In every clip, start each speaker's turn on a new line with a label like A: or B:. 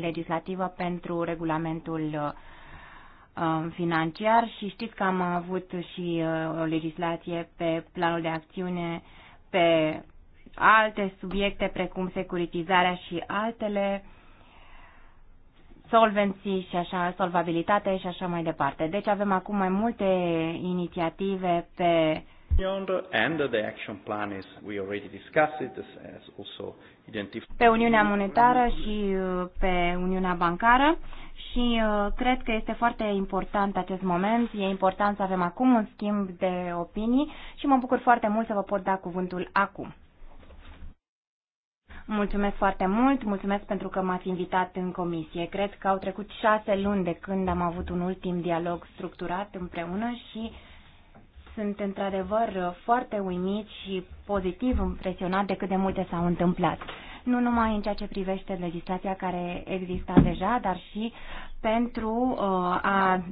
A: legislativă pentru regulamentul uh, financiar și știți că am avut și uh, o legislație pe planul de acțiune pe alte subiecte precum securitizarea și altele solvency și așa, solvabilitate și așa mai departe. Deci avem acum mai multe inițiative pe
B: pe Uniunea Monetară
A: și uh, pe Uniunea Bancară și uh, cred că este foarte important acest moment. E important să avem acum un schimb de opinii și mă bucur foarte mult să vă pot da cuvântul acum. Mulțumesc foarte mult, mulțumesc pentru că m-ați invitat în comisie. Cred că au trecut șase luni de când am avut un ultim dialog structurat împreună și uh, sunt într-adevăr foarte uimit și pozitiv impresionat de cât de multe s-au întâmplat. Nu numai în ceea ce privește legislația care exista deja, dar și pentru uh, a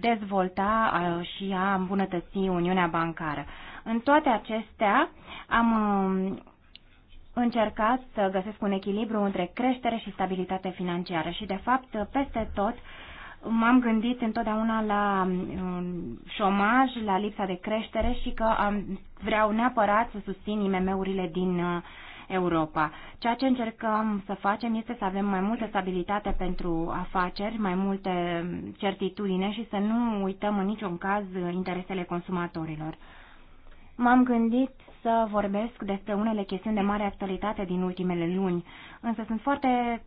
A: dezvolta uh, și a îmbunătăți Uniunea Bancară. În toate acestea am uh, încercat să găsesc un echilibru între creștere și stabilitate financiară și, de fapt, peste tot m-am gândit întotdeauna la um, șomaj, la lipsa de creștere și că am, vreau neapărat să susțin IMM-urile din uh, Europa. Ceea ce încercăm să facem este să avem mai multă stabilitate pentru afaceri, mai multe certitudine și să nu uităm în niciun caz interesele consumatorilor. M-am gândit să vorbesc despre unele chestiuni de mare actualitate din ultimele luni, însă sunt foarte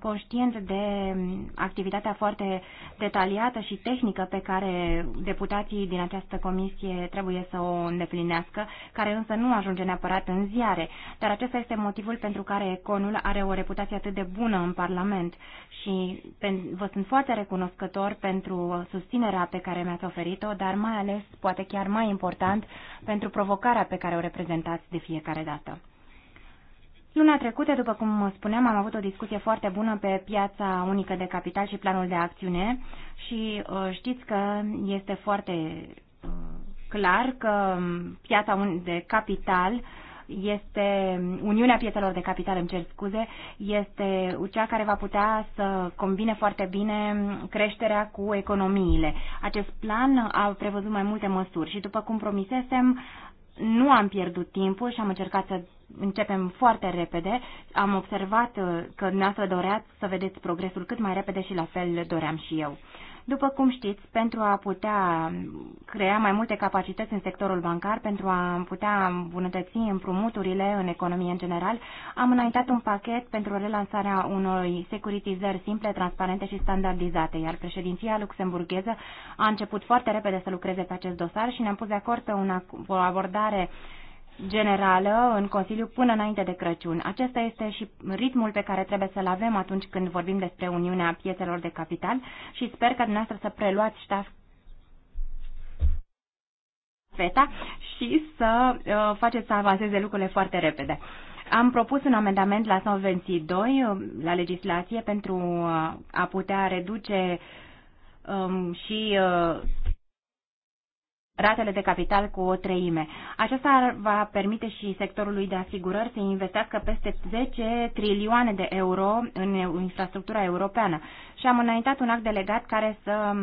A: conștient de activitatea foarte detaliată și tehnică pe care deputații din această comisie trebuie să o îndeplinească, care însă nu ajunge neapărat în ziare. Dar acesta este motivul pentru care Econul are o reputație atât de bună în Parlament și vă sunt foarte recunoscător pentru susținerea pe care mi-ați oferit-o, dar mai ales, poate chiar mai important, pentru provocarea pe care o reprezentați de fiecare dată. Luna trecută, după cum spuneam, am avut o discuție foarte bună pe piața unică de capital și planul de acțiune și uh, știți că este foarte uh, clar că piața de capital este Uniunea Piețelor de Capital, îmi cer scuze, este cea care va putea să combine foarte bine creșterea cu economiile. Acest plan a prevăzut mai multe măsuri și după cum promisesem, nu am pierdut timpul și am încercat să începem foarte repede. Am observat uh, că dumneavoastră doreați să vedeți progresul cât mai repede și la fel doream și eu. După cum știți, pentru a putea crea mai multe capacități în sectorul bancar, pentru a putea îmbunătăți împrumuturile în economie în general, am înaintat un pachet pentru relansarea unor securitizări simple, transparente și standardizate, iar președinția luxemburgheză a început foarte repede să lucreze pe acest dosar și ne-am pus de acord pe o abordare generală în Consiliu până înainte de Crăciun. Acesta este și ritmul pe care trebuie să-l avem atunci când vorbim despre Uniunea Piețelor de Capital și sper că dumneavoastră să preluați ștaf feta și să uh, faceți să avanseze lucrurile foarte repede. Am propus un amendament la Solvency 2, uh, la legislație, pentru uh, a putea reduce um, și uh, ratele de capital cu o treime. Aceasta va permite și sectorului de asigurări să investească peste 10 trilioane de euro în infrastructura europeană. Și am înaintat un act delegat care să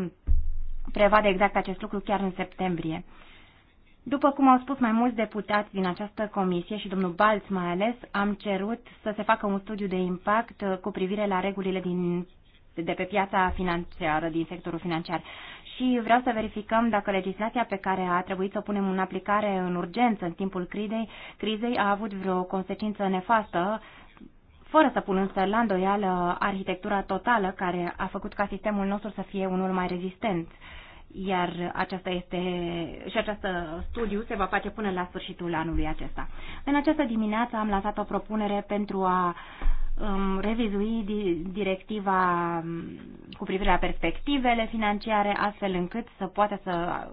A: prevadă exact acest lucru chiar în septembrie. După cum au spus mai mulți deputați din această comisie și domnul Balț mai ales, am cerut să se facă un studiu de impact cu privire la regulile din, de pe piața financiară, din sectorul financiar și vreau să verificăm dacă legislația pe care a trebuit să o punem în aplicare în urgență în timpul crizei, crizei a avut vreo consecință nefastă, fără să pun însă la îndoială arhitectura totală care a făcut ca sistemul nostru să fie unul mai rezistent. Iar aceasta este, și acest studiu se va face până la sfârșitul anului acesta. În această dimineață am lansat o propunere pentru a um, revizui directiva mm, cu privire la perspectivele financiare, astfel încât să poată să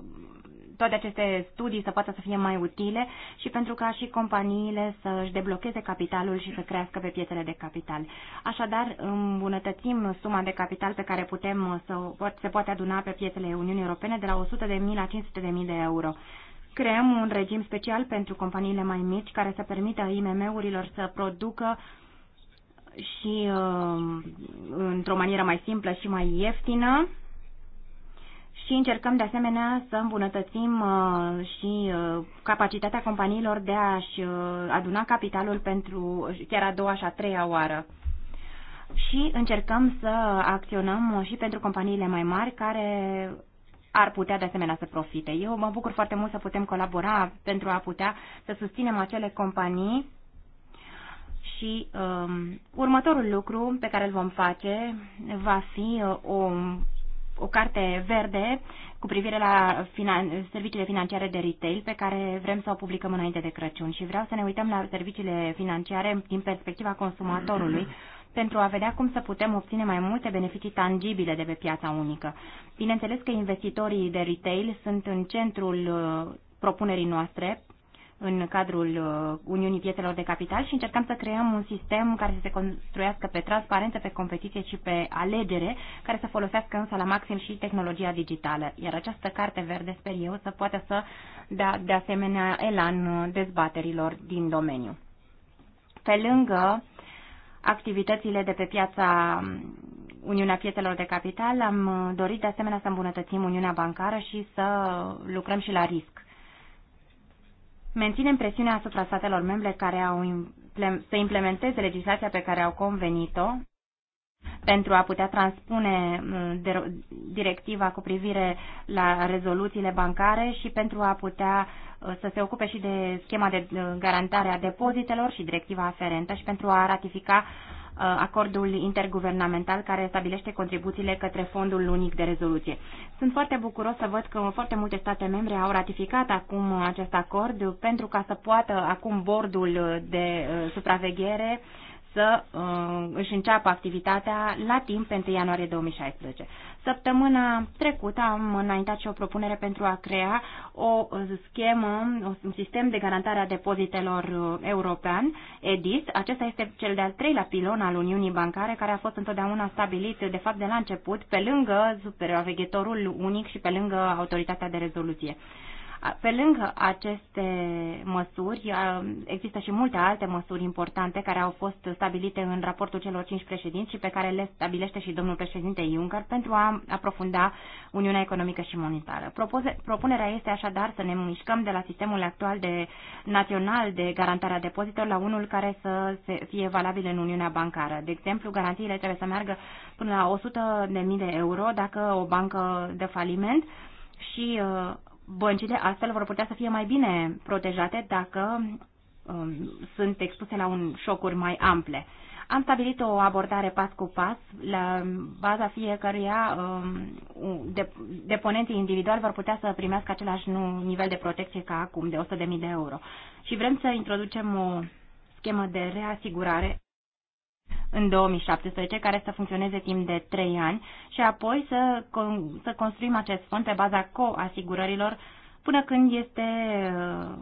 A: toate aceste studii să poată să fie mai utile și pentru ca și companiile să își deblocheze capitalul și să crească pe piețele de capital. Așadar, îmbunătățim suma de capital pe care putem să se poate aduna pe piețele Uniunii Europene de la 100.000 la 500.000 de euro. Creăm un regim special pentru companiile mai mici care să permită IMM-urilor să producă și uh, într-o manieră mai simplă și mai ieftină și încercăm de asemenea să îmbunătățim uh, și uh, capacitatea companiilor de a-și uh, aduna capitalul pentru chiar a doua și a treia oară. Și încercăm să acționăm și pentru companiile mai mari care ar putea de asemenea să profite. Eu mă bucur foarte mult să putem colabora pentru a putea să susținem acele companii și um, următorul lucru pe care îl vom face va fi uh, o, o carte verde cu privire la finan- serviciile financiare de retail pe care vrem să o publicăm înainte de Crăciun și vreau să ne uităm la serviciile financiare din perspectiva consumatorului pentru a vedea cum să putem obține mai multe beneficii tangibile de pe piața unică. Bineînțeles că investitorii de retail sunt în centrul uh, propunerii noastre în cadrul uh, Uniunii Piețelor de Capital și încercăm să creăm un sistem care să se construiască pe transparență, pe competiție și pe alegere, care să folosească însă la maxim și tehnologia digitală. Iar această carte verde, sper eu, să poată să dea de asemenea elan uh, dezbaterilor din domeniu. Pe lângă activitățile de pe piața um, Uniunea Piețelor de Capital, am uh, dorit de asemenea să îmbunătățim Uniunea Bancară și să lucrăm și la risc menținem presiunea asupra statelor membre care au să implementeze legislația pe care au convenit-o pentru a putea transpune mm, directiva cu privire la rezoluțiile bancare și pentru a putea uh, să se ocupe și de schema de uh, garantare a depozitelor și directiva aferentă și pentru a ratifica uh, Uh, acordul interguvernamental care stabilește contribuțiile către fondul unic de rezoluție. Sunt foarte bucuros să văd că foarte multe state membre au ratificat acum acest acord pentru ca să poată acum bordul de uh, supraveghere uh, să uh, își înceapă activitatea la timp pentru ianuarie 2016. Săptămâna trecută am înaintat și o propunere pentru a crea o uh, schemă, un sistem de garantare a depozitelor uh, european, EDIS. Acesta este cel de-al treilea pilon al Uniunii Bancare, care a fost întotdeauna stabilit, de fapt, de la început, pe lângă supraveghetorul unic și pe lângă autoritatea de rezoluție. Pe lângă aceste măsuri, există și multe alte măsuri importante care au fost stabilite în raportul celor cinci președinți și pe care le stabilește și domnul președinte Juncker pentru a aprofunda Uniunea Economică și Monetară. Propunerea este așadar să ne mișcăm de la sistemul actual de național de garantare a depozitelor la unul care să fie valabil în Uniunea Bancară. De exemplu, garanțiile trebuie să meargă până la 100.000 de euro dacă o bancă de faliment și uh, băncile astfel vor putea să fie mai bine protejate dacă um, sunt expuse la un șocuri mai ample. Am stabilit o abordare pas cu pas, la baza fiecăruia um, deponenții individuali vor putea să primească același nivel de protecție ca acum, de 100.000 de euro. Și vrem să introducem o schemă de reasigurare în 2017, care să funcționeze timp de 3 ani și apoi să, con- să construim acest fond pe baza co-asigurărilor până când este uh,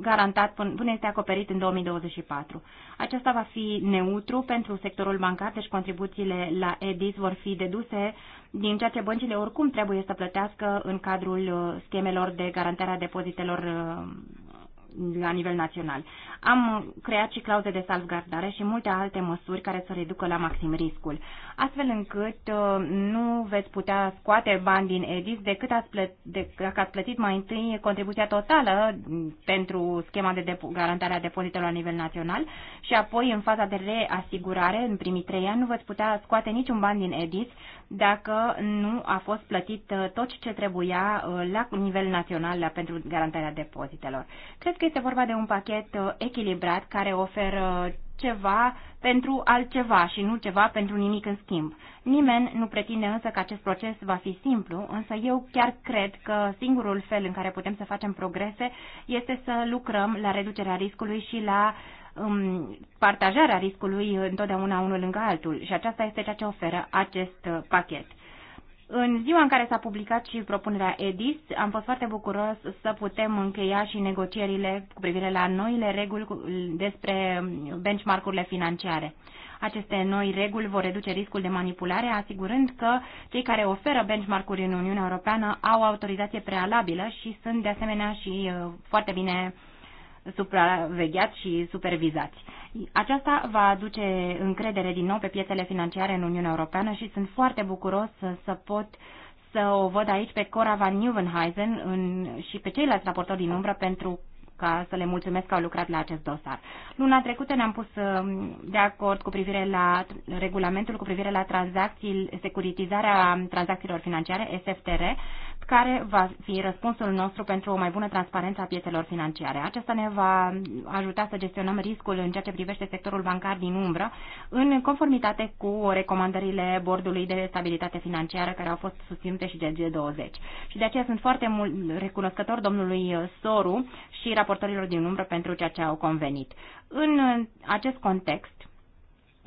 A: garantat, până este acoperit în 2024. Acesta va fi neutru pentru sectorul bancar, deci contribuțiile la EDIS vor fi deduse din ceea ce băncile oricum trebuie să plătească în cadrul uh, schemelor de garantare a depozitelor uh, la nivel național. Am creat și clauze de salvgardare și multe alte măsuri care să reducă la maxim riscul, astfel încât uh, nu veți putea scoate bani din EDIS decât ați plătit, de, dacă ați plătit mai întâi contribuția totală mm, pentru schema de depo- garantare a depozitelor la nivel național și apoi în faza de reasigurare, în primii trei ani, nu veți putea scoate niciun ban din EDIS dacă nu a fost plătit uh, tot ce trebuia uh, la nivel național pentru garantarea depozitelor. Cred că este vorba de un pachet uh, echilibrat care oferă ceva pentru altceva și nu ceva pentru nimic în schimb. Nimeni nu pretinde însă că acest proces va fi simplu, însă eu chiar cred că singurul fel în care putem să facem progrese este să lucrăm la reducerea riscului și la uh, um, partajarea riscului întotdeauna unul lângă altul și aceasta este ceea ce oferă acest uh, pachet. În ziua în care s-a publicat și propunerea EDIS, am fost foarte bucuros să putem încheia și negocierile cu privire la noile reguli despre um, benchmark-urile financiare. Aceste noi reguli vor reduce riscul de manipulare, asigurând că cei care oferă benchmark-uri în Uniunea Europeană au autorizație prealabilă și sunt de asemenea și uh, foarte bine uh, supravegheați și supervizați. Aceasta va aduce încredere din nou pe piețele financiare în Uniunea Europeană și sunt foarte bucuros să, să pot să o văd aici pe Cora van Nieuwenhuizen în, și pe ceilalți raportori din umbră pentru ca să le mulțumesc că au lucrat la acest dosar. Luna trecută ne-am pus um, de acord cu privire la regulamentul cu privire la tranzacții, securitizarea tranzacțiilor financiare, SFTR, care va fi răspunsul nostru pentru o mai bună transparență a piețelor financiare. Acesta ne va ajuta să gestionăm riscul în ceea ce privește sectorul bancar din umbră, în conformitate cu recomandările Bordului de Stabilitate Financiară, care au fost susținute și de G20. Și de aceea sunt foarte mult recunoscător domnului Soru și raportorilor din umbră pentru ceea ce au convenit. În acest context,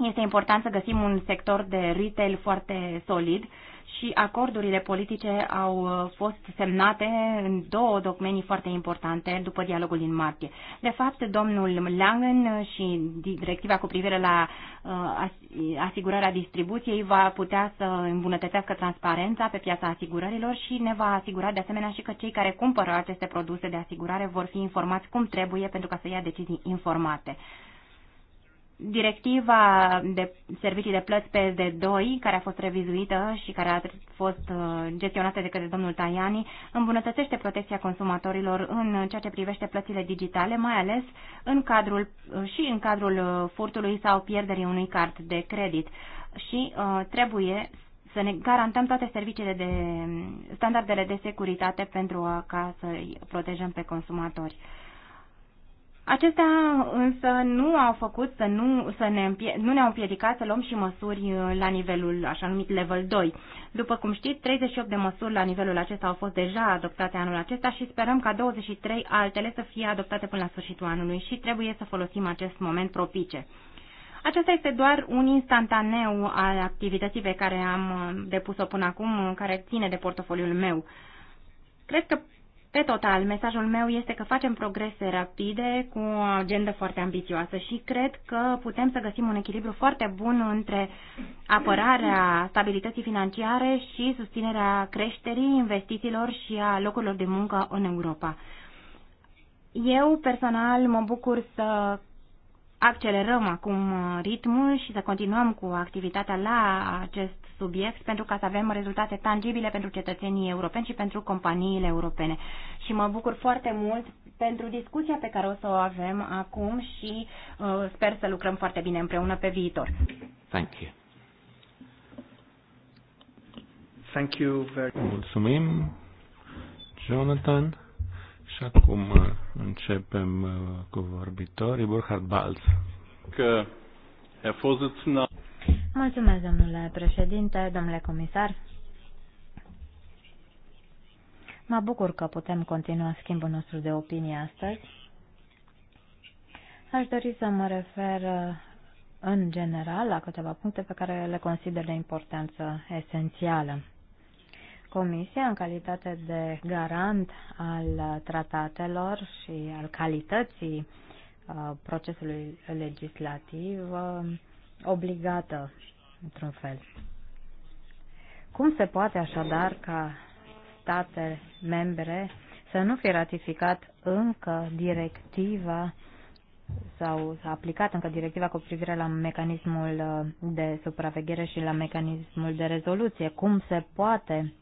A: este important să găsim un sector de retail foarte solid, și acordurile politice au uh, fost semnate în două domenii foarte importante după dialogul din martie. De fapt, domnul Langen și directiva cu privire la uh, asigurarea distribuției va putea să îmbunătățească transparența pe piața asigurărilor și ne va asigura de asemenea și că cei care cumpără aceste produse de asigurare vor fi informați cum trebuie pentru ca să ia decizii informate. Directiva de servicii de plăți PSD2, care a fost revizuită și care a fost uh, gestionată de către domnul Tajani, îmbunătățește protecția consumatorilor în ceea ce privește plățile digitale, mai ales în cadrul, uh, și în cadrul uh, furtului sau pierderii unui card de credit. Și uh, trebuie să ne garantăm toate serviciile de standardele de securitate pentru a, ca să-i protejăm pe consumatori. Uh, Acestea însă nu au făcut să nu, să ne, nu ne-au împiedicat să luăm și măsuri uh, la nivelul așa numit level 2. După cum știți, 38 de măsuri la nivelul acesta au fost deja adoptate anul acesta și sperăm ca 23 altele să fie adoptate până la sfârșitul anului și trebuie să folosim acest moment propice. Acesta este doar un instantaneu al activității pe care am uh, depus-o până acum, uh, care ține de portofoliul meu. Cred că pe total, mesajul meu este că facem progrese rapide cu o agendă foarte ambițioasă și cred că putem să găsim un echilibru foarte bun între apărarea stabilității financiare și susținerea creșterii investițiilor și a locurilor de muncă în Europa. Eu personal mă bucur să accelerăm acum ritmul și să continuăm cu activitatea la acest subiect pentru ca să avem rezultate tangibile pentru cetățenii europeni și pentru companiile europene. Și mă bucur foarte mult pentru discuția pe care o să o avem acum și uh, sper să lucrăm foarte bine împreună pe viitor.
B: Thank you. Thank you very much. Mulțumim, Jonathan. Și acum uh, începem uh, cu vorbitorii. Burkhard Balz. Că Herr Vorsitzender.
A: Mulțumesc, domnule președinte, domnule comisar. Mă bucur că putem continua schimbul nostru de opinie astăzi. Aș dori să mă refer în general la câteva puncte pe care le consider de importanță esențială. Comisia, în calitate de garant al tratatelor și al calității uh, procesului legislativ, uh, obligată, într-un fel. Cum se poate așadar ca state membre să nu fie ratificat încă directiva sau s-a aplicat încă directiva cu privire la mecanismul uh, de supraveghere și la mecanismul de rezoluție. Cum se poate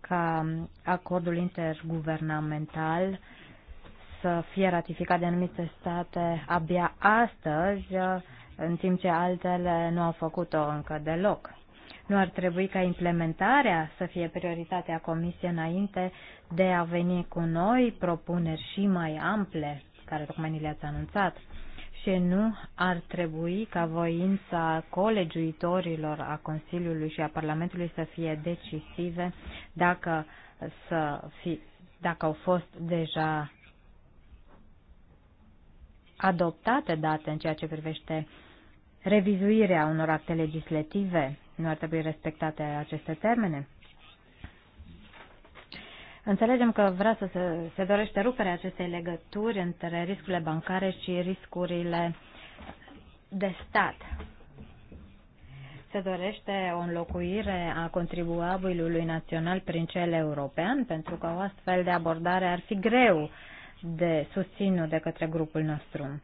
A: ca acordul interguvernamental să fie ratificat de anumite state abia astăzi, uh, în timp ce altele nu au făcut-o încă deloc. Nu ar trebui ca implementarea să fie prioritatea Comisiei înainte de a veni cu noi propuneri și mai ample, care tocmai ni le-ați anunțat, și nu ar trebui ca voința colegiuitorilor a Consiliului și a Parlamentului să fie decisive dacă, să fi, dacă au fost deja adoptate date în ceea ce privește uh, revizuirea unor acte legislative. Nu ar trebui respectate aceste termene? Înțelegem că vrea să se, se dorește ruperea acestei legături între riscurile bancare și riscurile de stat. Se dorește o înlocuire a contribuabilului național prin cel european, pentru că o astfel de abordare ar fi greu de susținut de către grupul nostru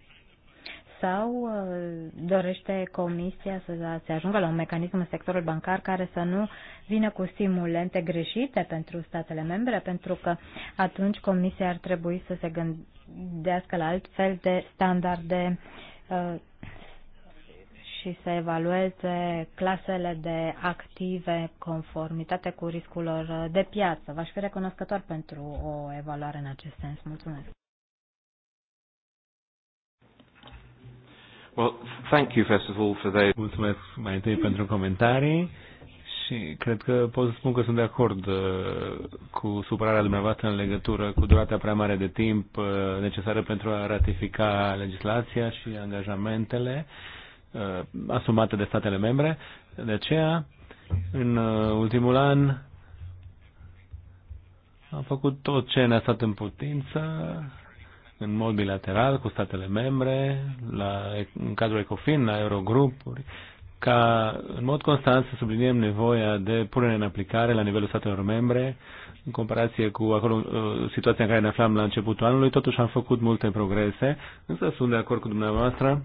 A: sau uh, dorește Comisia să se ajungă la un mecanism în sectorul bancar care să nu vină cu stimulente greșite pentru statele membre, pentru că atunci Comisia ar trebui să se gândească la alt fel de standarde uh, și să evalueze clasele de active conformitate cu riscurilor de piață. V-aș fi recunoscător pentru o evaluare în acest sens. Mulțumesc!
B: Well, thank you first of all for the... Mulțumesc mai întâi pentru comentarii și cred că pot să spun că sunt de acord uh, cu supărarea dumneavoastră în legătură cu durata prea mare de timp uh, necesară pentru a ratifica legislația și angajamentele uh, asumate de statele membre. De aceea, în ultimul an, am făcut tot ce ne-a stat în putință în mod bilateral cu statele membre, la, în cadrul ECOFIN, la Eurogrupuri, ca în mod constant să subliniem nevoia de punere în aplicare la nivelul statelor membre, în comparație cu acolo, uh, situația în care ne aflam la începutul anului, totuși am făcut multe progrese, însă sunt de acord cu dumneavoastră.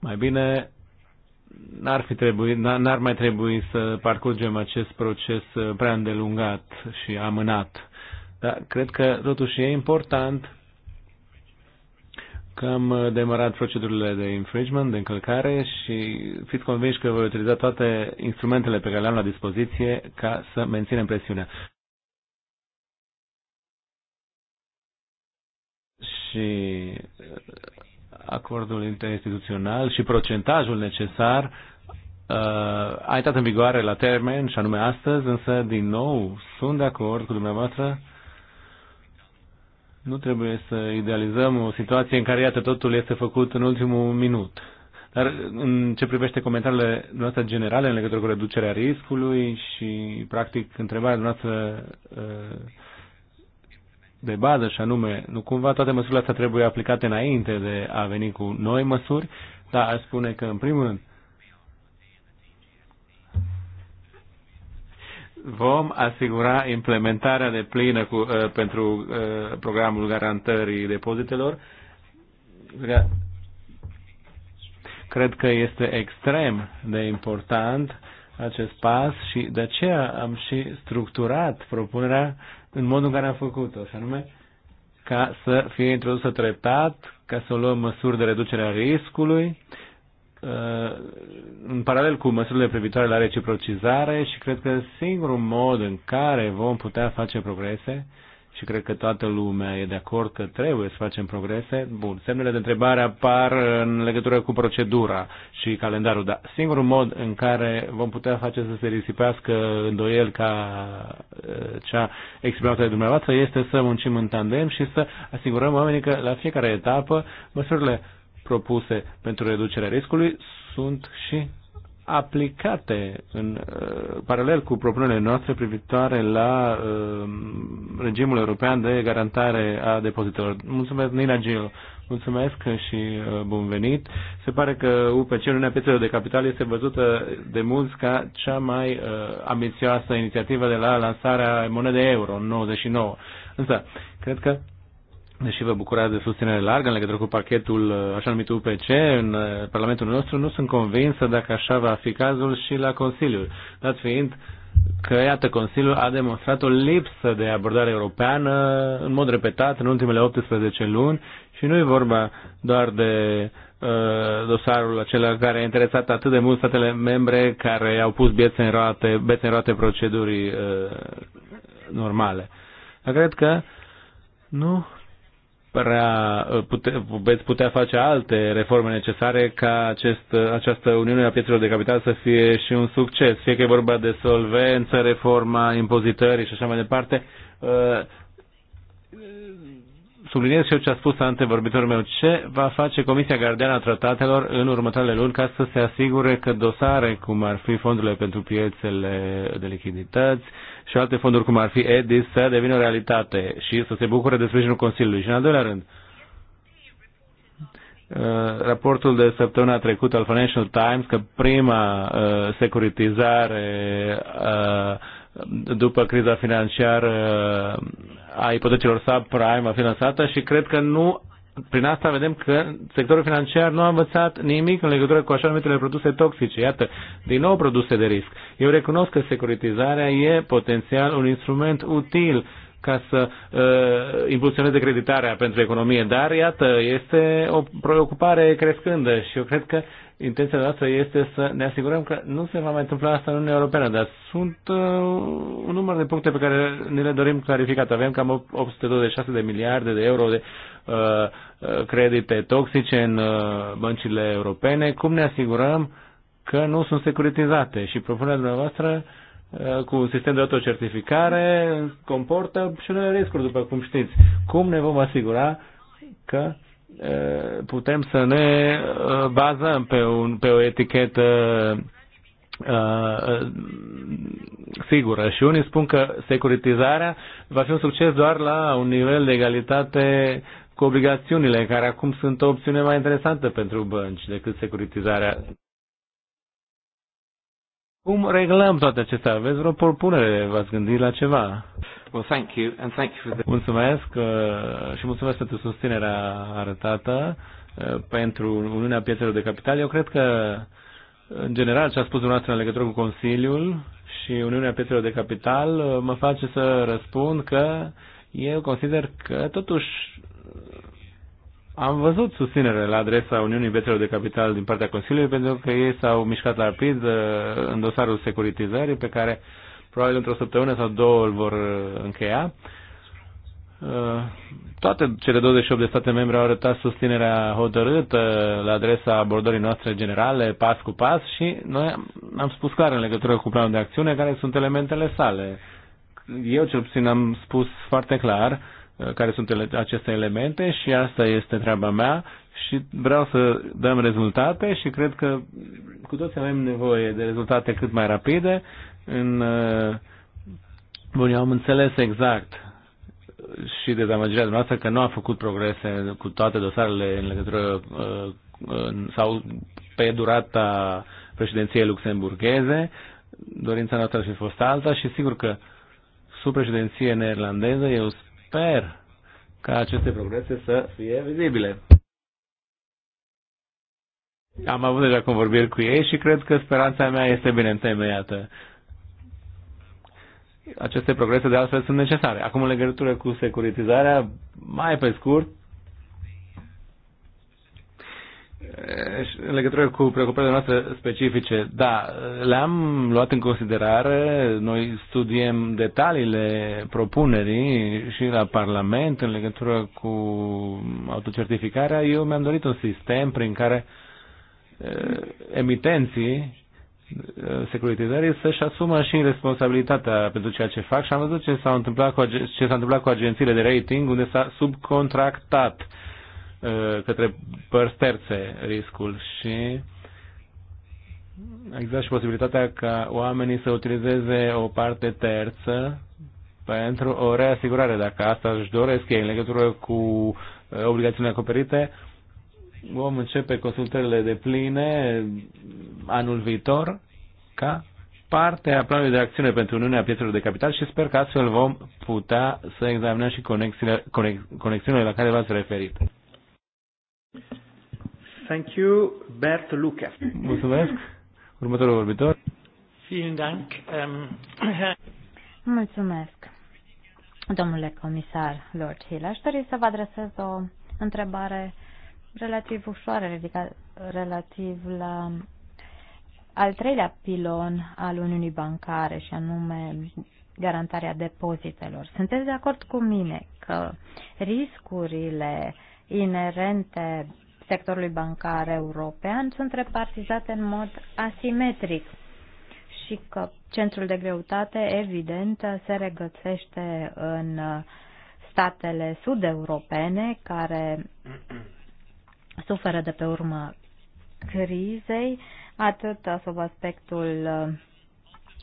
B: Mai bine n-ar, fi trebuit, n-ar mai trebui să parcurgem acest proces uh, prea îndelungat și amânat. Dar cred că totuși e important că am demarat procedurile de infringement, de încălcare și fiți convinși că voi utiliza toate instrumentele pe care le am la dispoziție ca să menținem presiunea. Și acordul interinstituțional și procentajul necesar uh, a intrat în vigoare la termen și anume astăzi, însă din nou sunt de acord cu dumneavoastră nu trebuie să idealizăm o situație în care, iată, totul este făcut în ultimul minut. Dar în ce privește comentariile noastre generale în legătură cu reducerea riscului și, practic, întrebarea noastră uh, de bază și anume, nu cumva toate măsurile astea trebuie aplicate înainte de a veni cu noi măsuri, dar aș spune că, în primul rând, vom asigura implementarea de plină cu, uh, pentru uh, programul garantării depozitelor. Cred că este extrem de important acest pas și de aceea am și structurat propunerea în modul în care am făcut-o, și anume ca să fie introdusă treptat, ca să luăm măsuri de reducere a riscului, uh, Uh, în paralel cu măsurile privitoare la reciprocizare și cred că singurul mod în care vom putea face progrese și cred că toată lumea e de acord că trebuie să facem progrese. Bun, semnele de întrebare apar în legătură cu procedura și calendarul, dar singurul mod în care vom putea face să se risipească îndoiel ca uh, cea exprimată de dumneavoastră este să muncim în tandem și să asigurăm oamenii că la fiecare etapă măsurile propuse pentru reducerea riscului sunt și aplicate în uh, paralel cu propunerile noastre privitoare la uh, regimul european de garantare a depozitelor. Mulțumesc, Nina Gil. Mulțumesc și uh, bun venit. Se pare că UPC, Uniunea Piețelor de Capital, este văzută de mulți ca cea mai uh, ambițioasă inițiativă de la lansarea monedei euro în 99. Însă, cred că deși vă bucurați de susținere largă în legătură cu pachetul uh, așa numit UPC în uh, Parlamentul nostru, nu sunt convinsă dacă așa va fi cazul și la Consiliu. Dat fiind că, iată, Consiliul a demonstrat o lipsă de abordare europeană în mod repetat în ultimele 18 luni și nu e vorba doar de uh, dosarul acela care a interesat atât de mult statele membre care au pus bețe în roate, bețe în roate procedurii uh, normale. Dar cred că nu prea uh, pute, veți putea face alte reforme necesare ca acest, uh, această Uniune a Piețelor de Capital să fie și un succes, fie că e vorba de solvență, reforma impozitării și așa mai departe. Uh, subliniez și eu ce a spus antevorbitorul meu. Ce va face Comisia Gardeană a Tratatelor în următoarele luni ca să se asigure că dosare, cum ar fi fondurile pentru piețele de lichidități, și alte fonduri, cum ar fi EDIS, să devină o realitate și să se bucure de sprijinul Consiliului. Și în al doilea rând, uh, raportul de săptămâna trecută al Financial Times că prima uh, securitizare uh, după criza financiară a ipotecilor subprime a finanțată și cred că nu prin asta vedem că sectorul financiar nu a învățat nimic în legătură cu așa numitele produse toxice. Iată, din nou produse de risc. Eu recunosc că securitizarea e potențial un instrument util ca să uh, impulsioneze creditarea pentru economie, dar iată, este o preocupare crescândă și eu cred că intenția noastră este să ne asigurăm că nu se va mai întâmpla asta în Uniunea Europeană, dar sunt uh, un număr de puncte pe care ne le dorim clarificate. Avem cam 826 de miliarde de euro de uh, Uh, credite toxice în uh, băncile europene, cum ne asigurăm că nu sunt securitizate și propunerea dumneavoastră uh, cu un sistem de autocertificare comportă și unele riscuri, după cum știți. Cum ne vom asigura că putem să ne bazăm pe, un, pe o etichetă uh, sigură și unii spun că securitizarea va fi un succes doar la un nivel de egalitate cu obligațiunile, care acum sunt o opțiune mai interesantă pentru bănci decât securitizarea. Cum reglăm toate acestea? Aveți vreo propunere? V-ați gândit la ceva? Well, thank you, and thank you for the... Mulțumesc uh, și mulțumesc pentru susținerea arătată uh, pentru Uniunea Piețelor de Capital. Eu cred că, în general, ce a spus dumneavoastră în legătură cu Consiliul și Uniunea Piețelor de Capital uh, mă face să răspund că eu consider că, totuși, am văzut susținere la adresa Uniunii Bețelor de Capital din partea Consiliului pentru că ei s-au mișcat la rapid uh, în dosarul securitizării pe care probabil într-o săptămână sau două îl vor uh, încheia. Uh, toate cele 28 de state membre au arătat susținerea hotărâtă la adresa abordării noastre generale, pas cu pas, și noi am spus clar în legătură cu planul de acțiune care sunt elementele sale. Eu cel puțin am spus foarte clar Uh, care sunt aceste elemente și asta este treaba mea și vreau să dăm rezultate și cred că cu toți avem nevoie de rezultate cât mai rapide. În, uh, bun, eu am înțeles exact și dezamăgirea dumneavoastră că nu a făcut progrese cu toate dosarele în legătură uh, sau pe durata președinției luxemburgheze. Dorința noastră ar fost alta și sigur că sub președinție neerlandeză eu sper ca aceste progrese să fie vizibile. Am avut deja convorbiri cu ei și cred că speranța mea este bine întemeiată. Aceste progrese de altfel sunt necesare. Acum în legătură cu securitizarea, mai pe scurt, în legătură cu preocupările noastre specifice, da, le-am luat în considerare, noi studiem detaliile propunerii și la Parlament în legătură cu autocertificarea. Eu mi-am dorit un sistem prin care emitenții securitizării să-și asumă și responsabilitatea pentru ceea ce fac și am văzut ce s-a întâmplat cu, ce s-a întâmplat cu agențiile de rating unde s-a subcontractat uh, Uh, către părți terțe riscul și exact și posibilitatea ca oamenii să utilizeze o parte terță pentru o reasigurare, dacă asta își doresc ei în legătură cu uh, obligațiunile acoperite, vom începe consultările de pline anul viitor ca parte a planului de acțiune pentru Uniunea Piețelor de Capital și sper că astfel vom putea să examinăm și conexiunile, conexiunile la care v-ați referit.
C: Thank you, Bert Lucas.
B: Mulțumesc. Următorul vorbitor.
A: Vielen Dank. Ähm, Mulțumesc. Domnule comisar Lord Hill, aș dori să vă adresez o întrebare relativ ușoară, relativ la al treilea pilon al Uniunii Bancare și anume garantarea depozitelor. Sunteți de acord cu mine că riscurile inerente sectorului bancar european sunt repartizate în mod asimetric și că centrul de greutate, evident, se regăsește în statele sud-europene care suferă de pe urma crizei, atât sub aspectul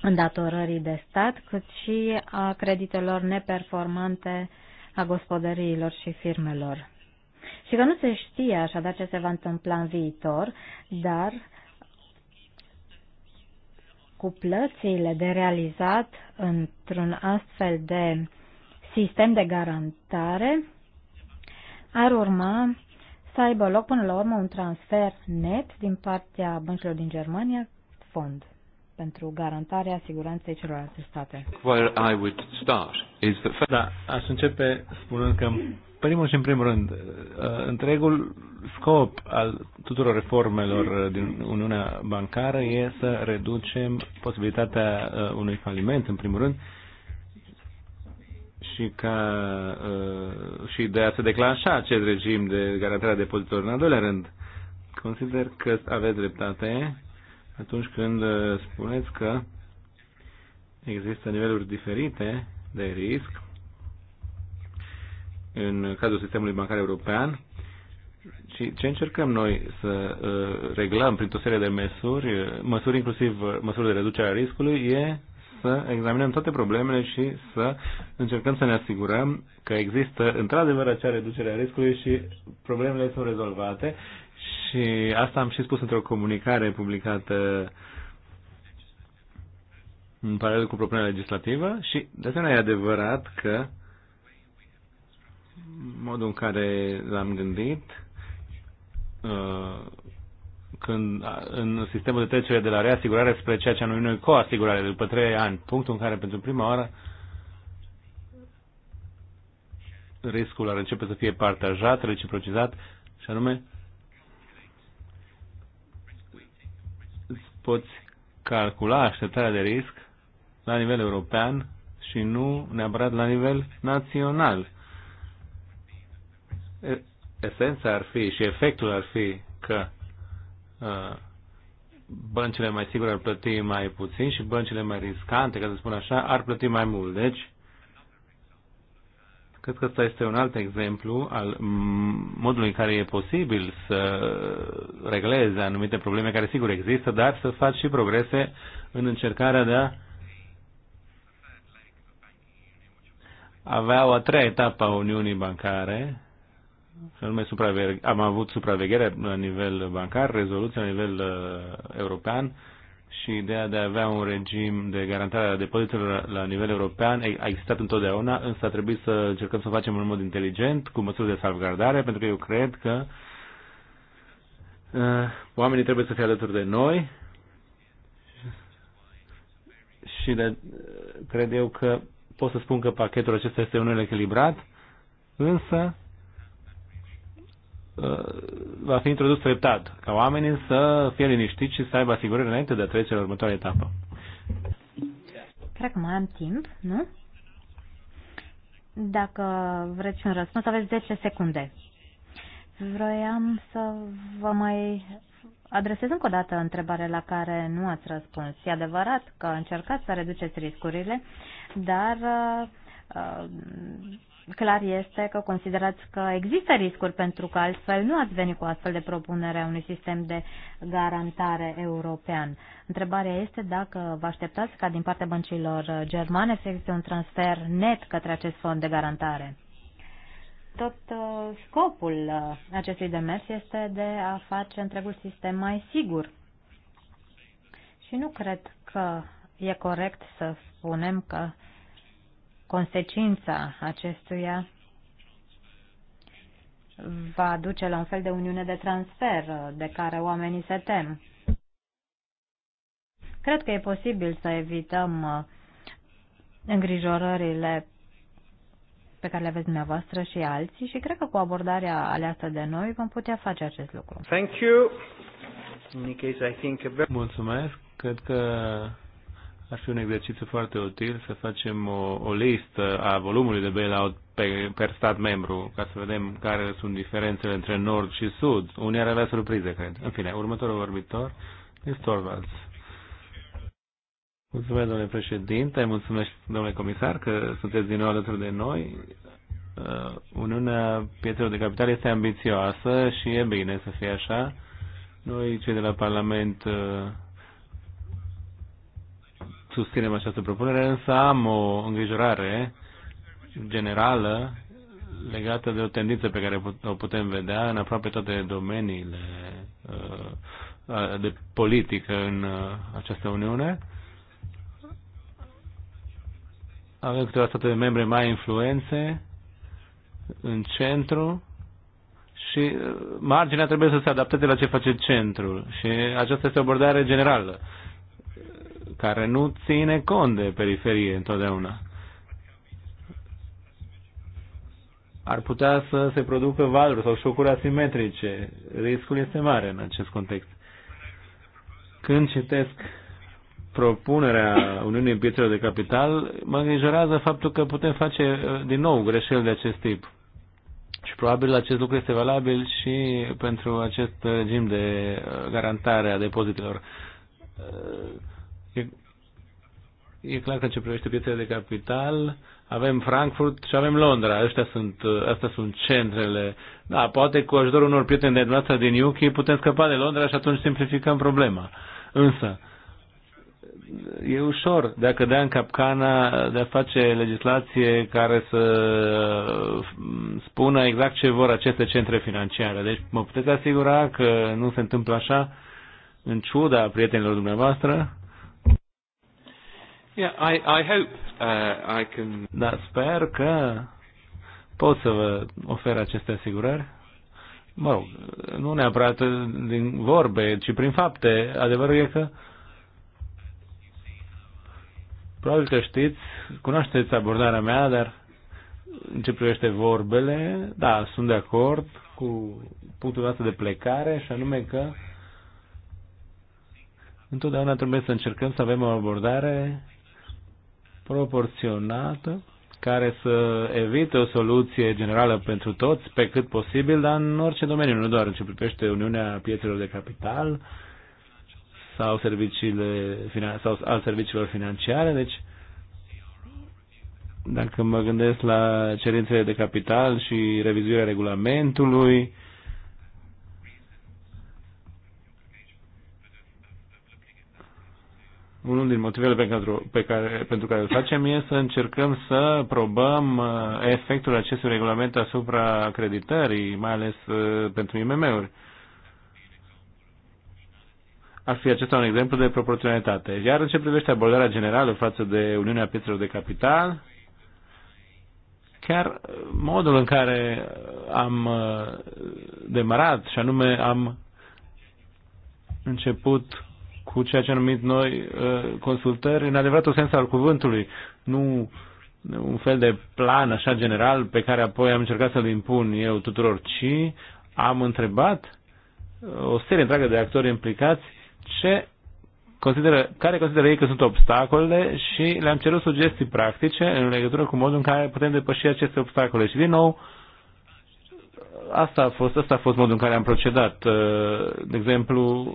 A: îndatorării de stat, cât și a creditelor neperformante a gospodăriilor și firmelor și că nu se știe așadar ce se va întâmpla în viitor, dar cu plățile de realizat într-un astfel de sistem de garantare, ar urma să aibă loc până la urmă un transfer net din partea băncilor din Germania, fond pentru garantarea siguranței celorlalte state.
C: Where I would
B: start is that... Da, aș începe spunând că primul și în primul rând, uh, întregul scop al tuturor reformelor uh, din Uniunea Bancară e să reducem posibilitatea uh, unui faliment, în primul rând, și, ca, și de a se declanșa acest regim de garantare a depozitorilor. În al doilea rând, consider că aveți dreptate atunci când spuneți că există niveluri diferite de risc în cazul sistemului bancar european. Și ce încercăm noi să uh, reglăm printr-o serie de măsuri, uh, măsuri inclusiv uh, măsuri de reducere a riscului, e să examinăm toate problemele și să încercăm să ne asigurăm că există într-adevăr acea reducere a riscului și problemele sunt rezolvate. Și asta am și spus într-o comunicare publicată în paralel cu propunerea legislativă și de asemenea e adevărat că modul în care l-am gândit uh, când, în sistemul de trecere de la reasigurare spre ceea ce anumim noi coasigurare după trei ani, punctul în care pentru prima oară riscul ar începe să fie partajat, reciprocizat și anume poți calcula așteptarea de risc la nivel european și nu neapărat la nivel național esența ar fi și efectul ar fi că uh, băncile mai sigure ar plăti mai puțin și băncile mai riscante, ca să spun așa, ar plăti mai mult. Deci, cred că ăsta este un alt exemplu al modului în care e posibil să regleze anumite probleme care sigur există, dar să faci și progrese în încercarea de a avea o a treia etapă a Uniunii Bancare, anume am avut supraveghere la nivel bancar, rezoluție la nivel uh, european și ideea de a avea un regim de garantare a depozitelor la nivel european a existat întotdeauna, însă a trebuit să încercăm să o facem în mod inteligent, cu măsuri de salvgardare, pentru că eu cred că uh, oamenii trebuie să fie alături de noi și de, cred eu că pot să spun că pachetul acesta este unul echilibrat, însă Uh, va fi introdus treptat, ca oamenii să fie liniștiți și să aibă asigurări înainte de a trece la următoarea etapă.
A: Cred că mai am timp, nu? Dacă vreți un răspuns, aveți 10 secunde. Vroiam să vă mai adresez încă o dată întrebare la care nu ați răspuns. E adevărat că încercați să reduceți riscurile, dar uh, uh clar este că considerați că există riscuri pentru că altfel nu ați venit cu astfel de propunere a unui sistem de garantare european. Întrebarea este dacă vă așteptați ca din partea băncilor germane să existe un transfer net către acest fond de garantare. Tot uh, scopul uh, acestui demers este de a face întregul sistem mai sigur. Și nu cred că e corect să spunem că consecința acestuia va duce la un fel de uniune de transfer de care oamenii se tem. Cred că e posibil să evităm uh, îngrijorările pe care le aveți dumneavoastră și alții și cred că cu abordarea aleasă de noi vom putea face acest lucru.
B: Thank you. In case I think about... Mulțumesc. Cred că ar fi un exercițiu foarte util să facem o, o listă a volumului de bailout pe, per stat membru, ca să vedem care sunt diferențele între nord și sud. Unii ar avea surprize, cred. În fine, următorul vorbitor este Torvalds. Mulțumesc, domnule președinte, mulțumesc, domnule comisar, că sunteți din nou alături de noi. Uh, Uniunea Pietrelor de Capital este ambițioasă și e bine să fie așa. Noi, cei de la Parlament, uh, susținem această propunere, însă am o îngrijorare generală legată de o tendință pe care o putem vedea în aproape toate domeniile uh, de politică în uh, această Uniune. Avem câteva state membre mai influențe în centru și uh, marginea trebuie să se adapteze la ce face centrul și aceasta este o abordare generală care nu ține cont de periferie întotdeauna. Ar putea să se producă valuri sau șocuri asimetrice. Riscul este mare în acest context. Când citesc propunerea Uniunii Pietrelor de Capital, mă îngrijorează faptul că putem face uh, din nou greșeli de acest tip. Și probabil acest lucru este valabil și pentru acest regim de uh, garantare a depozitelor. Uh, E clar că în ce privește piețele de capital, avem Frankfurt și avem Londra. Astea sunt, astea sunt centrele. Da, poate cu ajutorul unor prieteni de noastră din UK putem scăpa de Londra și atunci simplificăm problema. Însă, e ușor dacă dea în capcana de a face legislație care să uh, spună exact ce vor aceste centre financiare. Deci mă puteți asigura că nu se întâmplă așa în ciuda prietenilor dumneavoastră?
C: Yeah, I, I hope uh, I can...
B: Da, sper că pot să vă ofer aceste asigurări. Mă rog, nu neapărat din vorbe, ci prin fapte. Adevărul e că probabil că știți, cunoașteți abordarea mea, dar în ce privește vorbele, da, sunt de acord cu punctul ăsta de plecare și anume că întotdeauna trebuie să încercăm să avem o abordare proporționată care să evite o soluție generală pentru toți pe cât posibil, dar în orice domeniu, nu doar în ce privește Uniunea Piețelor de Capital sau, serviciile, sau al serviciilor financiare. Deci, dacă mă gândesc la cerințele de capital și revizuirea regulamentului, unul din motivele pe care, pe care, pentru care îl facem e să încercăm să probăm uh, efectul acestui regulament asupra creditării, mai ales uh, pentru IMM-uri. Ar fi acesta un exemplu de proporționalitate. Iar în ce privește abordarea generală față de Uniunea Piețelor de Capital, chiar modul în care am uh, demarat, și anume am început cu ceea ce numim noi uh, consultări în adevăratul sens al cuvântului, nu un fel de plan așa general pe care apoi am încercat să-l impun eu tuturor, ci am întrebat uh, o serie întreagă de actori implicați ce consideră, care consideră ei că sunt obstacole și le-am cerut sugestii practice în legătură cu modul în care putem depăși aceste obstacole. Și din nou, asta a fost, asta a fost modul în care am procedat. Uh, de exemplu,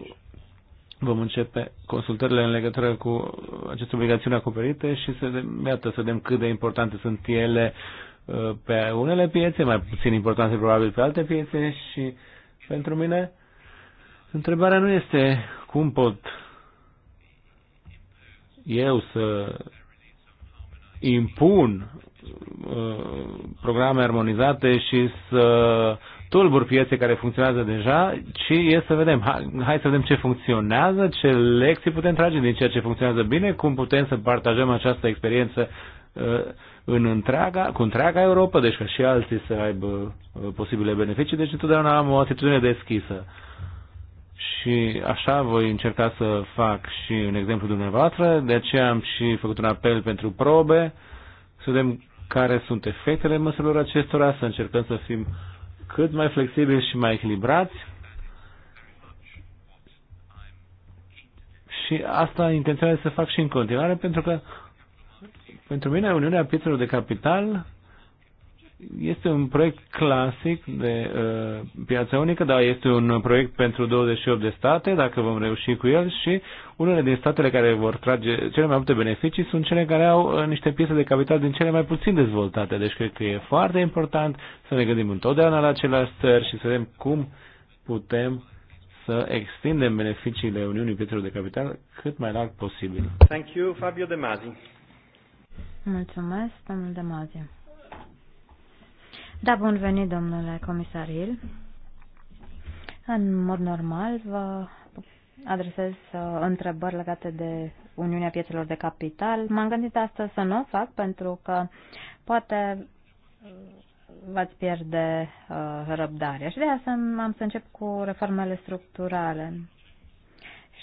B: vom începe consultările în legătură cu aceste obligațiuni acoperite și să, iată, să vedem cât de importante sunt ele uh, pe unele piețe, mai puțin importante probabil pe alte piețe și pentru mine întrebarea nu este cum pot eu să impun uh, programe armonizate și să tulburi piețe care funcționează deja, ci e să vedem, hai, hai să vedem ce funcționează, ce lecții putem trage din ceea ce funcționează bine, cum putem să partajăm această experiență uh, în întreaga, cu întreaga Europa, deci ca și alții să aibă uh, posibile beneficii, deci întotdeauna am o atitudine deschisă. Și așa voi încerca să fac și un exemplu dumneavoastră, de aceea am și făcut un apel pentru probe, să vedem care sunt efectele măsurilor acestora, să încercăm să fim uh, cât mai flexibili și mai echilibrați. Și asta intenționez să fac și în continuare, pentru că pentru mine Uniunea Piețelor de Capital este un proiect clasic de uh, piața unică, dar este un proiect pentru 28 de state, dacă vom reuși cu el, și unele din statele care vor trage cele mai multe beneficii sunt cele care au uh, niște piese de capital din cele mai puțin dezvoltate. Deci cred că e foarte important să ne gândim întotdeauna la aceleași țări și să vedem cum putem să extindem beneficiile Uniunii Piețelor de Capital cât mai larg posibil. Thank you, Fabio De Mazi.
A: Mulțumesc, domnul De Mazi. Da, bun venit, domnule comisar Hill. În mod normal, vă adresez uh, întrebări legate de Uniunea Piețelor de Capital. M-am gândit astăzi să nu o fac pentru că poate uh, v-ați pierde uh, răbdarea. Și de asta am să încep cu reformele structurale.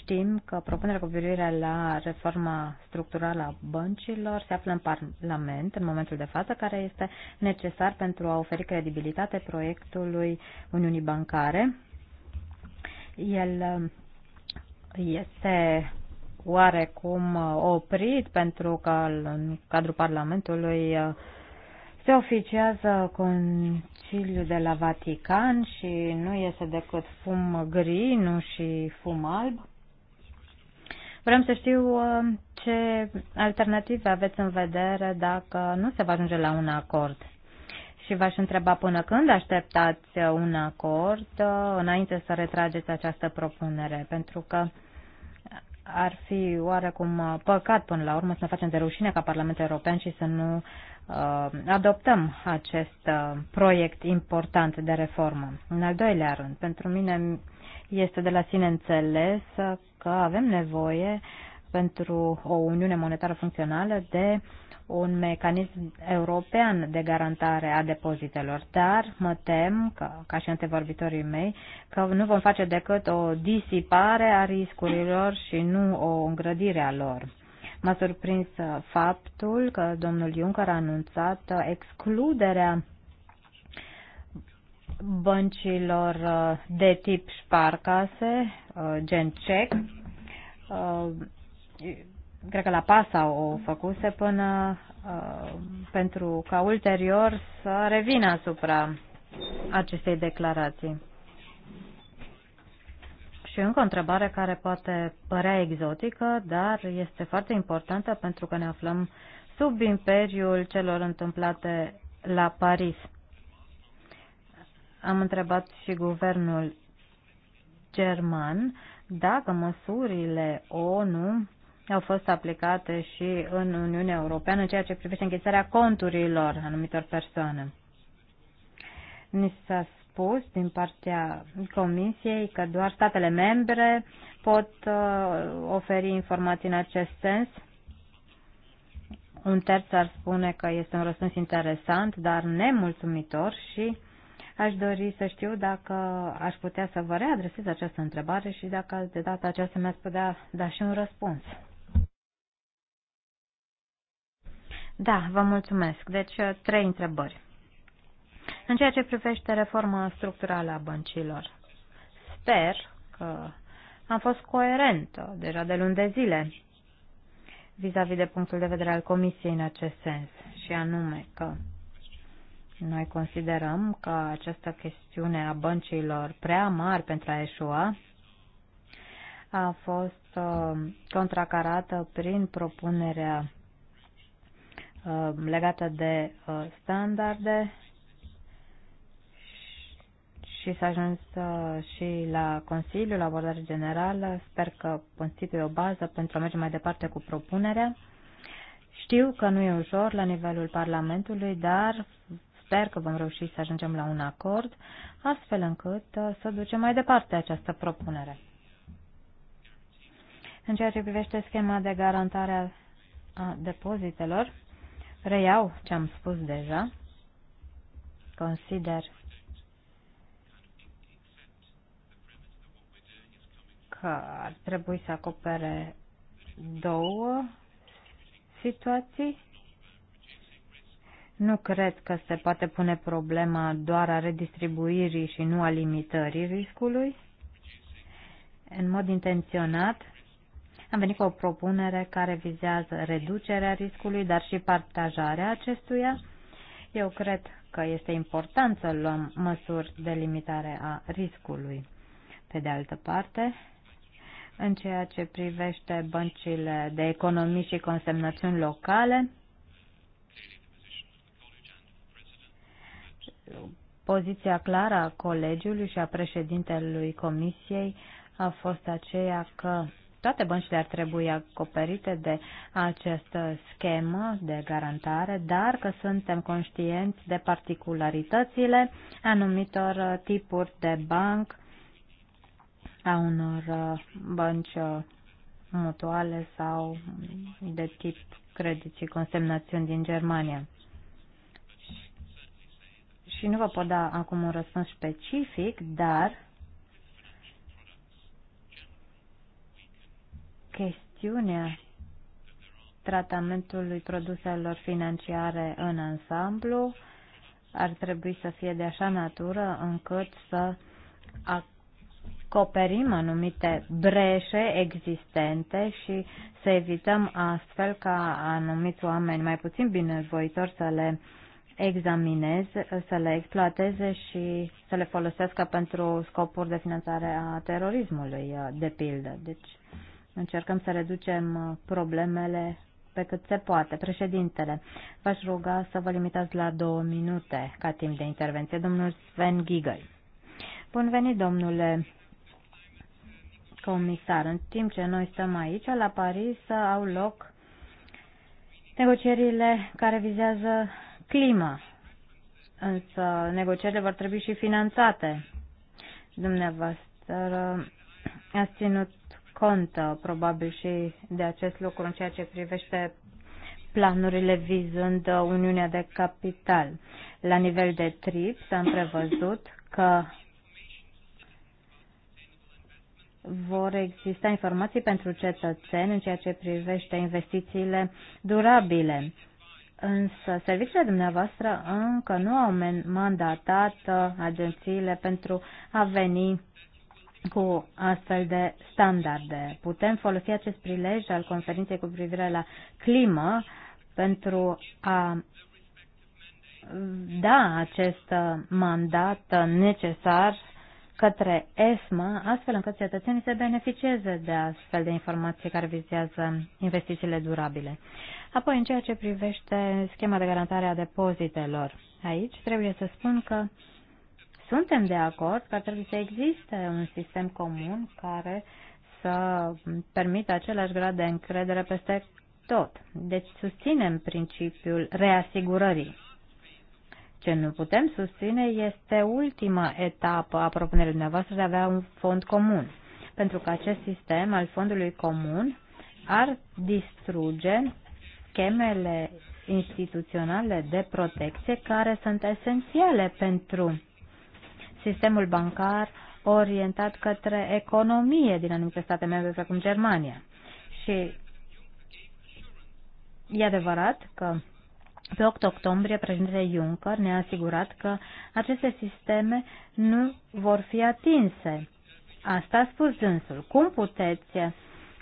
A: Știm că propunerea cu privire la reforma structurală a băncilor se află în Parlament în momentul de față, care este necesar pentru a oferi credibilitate proiectului Uniunii Bancare. El uh, este oarecum uh, oprit pentru că în cadrul Parlamentului uh, se oficiază Conciliul de la Vatican și nu este decât fum gri, nu și fum alb. Vrem să știu uh, ce alternative aveți în vedere dacă nu se va ajunge la un acord. Și v-aș întreba până când așteptați uh, un acord uh, înainte să retrageți această propunere, pentru că ar fi oarecum păcat până la urmă să ne facem de rușine ca Parlamentul European și să nu uh, adoptăm acest uh, proiect important de reformă. În al doilea rând, pentru mine este de la sine înțeles că avem nevoie pentru o Uniune Monetară Funcțională de un mecanism european de garantare a depozitelor, dar mă tem, că, ca și antevorbitorii mei, că nu vom face decât o disipare a riscurilor și nu o îngrădire a lor. M-a surprins faptul că domnul Juncker a anunțat excluderea băncilor uh, de tip șparcase, uh, gen cec. Uh, cred că la PASA o făcuse până pentru ca ulterior să revină asupra acestei declarații. Și încă o întrebare care poate părea exotică, dar este foarte importantă pentru că ne aflăm sub imperiul celor întâmplate la Paris. Am întrebat și guvernul german dacă măsurile ONU au fost aplicate și în Uniunea Europeană în ceea ce privește închisarea conturilor anumitor persoane. Ni s-a spus din partea Comisiei că doar statele membre pot uh, oferi informații în acest sens. Un terț ar spune că este un răspuns interesant, dar nemulțumitor și Aș dori să știu dacă aș putea să vă readresez această întrebare și dacă de data aceasta mi-ați putea da și un răspuns. Da, vă mulțumesc. Deci, trei întrebări. În ceea ce privește reforma structurală a băncilor, sper că am fost coerentă deja de luni de zile vis-a-vis -vis de punctul de vedere al Comisiei în acest sens, și anume că noi considerăm că această chestiune a băncilor prea mari pentru a eșua a fost uh, contracarată prin propunerea uh, legată de uh, standarde și s-a ajuns și la Consiliu, la abordare generală. Sper că constituie o bază pentru a merge mai departe cu propunerea. Știu că nu e ușor la nivelul Parlamentului, dar Sper că vom reuși să ajungem la un acord, astfel încât uh, să ducem mai departe această propunere. În ceea ce privește schema de garantare a depozitelor, reiau ce am spus deja. Consider că ar trebui să acopere două situații nu cred că se poate pune problema doar a redistribuirii și nu a limitării riscului. În mod intenționat, am venit cu o propunere care vizează reducerea riscului, dar și partajarea acestuia. Eu cred că este important să luăm măsuri de limitare a riscului. Pe de altă parte, în ceea ce privește băncile de economii și consemnațiuni locale, Poziția clară a colegiului și a președintelui comisiei a fost aceea că toate băncile ar trebui acoperite de această schemă de garantare, dar că suntem conștienți de particularitățile anumitor tipuri de banc, a unor uh, bănci uh, mutuale sau de tip credit și consemnațiuni din Germania și nu vă pot da acum un răspuns specific, dar chestiunea tratamentului produselor financiare în ansamblu ar trebui să fie de așa natură încât să acoperim anumite breșe existente și să evităm astfel ca anumiți oameni mai puțin binevoitori să le uh, examineze, să le exploateze și să le folosească pentru scopuri de finanțare a terorismului, de pildă. Deci încercăm să reducem problemele pe cât se poate. Președintele, v-aș ruga să vă limitați la două minute ca timp de intervenție. Domnul Sven Gigel. Bun venit, domnule comisar. În timp ce noi stăm aici, la Paris, au loc negocierile care vizează climă. Însă negocierile vor trebui și finanțate. Dumneavoastră ați ținut cont probabil și de acest lucru în ceea ce privește planurile vizând Uniunea de Capital. La nivel de s am prevăzut că vor exista informații pentru cetățeni în ceea ce privește investițiile durabile. Însă serviciile dumneavoastră încă nu au mandatat uh, agențiile pentru a veni cu astfel de standarde. Putem folosi acest prilej al conferinței cu privire la climă pentru a da acest uh, mandat necesar către ESMA, astfel încât cetățenii să beneficieze de astfel de informații care vizează investițiile durabile. Apoi, în ceea ce privește schema de garantare a depozitelor, aici trebuie să spun că suntem de acord că trebuie să existe un sistem comun care să permită același grad de încredere peste tot. Deci susținem principiul reasigurării. Ce nu putem susține este ultima etapă a propunerii dumneavoastră de a avea un fond comun, pentru că acest sistem al fondului comun ar distruge schemele instituționale de protecție care sunt esențiale pentru sistemul bancar orientat către economie din anumite state membre, precum Germania. Și e adevărat că pe 8 octombrie, președintele Juncker ne-a asigurat că aceste sisteme nu vor fi atinse. Asta a spus dânsul. Cum puteți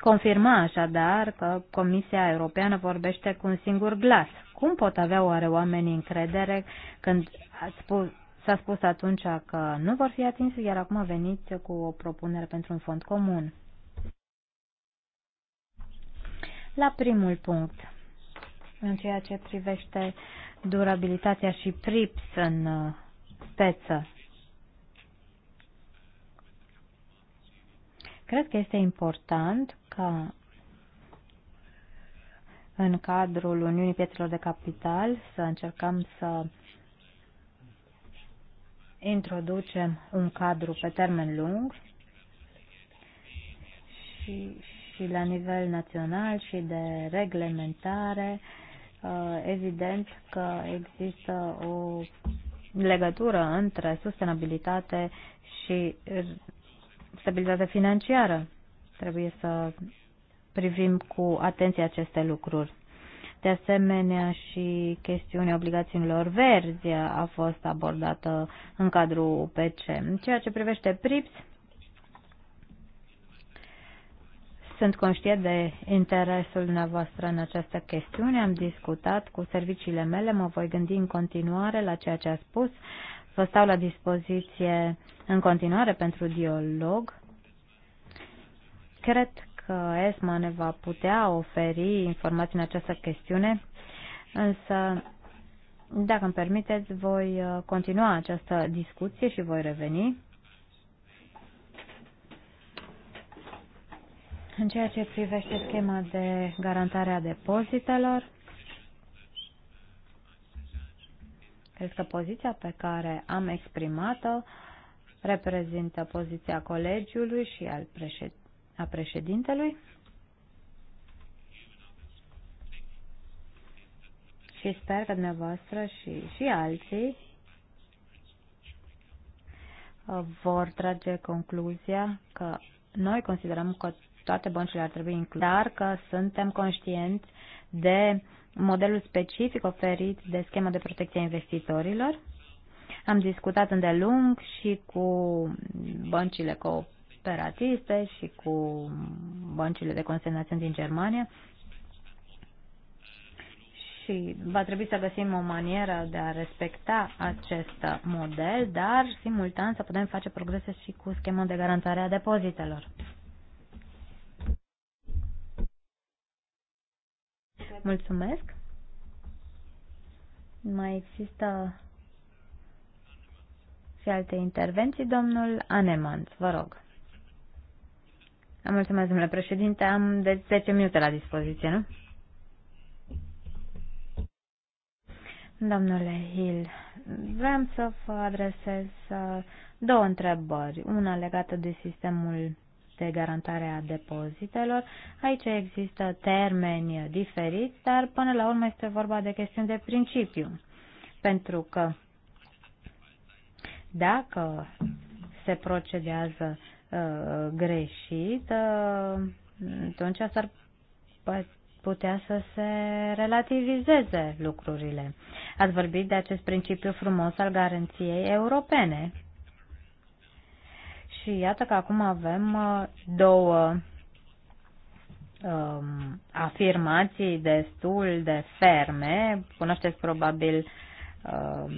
A: confirma așadar că Comisia Europeană vorbește cu un singur glas? Cum pot avea oare oamenii încredere când spus, S-a spus atunci că nu vor fi atinse, iar acum veniți cu o propunere pentru un fond comun. La primul punct, în ceea ce privește durabilitatea și PRIPS în uh, speță. Cred că este important ca în cadrul Uniunii Pietrelor de Capital să încercăm să introducem un cadru pe termen lung și, și la nivel național și de reglementare uh, Uh, evident că există o legătură între sustenabilitate și stabilitate financiară. Trebuie să privim cu atenție aceste lucruri. De asemenea, și chestiunea obligațiunilor verzi a fost abordată în cadrul PC. În ceea ce privește PRIPS, Sunt conștient de interesul dumneavoastră în această chestiune, am discutat cu serviciile mele, mă voi gândi în continuare la ceea ce a spus, vă stau la dispoziție în continuare pentru dialog. Cred că ESMA ne va putea oferi informații în această chestiune, însă, dacă îmi permiteți, voi continua această discuție și voi reveni. În ceea ce privește schema de garantare a depozitelor, cred că poziția pe care am exprimat-o reprezintă poziția colegiului și al președ a președintelui. Și sper că dumneavoastră și, și alții vor trage concluzia că noi considerăm că toate băncile ar trebui incluse, dar că suntem conștienți de modelul specific oferit de schema de protecție a investitorilor. Am discutat îndelung și cu băncile cooperatiste și cu băncile de consemnațiuni din Germania și va trebui să găsim o manieră de a respecta acest model, dar simultan să putem face progrese și cu schema de garantare a depozitelor. Mulțumesc. Mai există și alte intervenții, domnul Anemans, vă rog. Mulțumesc, domnule președinte. Am de 10 minute la dispoziție, nu? Domnule Hill, vreau să vă adresez uh, două întrebări. Una legată de sistemul de garantare a depozitelor. Aici există termeni diferiți, dar până la urmă este vorba de chestiuni de principiu. Pentru că dacă se procedează uh, greșit, uh, atunci s-ar putea să se relativizeze lucrurile. Ați vorbit de acest principiu frumos al garanției europene. Și iată că acum avem uh, două um, afirmații destul de ferme. Cunoașteți probabil um,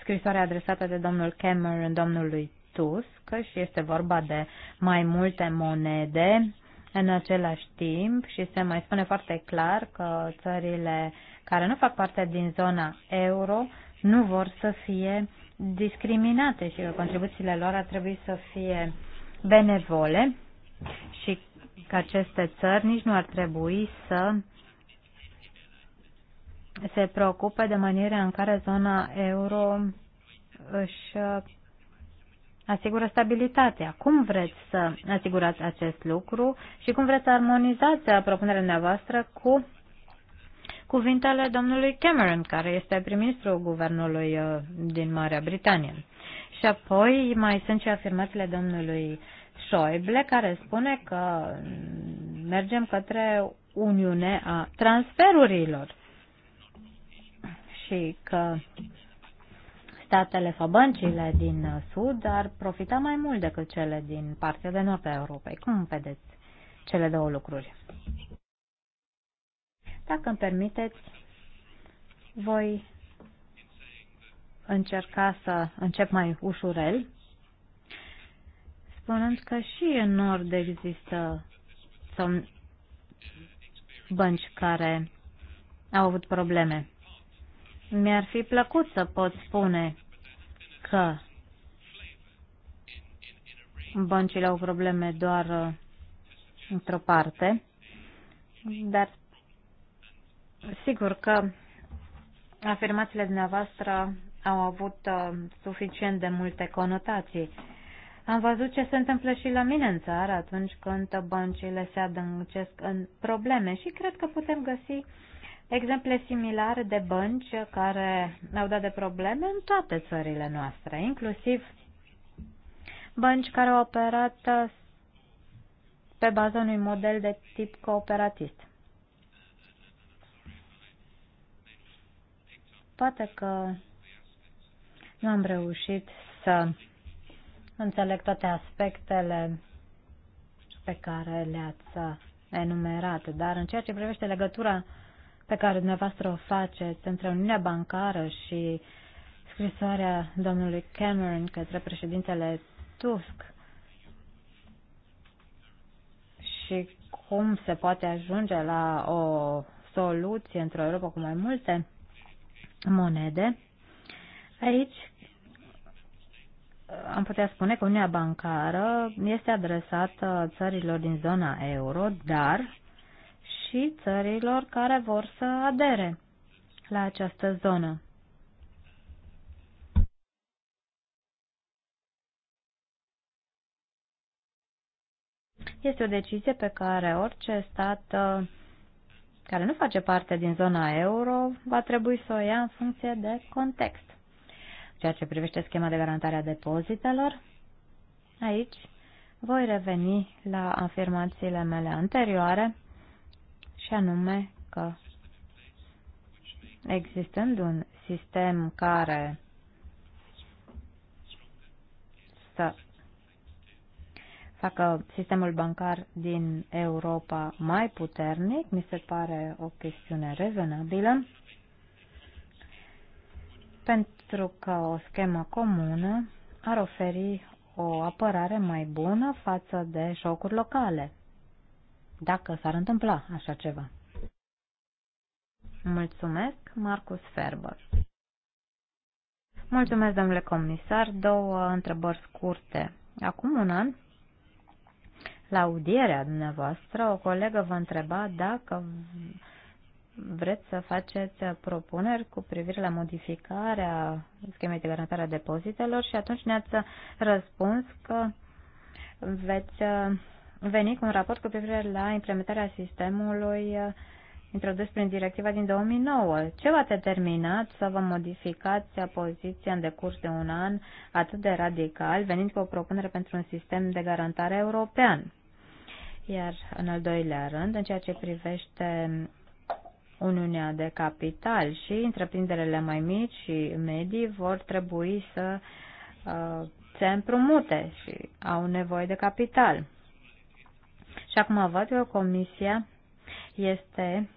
A: scrisoarea adresată de domnul Cameron domnului Tusk și este vorba de mai multe monede în același timp și se mai spune foarte clar că țările care nu fac parte din zona euro nu vor să fie discriminate și că contribuțiile lor ar trebui să fie benevole și că aceste țări nici nu ar trebui să se preocupe de maniera în care zona euro își asigură stabilitatea. Cum vreți să asigurați acest lucru și cum vreți să armonizați propunerea noastră cu cuvintele domnului Cameron, care este prim-ministrul guvernului uh, din Marea Britanie. Și apoi mai sunt și afirmațiile domnului Schäuble, care spune că mergem către Uniune a transferurilor și că statele sau băncile din uh, Sud ar profita mai mult decât cele din partea de nord a Europei. Cum vedeți cele două lucruri? Dacă îmi permiteți, voi încerca să încep mai ușurel, spunând că și în Nord există somn bănci care au avut probleme. Mi-ar fi plăcut să pot spune că băncile au probleme doar uh, într-o parte, dar Sigur că afirmațiile dumneavoastră au avut uh, suficient de multe conotații. Am văzut ce se întâmplă și la mine în țară atunci când băncile se adâncesc în probleme și cred că putem găsi exemple similare de bănci care au dat de probleme în toate țările noastre, inclusiv bănci care au operat uh, pe baza unui model de tip cooperativ. Poate că nu am reușit să înțeleg toate aspectele pe care le-ați enumerat, dar în ceea ce privește legătura pe care dumneavoastră o faceți între Uniunea Bancară și scrisoarea domnului Cameron către președintele Tusk și cum se poate ajunge la o soluție într-o Europa cu mai multe monede. Aici am putea spune că Uniunea Bancară este adresată țărilor din zona euro, dar și țărilor care vor să adere la această zonă. Este o decizie pe care orice stat uh, care nu face parte din zona euro, va trebui să o ia în funcție de context. Ceea ce privește schema de garantare a depozitelor, aici voi reveni la afirmațiile mele anterioare, și anume că existând un sistem care să facă sistemul bancar din Europa mai puternic, mi se pare o chestiune rezonabilă, pentru că o schemă comună ar oferi o apărare mai bună față de șocuri locale, dacă s-ar întâmpla așa ceva. Mulțumesc, Marcus Ferber. Mulțumesc, domnule comisar. Două întrebări scurte. Acum un an, la audierea dumneavoastră, o colegă vă întreba dacă vreți să faceți propuneri cu privire la modificarea schemei de garantare a depozitelor și atunci ne-ați răspuns că veți veni cu un raport cu privire la implementarea sistemului introdus prin directiva din 2009. Ce v-a determinat să vă modificați poziția în decurs de un an atât de radical, venind cu o propunere pentru un sistem de garantare european? Iar în al doilea rând, în ceea ce privește Uniunea de Capital și întreprinderele mai mici și medii vor trebui să uh, se împrumute și au nevoie de capital. Și acum văd că Comisia este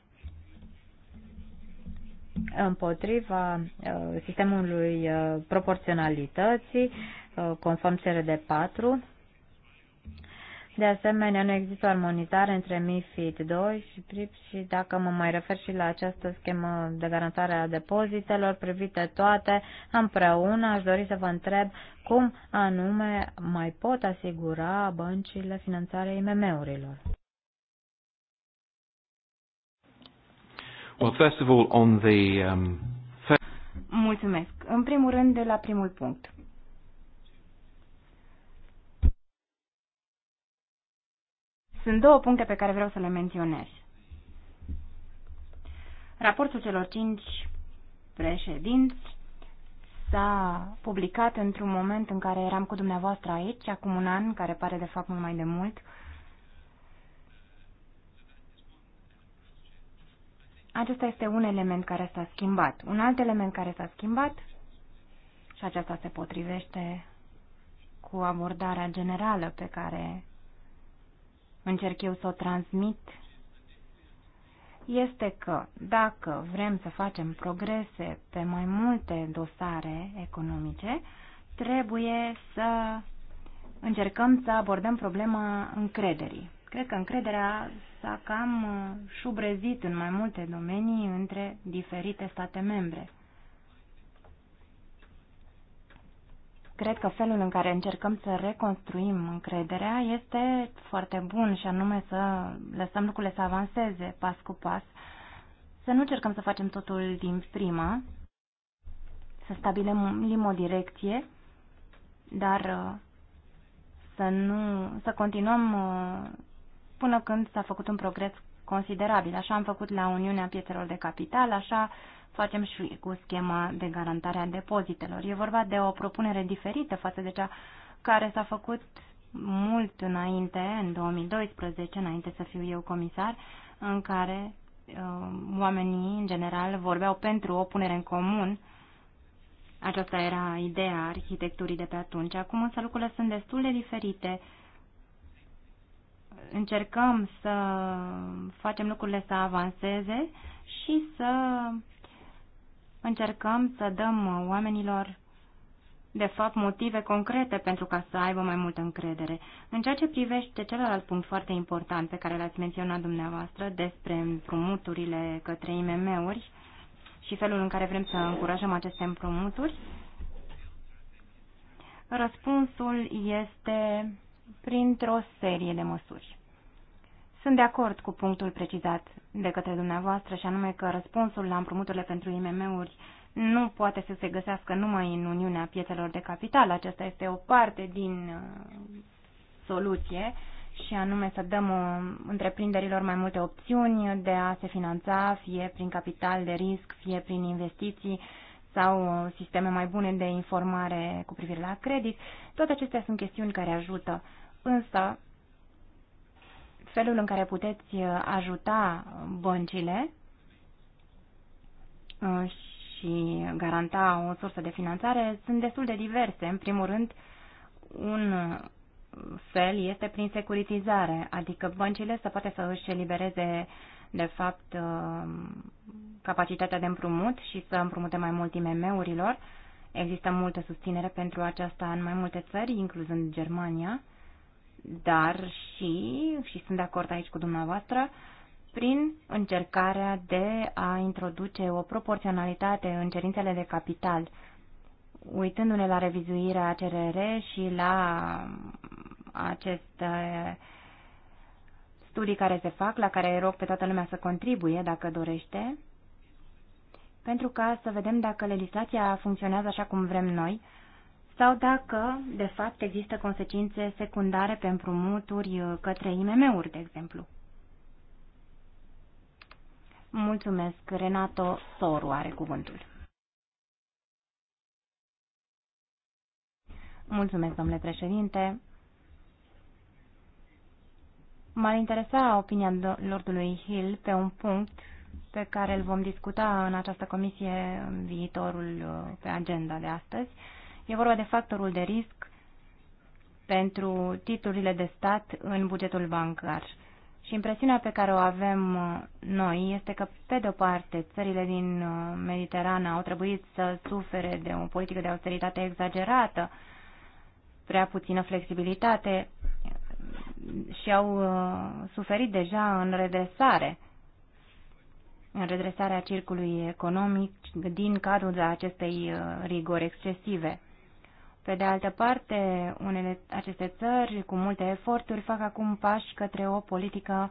A: împotriva uh, sistemului uh, proporționalității, uh, conform CRD 4, de asemenea, nu există o armonizare între MIFID 2 și PRIP și dacă mă mai refer și la această schemă de garantare a depozitelor privite toate împreună, aș dori să vă întreb cum anume mai pot asigura băncile finanțarea IMM-urilor.
B: Well, first of all, on the, um, first...
A: Mulțumesc. În primul rând, de la primul punct. Sunt două puncte pe care vreau să le menționez. Raportul celor cinci președinți s-a publicat într-un moment în care eram cu dumneavoastră aici, acum un an, care pare de fapt mult mai de mult. Acesta este un element care s-a schimbat. Un alt element care s-a schimbat, și aceasta se potrivește cu abordarea generală pe care încerc eu să o transmit este că dacă vrem să facem progrese pe mai multe dosare economice, trebuie să încercăm să abordăm problema încrederii. Cred că încrederea s-a cam șubrezit în mai multe domenii între diferite state membre. Cred că felul în care încercăm să reconstruim încrederea este foarte bun și anume să lăsăm lucrurile să avanseze pas cu pas, să nu cercăm să facem totul din prima, să stabilim o direcție, dar uh, să, nu, să continuăm uh, până când s-a făcut un progres considerabil. Așa am făcut la Uniunea Pietrelor de Capital, așa facem și cu schema de garantare a depozitelor. E vorba de o propunere diferită față de cea care s-a făcut mult înainte, în 2012, înainte să fiu eu comisar, în care uh, oamenii, în general, vorbeau pentru o punere în comun. Aceasta era ideea arhitecturii de pe atunci. Acum însă lucrurile sunt destul de diferite. Încercăm să facem lucrurile să avanseze și să încercăm să dăm oamenilor, de fapt, motive concrete pentru ca să aibă mai multă încredere. În ceea ce privește celălalt punct foarte important pe care l-ați menționat dumneavoastră despre împrumuturile către IMM-uri și felul în care vrem să încurajăm aceste împrumuturi, răspunsul este printr-o serie de măsuri. Sunt de acord cu punctul precizat de către dumneavoastră și anume că răspunsul la împrumuturile pentru IMM-uri nu poate să se găsească numai în Uniunea Piețelor de Capital. Aceasta este o parte din uh, soluție și anume să dăm o, uh, întreprinderilor mai multe opțiuni de a se finanța, fie prin capital de risc, fie prin investiții sau uh, sisteme mai bune de informare cu privire la credit. Toate acestea sunt chestiuni care ajută. Însă, felul în care puteți uh, ajuta băncile uh, și garanta o sursă de finanțare sunt destul de diverse. În primul rând, un fel este prin securitizare, adică băncile să poate să își elibereze de fapt uh, capacitatea de împrumut și să împrumute mai mult IMM-urilor. Există multă susținere pentru aceasta în mai multe țări, incluzând Germania dar și, și sunt de acord aici cu dumneavoastră, prin încercarea de a introduce o proporționalitate în cerințele de capital, uitându-ne la revizuirea CRR și la mm, aceste studii care se fac, la care rog pe toată lumea să contribuie dacă dorește, pentru ca să vedem dacă legislația funcționează așa cum vrem noi, sau dacă, de fapt, există consecințe secundare pe împrumuturi uh, către IMM-uri, de exemplu. Mulțumesc. Renato Soru are cuvântul. Mulțumesc, domnule președinte. M-ar interesa opinia Lordului Hill pe un punct pe care îl vom discuta în această comisie în viitorul uh, pe agenda de astăzi. E vorba de factorul de risc pentru titlurile de stat în bugetul bancar. Și impresiunea pe care o avem uh, noi este că, pe de-o parte, țările din uh, Mediterana au trebuit să sufere de o politică de austeritate exagerată, prea puțină flexibilitate și au uh, suferit deja în redresare, în redresarea circului economic din cadrul acestei rigori excesive. Pe de altă parte, unele aceste țări, cu multe eforturi, fac acum pași către o politică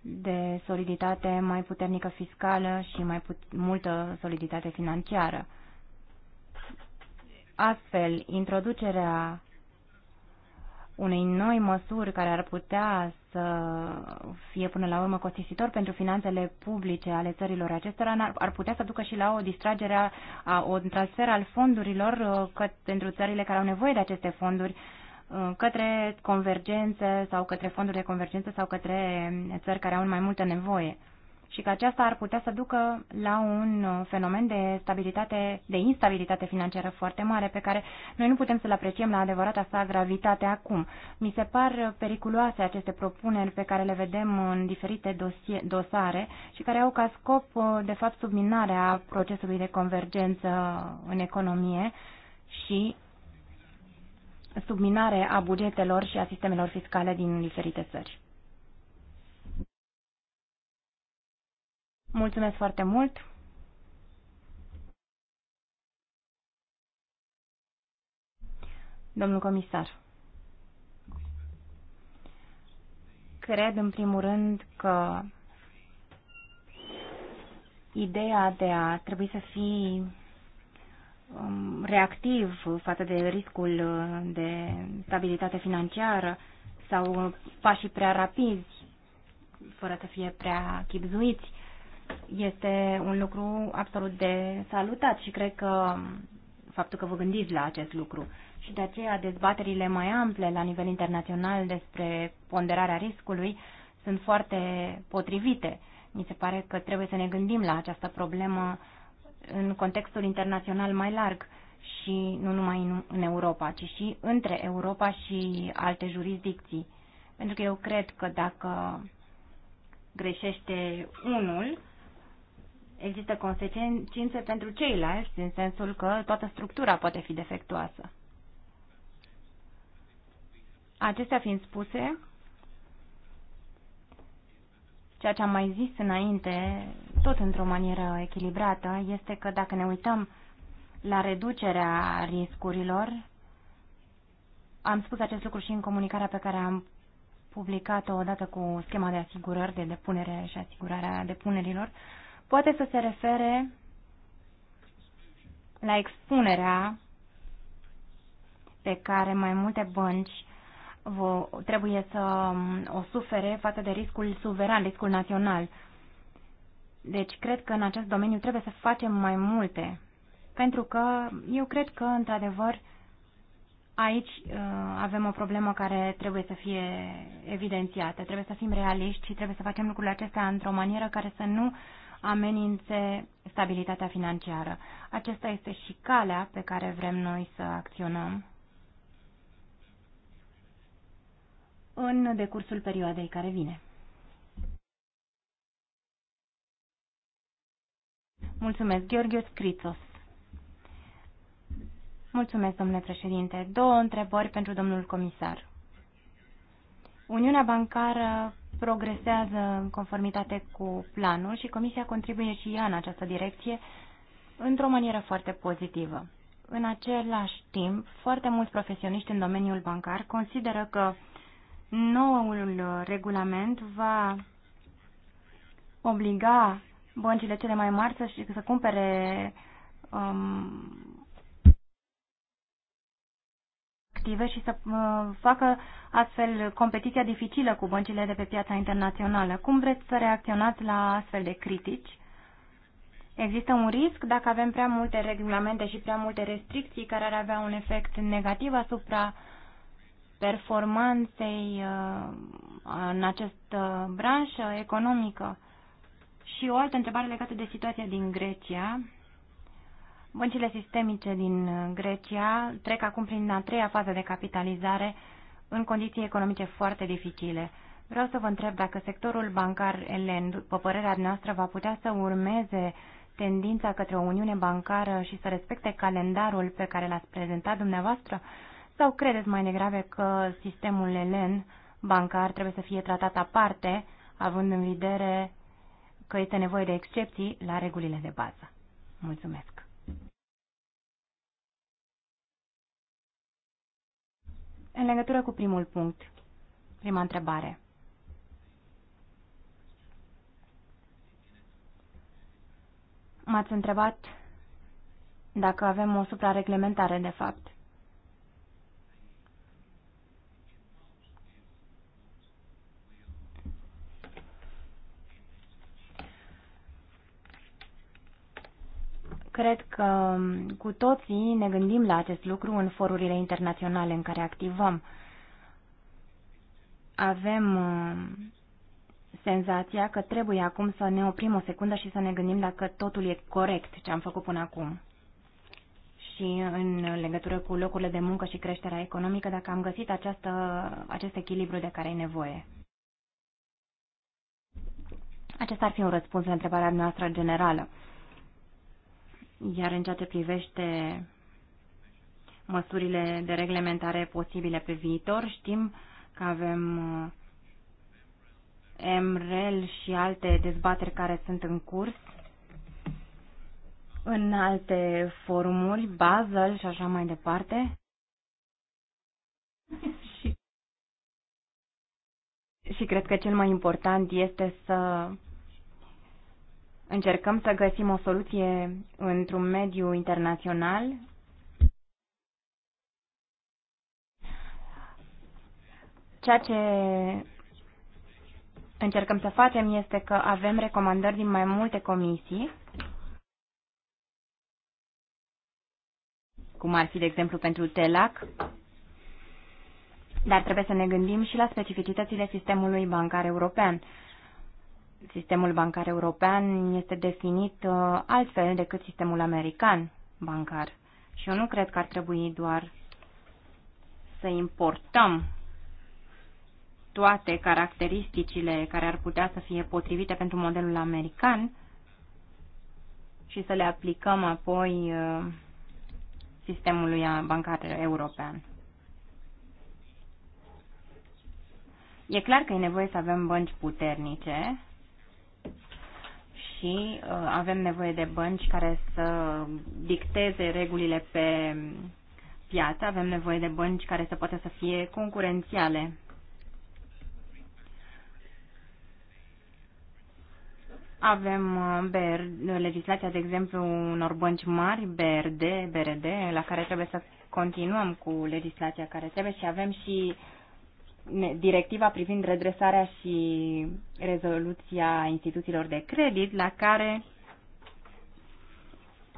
A: de soliditate mai puternică fiscală și mai put- multă soliditate financiară. Astfel, introducerea unei noi măsuri care ar putea să fie până la urmă costisitor pentru finanțele publice ale țărilor acestora ar putea să ducă și la o distragere, a, un transfer al fondurilor uh, pentru țările care au nevoie de aceste fonduri uh, către convergențe sau către fonduri de convergență sau către uh, țări care au mai multă nevoie și că aceasta ar putea să ducă la un fenomen de stabilitate, de instabilitate financiară foarte mare, pe care noi nu putem să-l apreciem la adevărata sa gravitate acum. Mi se par periculoase aceste propuneri pe care le vedem în diferite dosie, dosare și care au ca scop, uh, de fapt, subminarea procesului de convergență în economie și subminare a bugetelor și a sistemelor fiscale din diferite țări. Mulțumesc foarte mult! Domnul comisar, cred în primul rând că ideea de a trebui să fii um, reactiv față de riscul de stabilitate financiară sau pașii prea rapizi, fără să fie prea chipzuiți, este un lucru absolut de salutat și cred că faptul că vă gândiți la acest lucru. Și de aceea dezbaterile mai ample la nivel internațional despre ponderarea riscului sunt foarte potrivite. Mi se pare că trebuie să ne gândim la această problemă în contextul internațional mai larg și nu numai în Europa, ci și între Europa și alte jurisdicții. Pentru că eu cred că dacă greșește unul, există consecințe pentru ceilalți, în sensul că toată structura poate fi defectuoasă. Acestea fiind spuse, ceea ce am mai zis înainte, tot într-o manieră echilibrată, este că dacă ne uităm la reducerea riscurilor, am spus acest lucru și în comunicarea pe care am publicat-o odată cu schema de asigurări, de depunere și asigurarea depunerilor, uh, poate să se refere la expunerea pe care mai multe bănci trebuie să um, o sufere față de riscul suveran, riscul național. Deci cred că în acest domeniu trebuie să facem mai multe, pentru că eu cred că, într-adevăr, aici uh, avem o problemă care trebuie să fie evidențiată, trebuie să fim realiști și trebuie să facem lucrurile acestea într-o manieră care să nu uh, amenințe stabilitatea financiară. Acesta este și calea pe care vrem noi să acționăm în decursul perioadei care vine. Mulțumesc, Gheorghe Scrițos. Mulțumesc, domnule președinte. Două întrebări pentru domnul comisar. Uniunea bancară progresează în conformitate cu planul și Comisia contribuie și ea în această direcție într-o manieră foarte pozitivă. În același timp, foarte mulți profesioniști în domeniul bancar consideră că noul regulament va obliga băncile cele mai mari să, să cumpere um, active și să uh, facă astfel competiția dificilă cu băncile de pe piața internațională. Cum vreți să reacționați la astfel de critici? Există un risc dacă avem prea multe regulamente și prea multe restricții care ar avea un efect negativ asupra performanței uh, în această branșă economică. Și o altă întrebare legată de situația din Grecia. Băncile sistemice din uh, Grecia trec acum prin a treia fază de capitalizare în condiții economice foarte dificile. Vreau să vă întreb dacă sectorul bancar elen, după părerea noastră, va putea să urmeze tendința către o uniune bancară și să respecte calendarul pe care l-ați prezentat dumneavoastră? Sau credeți mai degrabă că sistemul elen bancar trebuie să fie tratat aparte, având în vedere că este nevoie de excepții la regulile de bază? Mulțumesc! În legătură cu primul punct, prima întrebare. M-ați întrebat dacă avem o suprareglementare, de fapt. Cred că cu toții ne gândim la acest lucru în forurile internaționale în care activăm. Avem uh, senzația că trebuie acum să ne oprim o secundă și să ne gândim dacă totul e corect ce am făcut până acum. Și în legătură cu locurile de muncă și creșterea economică, dacă am găsit această, acest echilibru de care e nevoie. Acesta ar fi un răspuns la întrebarea noastră generală. Iar în ceea ce privește măsurile de reglementare posibile pe viitor, știm că avem uh, MREL și alte dezbateri care sunt în curs în alte forumuri, Basel și așa mai departe. și, și cred că cel mai important este să Încercăm să găsim o soluție într-un mediu internațional. Ceea ce încercăm să facem este că avem recomandări din mai multe comisii, cum ar fi, de exemplu, pentru TELAC, dar trebuie să ne gândim și la specificitățile sistemului bancar european sistemul bancar european este definit uh, altfel decât sistemul american bancar. Și eu nu cred că ar trebui doar să importăm toate caracteristicile care ar putea să fie potrivite pentru modelul american și să le aplicăm apoi uh, sistemului bancar european. E clar că e nevoie să avem bănci puternice și uh, avem nevoie de bănci care să dicteze regulile pe piață, avem nevoie de bănci care să poată să fie concurențiale. Avem uh, BR, legislația, de exemplu, unor bănci mari, BRD, BRD, la care trebuie să continuăm cu legislația care trebuie și avem și uh, directiva privind redresarea și rezoluția instituțiilor de credit, la care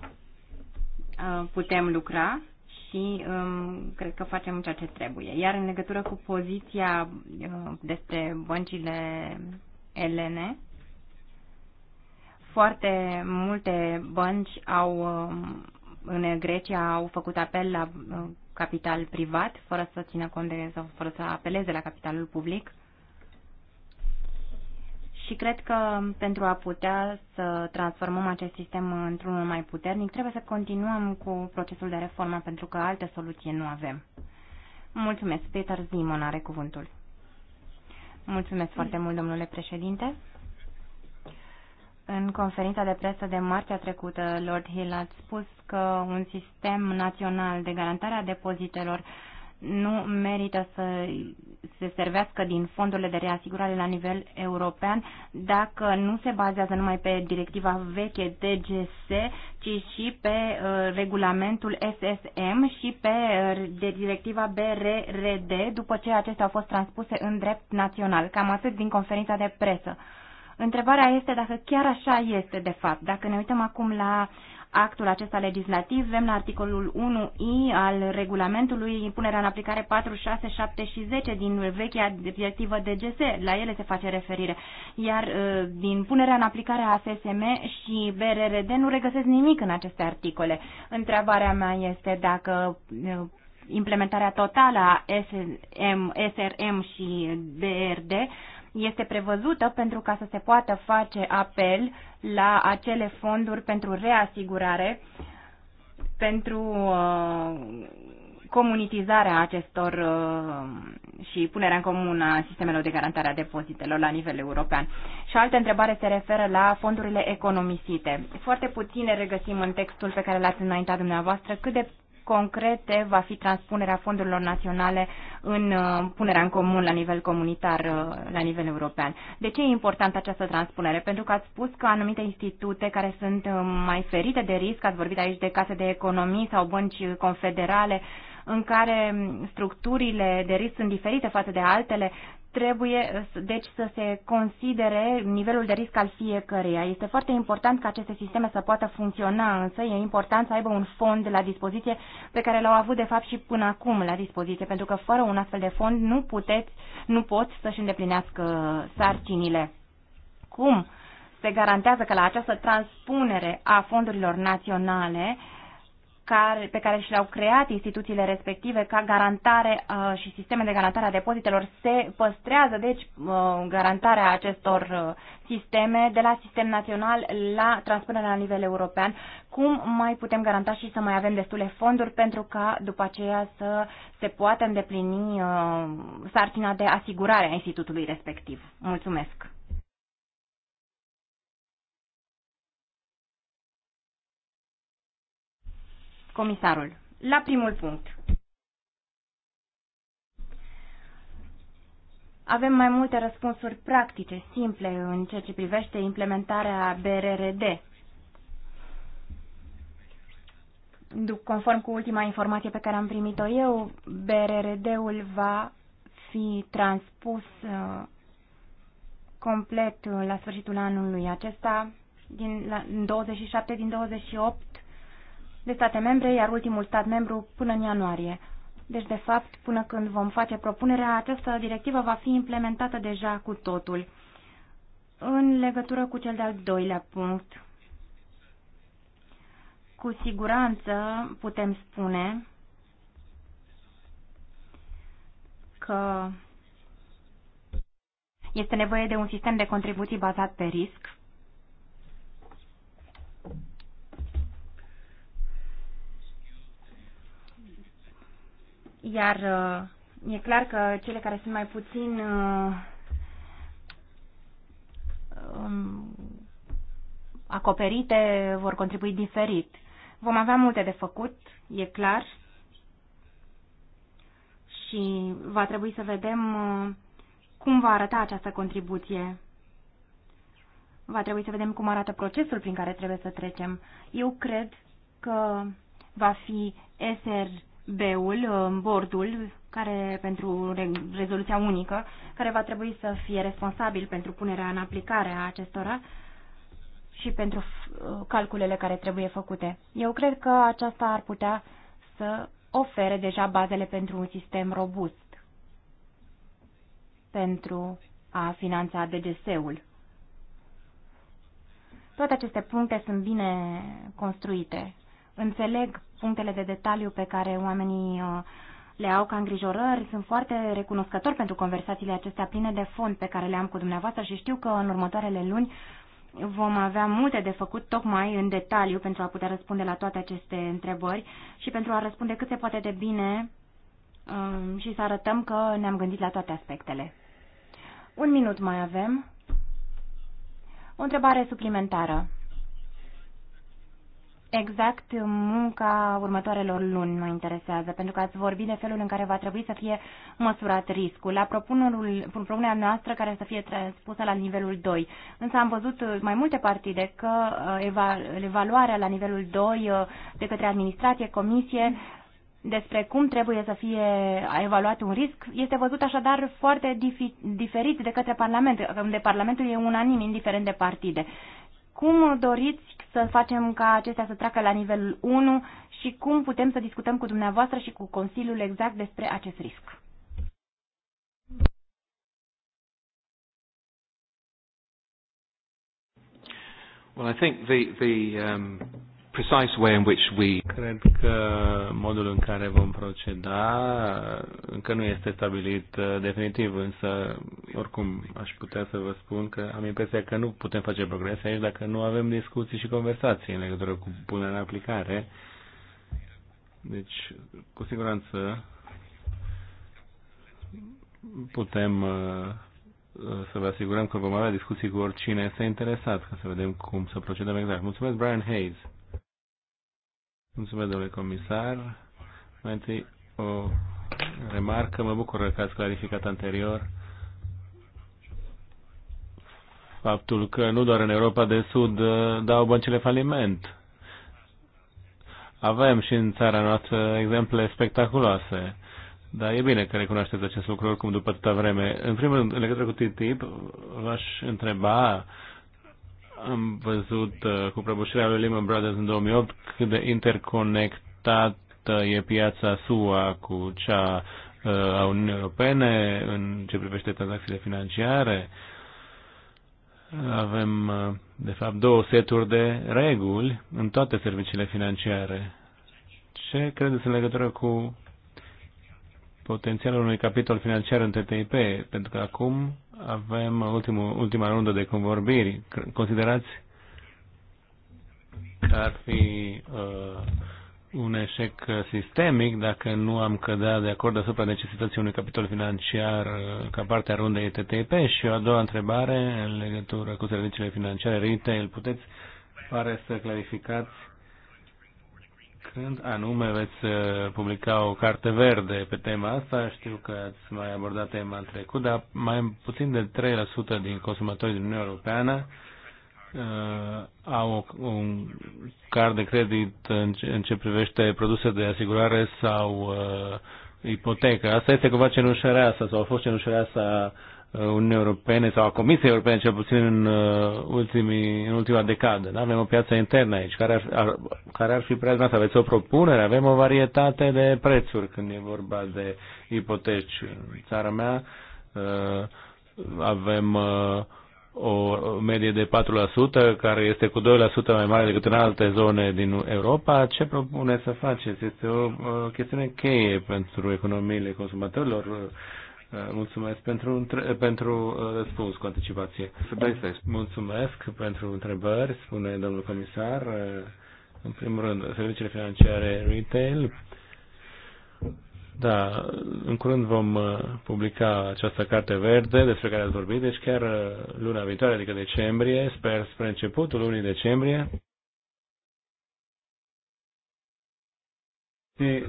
A: uh, putem lucra și um, cred că facem ceea ce trebuie. Iar în legătură cu poziția uh, despre băncile elene, foarte multe bănci au uh, în Grecia au făcut apel la uh, capital privat, fără să țină cont de, sau fără să apeleze la capitalul public. Și cred că pentru a putea să transformăm acest sistem într-unul mai puternic, trebuie să continuăm cu procesul de reformă, pentru că alte soluții nu avem. Mulțumesc. Peter Zimon are cuvântul. Mulțumesc foarte mult, domnule președinte. În conferința de presă de marțea trecută, Lord Hill a spus că un sistem național de garantare a depozitelor nu merită să se servească din fondurile de reasigurare la nivel european dacă nu se bazează numai pe directiva veche DGS, ci și pe uh, regulamentul SSM și pe uh, directiva BRRD, după ce acestea au fost transpuse în drept național. Cam atât din conferința de presă. Întrebarea este dacă chiar așa este de fapt. Dacă ne uităm acum la actul acesta legislativ, vrem la articolul 1i al regulamentului impunerea în aplicare 4, 6, 7 și 10 din vechea directivă DGS, la ele se face referire. Iar uh, din punerea în aplicare a SSM și BRRD nu regăsesc nimic în aceste articole. Întrebarea mea este dacă uh, implementarea totală a SM, SRM și BRD este prevăzută pentru ca să se poată face apel la acele fonduri pentru reasigurare, pentru uh, comunitizarea acestor uh, și punerea în comun a sistemelor de garantare a depozitelor la nivel european. Și altă întrebare se referă la fondurile economisite. Foarte puține regăsim în textul pe care l-ați înaintat dumneavoastră cât de concrete va fi transpunerea fondurilor naționale în uh, punerea în comun la nivel comunitar, uh, la nivel european. De ce e importantă această transpunere? Pentru că ați spus că anumite institute care sunt uh, mai ferite de risc, ați vorbit aici de case de economii sau bănci confederale, în care structurile de risc sunt diferite față de altele, trebuie deci să se considere nivelul de risc al fiecăreia. Este foarte important ca aceste sisteme să poată funcționa, însă e important să aibă un fond la dispoziție pe care l-au avut de fapt și până acum la dispoziție, pentru că fără un astfel de fond nu puteți, nu poți să-și îndeplinească sarcinile. Cum se garantează că la această transpunere a fondurilor naționale uh, care, pe care și le-au creat instituțiile respective ca garantare uh, și sisteme de garantare a depozitelor se păstrează, deci uh, garantarea acestor uh, sisteme de la sistem național la transpunerea la nivel european. Cum mai putem garanta și să mai avem destule fonduri pentru ca după aceea să se poată îndeplini uh, sarcina de asigurare a institutului respectiv? Mulțumesc! comisarul. La primul punct. Avem mai multe răspunsuri practice, simple, în ceea ce privește implementarea BRRD. Conform cu ultima informație pe care am primit-o eu, BRRD-ul va fi transpus uh, complet uh, la sfârșitul anului acesta. Din la, 27 din 28 de state membre, iar ultimul stat membru până în ianuarie. Deci, de fapt, până când vom face propunerea, această directivă va fi implementată deja cu totul. În legătură cu cel de-al doilea punct, cu siguranță putem spune că este nevoie de un sistem de contribuții bazat pe risc Iar uh, e clar că cele care sunt mai puțin uh, um, acoperite vor contribui diferit. Vom avea multe de făcut, e clar, și va trebui să vedem uh, cum va arăta această contribuție. Va trebui să vedem cum arată procesul prin care trebuie să trecem. Eu cred că va fi SR B-ul, uh, bordul, care pentru rezoluția unică, care va trebui să fie responsabil pentru punerea în aplicare a acestora și pentru uh, calculele care trebuie făcute. Eu cred că aceasta ar putea să ofere deja bazele pentru un sistem robust pentru a finanța DGS-ul. Toate aceste puncte sunt bine construite Înțeleg punctele de detaliu pe care oamenii uh, le au ca îngrijorări. Sunt foarte recunoscător pentru conversațiile acestea pline de fond pe care le am cu dumneavoastră și știu că în următoarele luni vom avea multe de făcut tocmai în detaliu pentru a putea răspunde la toate aceste întrebări și pentru a răspunde cât se poate de bine um, și să arătăm că ne-am gândit la toate aspectele. Un minut mai avem. O întrebare suplimentară. Exact munca următoarelor luni mă interesează, pentru că ați vorbit de felul în care va trebui să fie măsurat riscul. La propunerea noastră care să fie transpusă la nivelul 2, însă am văzut mai multe partide că uh, evaluarea la nivelul 2 uh, de către administrație, comisie, despre cum trebuie să fie evaluat un risc este văzut așadar foarte diferit de către Parlament, unde Parlamentul e unanim, indiferent de partide. Cum doriți să facem ca acestea să treacă la nivelul 1 și cum putem să discutăm cu dumneavoastră și cu Consiliul exact despre acest risc.
B: Well, I think the, the, um, precise way in which we Cred că modul în care vom proceda încă nu este stabilit uh, definitiv, însă oricum aș putea să vă spun că am impresia că nu putem face progrese aici dacă nu avem discuții și conversații în legătură cu punerea în aplicare. Deci, cu siguranță putem uh, să vă asigurăm că vom avea discuții cu oricine este interesat, ca să vedem cum să procedăm exact. Mulțumesc, Brian Hayes. Mulțumesc, domnule comisar. Mai întâi o remarcă. Mă bucur că ați clarificat anterior faptul că nu doar în Europa de Sud uh, dau băncile faliment. Avem și în țara noastră exemple spectaculoase. Dar e bine că recunoașteți acest lucru oricum după atâta vreme. În primul rând, în legătură cu TTIP, v-aș întreba am văzut uh, cu prăbușirea lui Lehman Brothers în 2008 cât de interconectată e piața SUA cu cea uh, a Uniunii Europene în ce privește tranzacțiile financiare. Avem, uh, de fapt, două seturi de reguli în toate serviciile financiare. Ce credeți în legătură cu potențialul unui capitol financiar în TTIP? Pentru că acum avem ultimul, ultima rundă de convorbiri. Considerați că ar fi uh, un eșec sistemic dacă nu am cădea de acord asupra necesității unui capitol financiar uh, ca parte a rundei TTP? Și o a doua întrebare în legătură cu serviciile financiare retail. Puteți pare să clarificați când anume veți uh, publica o carte verde pe tema asta, știu că ați mai abordat tema în trecut, dar mai puțin de 3% din consumatorii din Uniunea Europeană uh, au un card de credit în ce, în ce privește produse de asigurare sau uh, ipotecă. Asta este cumva cenușăreasa sau a fost cenușăreasa Uniunii Europene sau a Comisiei Europene, cel puțin în, uh, ultimii, în ultima decadă. Da? Avem o piață internă aici. Care ar, ar, care ar fi prea să Aveți o propunere? Avem o varietate de prețuri când e vorba de ipoteci. În țara mea uh, avem uh, o medie de 4%, care este cu 2% mai mare decât în alte zone din Europa. Ce propuneți să faceți? Este o chestiune cheie pentru economiile consumatorilor Uh, mulțumesc pentru, pentru uh, răspuns cu anticipație. Mulțumesc pentru întrebări, spune domnul comisar. Uh, în primul rând, serviciile financiare retail. Da, în curând vom publica această carte verde despre care ați vorbit, deci chiar luna viitoare, adică decembrie, sper spre începutul lunii decembrie. Și,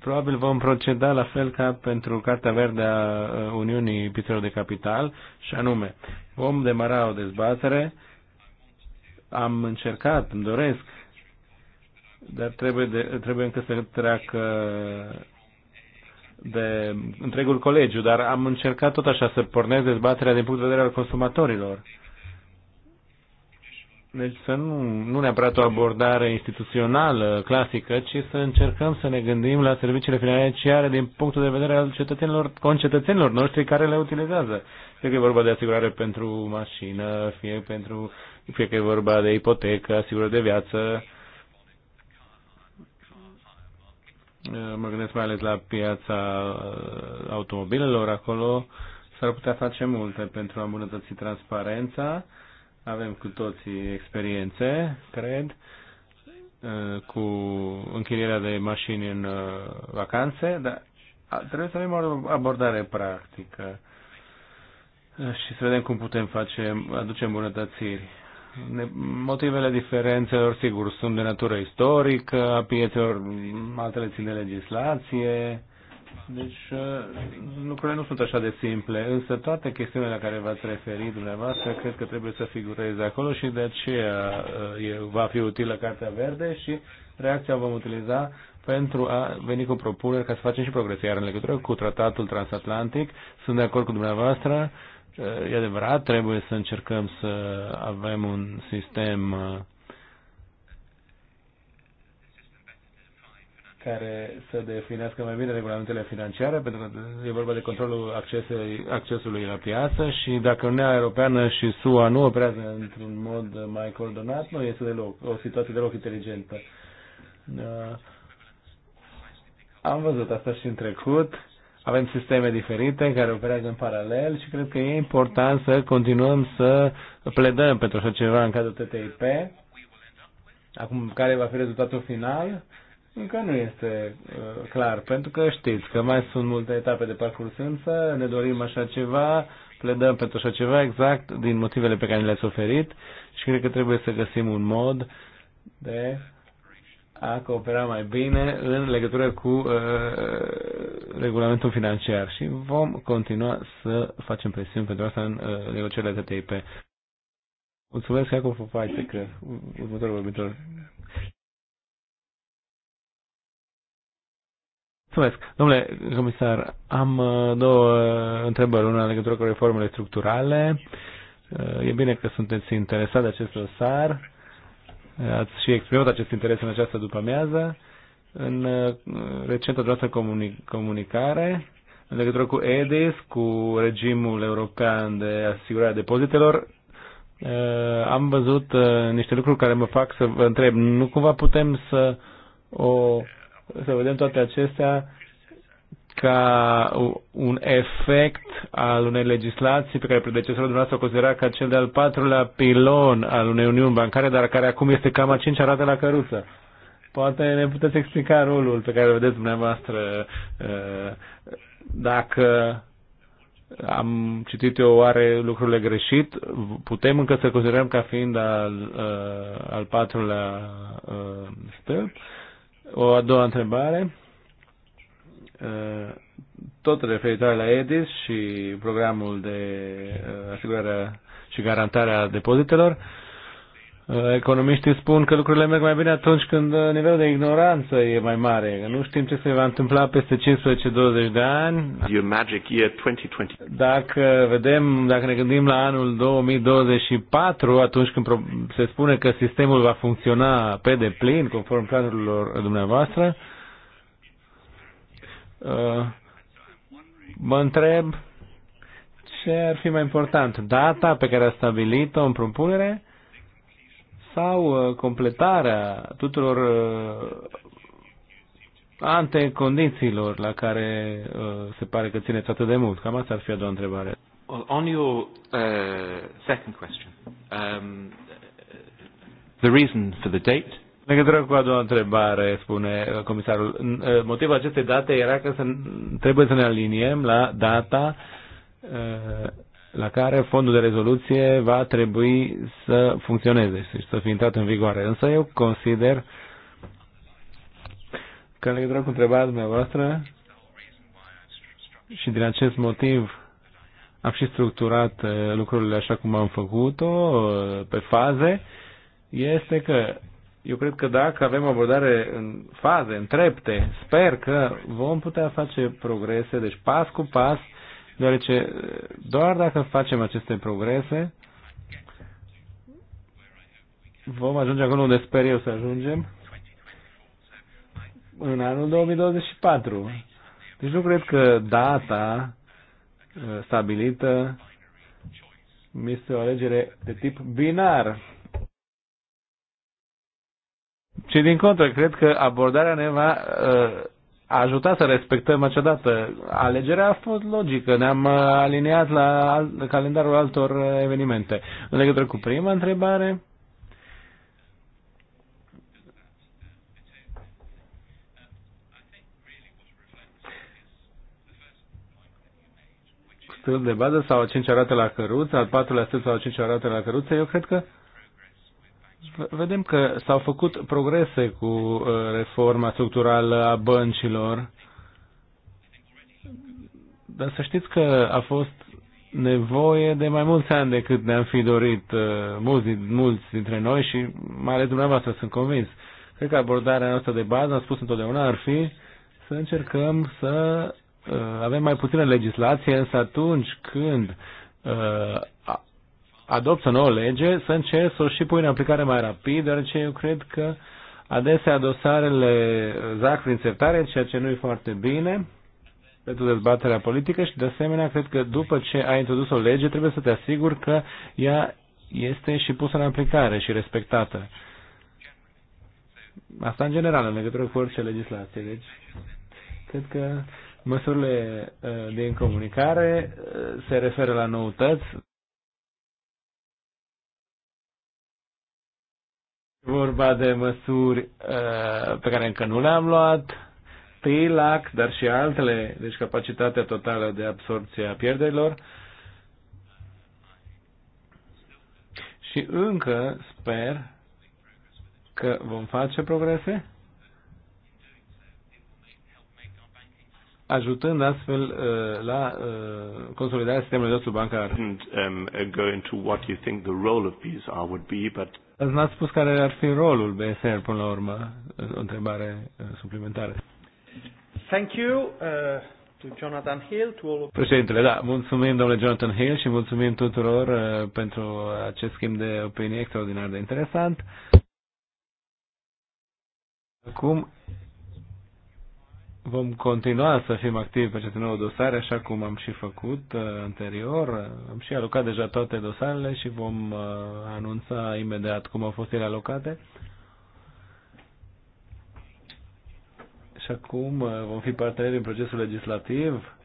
B: probabil vom proceda la fel ca pentru Cartea Verde a Uniunii Piețelor de Capital, și anume, vom demara o dezbatere, am încercat, îmi doresc, dar trebuie, de, trebuie încă să treacă de întregul colegiu, dar am încercat tot așa să pornesc dezbaterea din punct de vedere al consumatorilor. Deci să nu, nu neapărat o abordare instituțională clasică, ci să încercăm să ne gândim la serviciile financiare din punctul de vedere al cetățenilor, concetățenilor noștri care le utilizează. Fie că e vorba de asigurare pentru mașină, fie, pentru, fie că e vorba de ipotecă, asigurare de viață. Mă gândesc mai ales la piața uh, automobilelor acolo. S-ar putea face multe pentru a îmbunătăți transparența avem cu toții experiențe, cred, uh, cu închirierea de mașini în uh, vacanțe, dar trebuie să avem o abordare practică uh, și să vedem cum putem face, aduce îmbunătățiri. Motivele diferențelor, sigur, sunt de natură istorică, a piețelor, altele țin de legislație, deci uh, lucrurile nu sunt așa de simple, însă toate chestiunile la care v-ați referit dumneavoastră cred că trebuie să figureze acolo și de aceea uh, e, va fi utilă Cartea Verde și reacția vom utiliza pentru a veni cu propuneri ca să facem și progrese. Iar în legătură cu tratatul transatlantic, sunt de acord cu dumneavoastră, uh, e adevărat, trebuie să încercăm să avem un sistem care să definească mai bine regulamentele financiare, pentru că e vorba de controlul accesului, accesului la piață și dacă Uniunea Europeană și SUA nu operează într-un mod mai coordonat, nu este deloc o situație deloc inteligentă. Uh, am văzut asta și în trecut. Avem sisteme diferite care operează în paralel și cred că e important să continuăm să pledăm pentru așa ceva în cadrul TTIP. Acum, care va fi rezultatul final? încă nu este uh, clar, pentru că știți că mai sunt multe etape de parcurs, însă ne dorim așa ceva, pledăm pentru așa ceva exact din motivele pe care le-ați oferit și cred că trebuie să găsim un mod de a coopera mai bine în legătură cu uh, regulamentul financiar și vom continua să facem presiuni pentru asta în uh, negocierile TTIP. Mulțumesc, Iacob Popaițe, că următorul vorbitor. Mulțumesc. Domnule comisar, am uh, două uh, întrebări. Una în legătură cu reformele structurale. Uh, e bine că sunteți interesat de acest dosar. Ați și exprimat acest interes în această după-amiază. În recenta noastră comunicare, în legătură cu EDIS, cu regimul european de asigurare a depozitelor, am văzut niște lucruri care mă fac să vă întreb. Nu cumva putem să o să vedem toate acestea ca un efect al unei legislații pe care predecesorul dumneavoastră o considera ca cel de-al patrulea pilon al unei uniuni bancare, dar care acum este cam a cincea rată la căruță. Poate ne puteți explica rolul pe care îl vedeți dumneavoastră dacă am citit eu oare lucrurile greșit, putem încă să considerăm ca fiind al, al patrulea stâlp o a doua întrebare, tot referitoare la EDIS și programul de asigurare și garantarea depozitelor. Uh, economiștii spun că lucrurile merg mai bine atunci când uh, nivelul de ignoranță e mai mare. Nu știm ce se va întâmpla peste 15-20 de ani. Your magic year 2020. Dacă vedem, dacă ne gândim la anul 2024, atunci când se spune că sistemul va funcționa pe deplin, conform planurilor dumneavoastră, uh, mă întreb ce ar fi mai important, data pe care a stabilit-o în propunere sau uh, completarea tuturor uh, condițiilor la care uh, se pare că țineți atât de mult? Cam asta ar fi a doua întrebare. On your uh, second question, um, the reason for the date în legătură cu a doua întrebare, spune comisarul, motivul acestei date era că să, trebuie să ne aliniem la data la care fondul de rezoluție va trebui să funcționeze și să fie intrat în vigoare. Însă eu consider că în legătură cu întrebarea dumneavoastră și din acest motiv am și structurat eh, lucrurile așa cum am făcut-o, eh, pe faze, este că eu cred că dacă avem abordare în faze, în trepte, sper că vom putea face progrese, deci pas cu pas, deoarece eh, doar dacă facem aceste progrese, vom ajunge acolo unde sper eu să ajungem în anul 2024. Deci nu cred că data eh, stabilită este o alegere de tip binar. Și din contră, cred că abordarea ne va eh, a ajutat să respectăm acea dată. Alegerea a fost logică, ne-am uh, aliniat la calendarul altor uh, evenimente. În legătură cu prima întrebare, de bază sau a cinci arată la căruță, al patrulea stâlp sau a cinci arată la căruță, eu cred că Vedem că s-au făcut progrese cu uh, reforma structurală a băncilor, dar să știți că a fost nevoie de mai mulți ani decât ne-am fi dorit uh, mulți, mulți dintre noi și mai ales dumneavoastră sunt convins. Cred că abordarea noastră de bază, am spus întotdeauna, ar fi să încercăm să uh, avem mai puțină legislație, însă atunci când adopți o nouă lege, să încerci să o și pui în aplicare mai rapid, deoarece eu cred că adesea dosarele zac prin țeptare, ceea ce nu e foarte bine pentru dezbaterea politică și, de asemenea, cred că după ce ai introdus o lege, trebuie să te asiguri că ea este și pusă în aplicare și respectată. Asta în general, în legătură cu orice legislație. Deci, cred că măsurile uh, din comunicare uh, se referă la noutăți, vorba de măsuri uh, pe care încă nu le-am luat, PILAC, dar și altele, deci capacitatea totală de absorpție a pierderilor. Și încă sper că vom face progrese, ajutând astfel uh, la uh, consolidarea sistemului nostru bancar. And, um, uh, go into what you think the role of would be, but N-ați spus care ar fi rolul BSR până la urmă? O întrebare uh, suplimentară.
C: Thank you uh, to Jonathan Hill. To all...
B: Președintele, da, mulțumim domnule Jonathan Hill și mulțumim tuturor uh, pentru acest schimb de opinie extraordinar de interesant. Acum Vom continua să fim activi pe aceste nouă dosare, așa cum am și făcut uh, anterior. Uh, am și alocat deja toate dosarele și vom uh, anunța imediat cum au fost ele alocate. Și acum uh, vom fi parteneri în procesul legislativ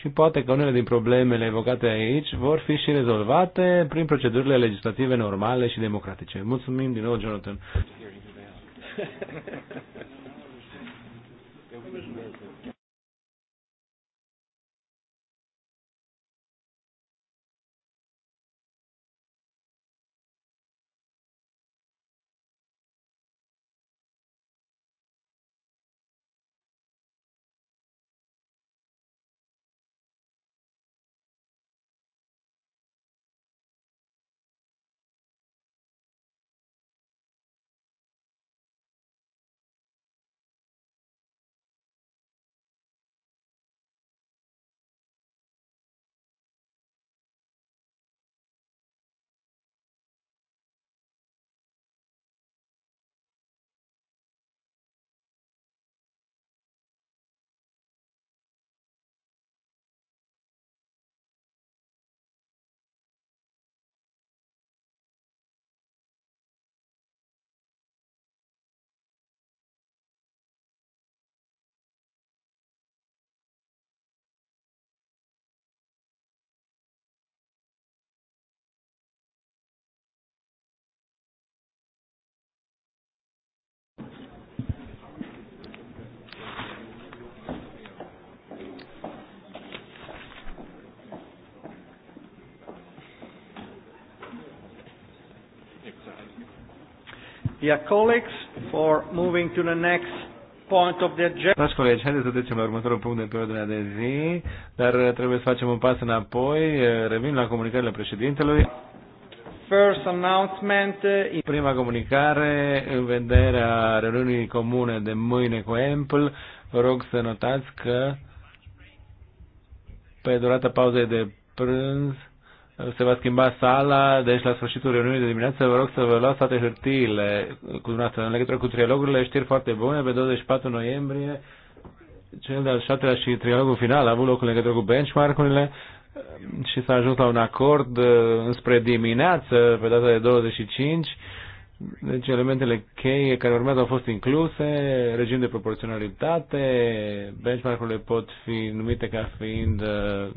B: și poate că unele din problemele evocate aici vor fi și rezolvate prin procedurile legislative normale și democratice. Mulțumim din nou, Jonathan. Dear colleagues, for moving to the next point of the agenda. Dragi colegi, haideți să trecem la următorul punct de pe ordinea de zi, dar trebuie să facem un pas înapoi. Revin la comunicările președintelui. First announcement. Uh, Prima comunicare în vederea reuniunii comune de mâine cu Ample. Vă rog să notați că pe durata pauzei de prânz se va schimba sala, deci la sfârșitul reuniunii de dimineață vă rog să vă luați toate hârtiile cu dumneavoastră în legătură cu trilogurile, știri foarte bune, pe 24 noiembrie, cel de-al șaptelea și trilogul final a avut loc în legătură cu benchmark-urile uh, și s-a ajuns la un acord uh, înspre dimineață, pe data de 25, deci elementele cheie care urmează au fost incluse, regim de proporționalitate, benchmark-urile pot fi numite ca fiind uh,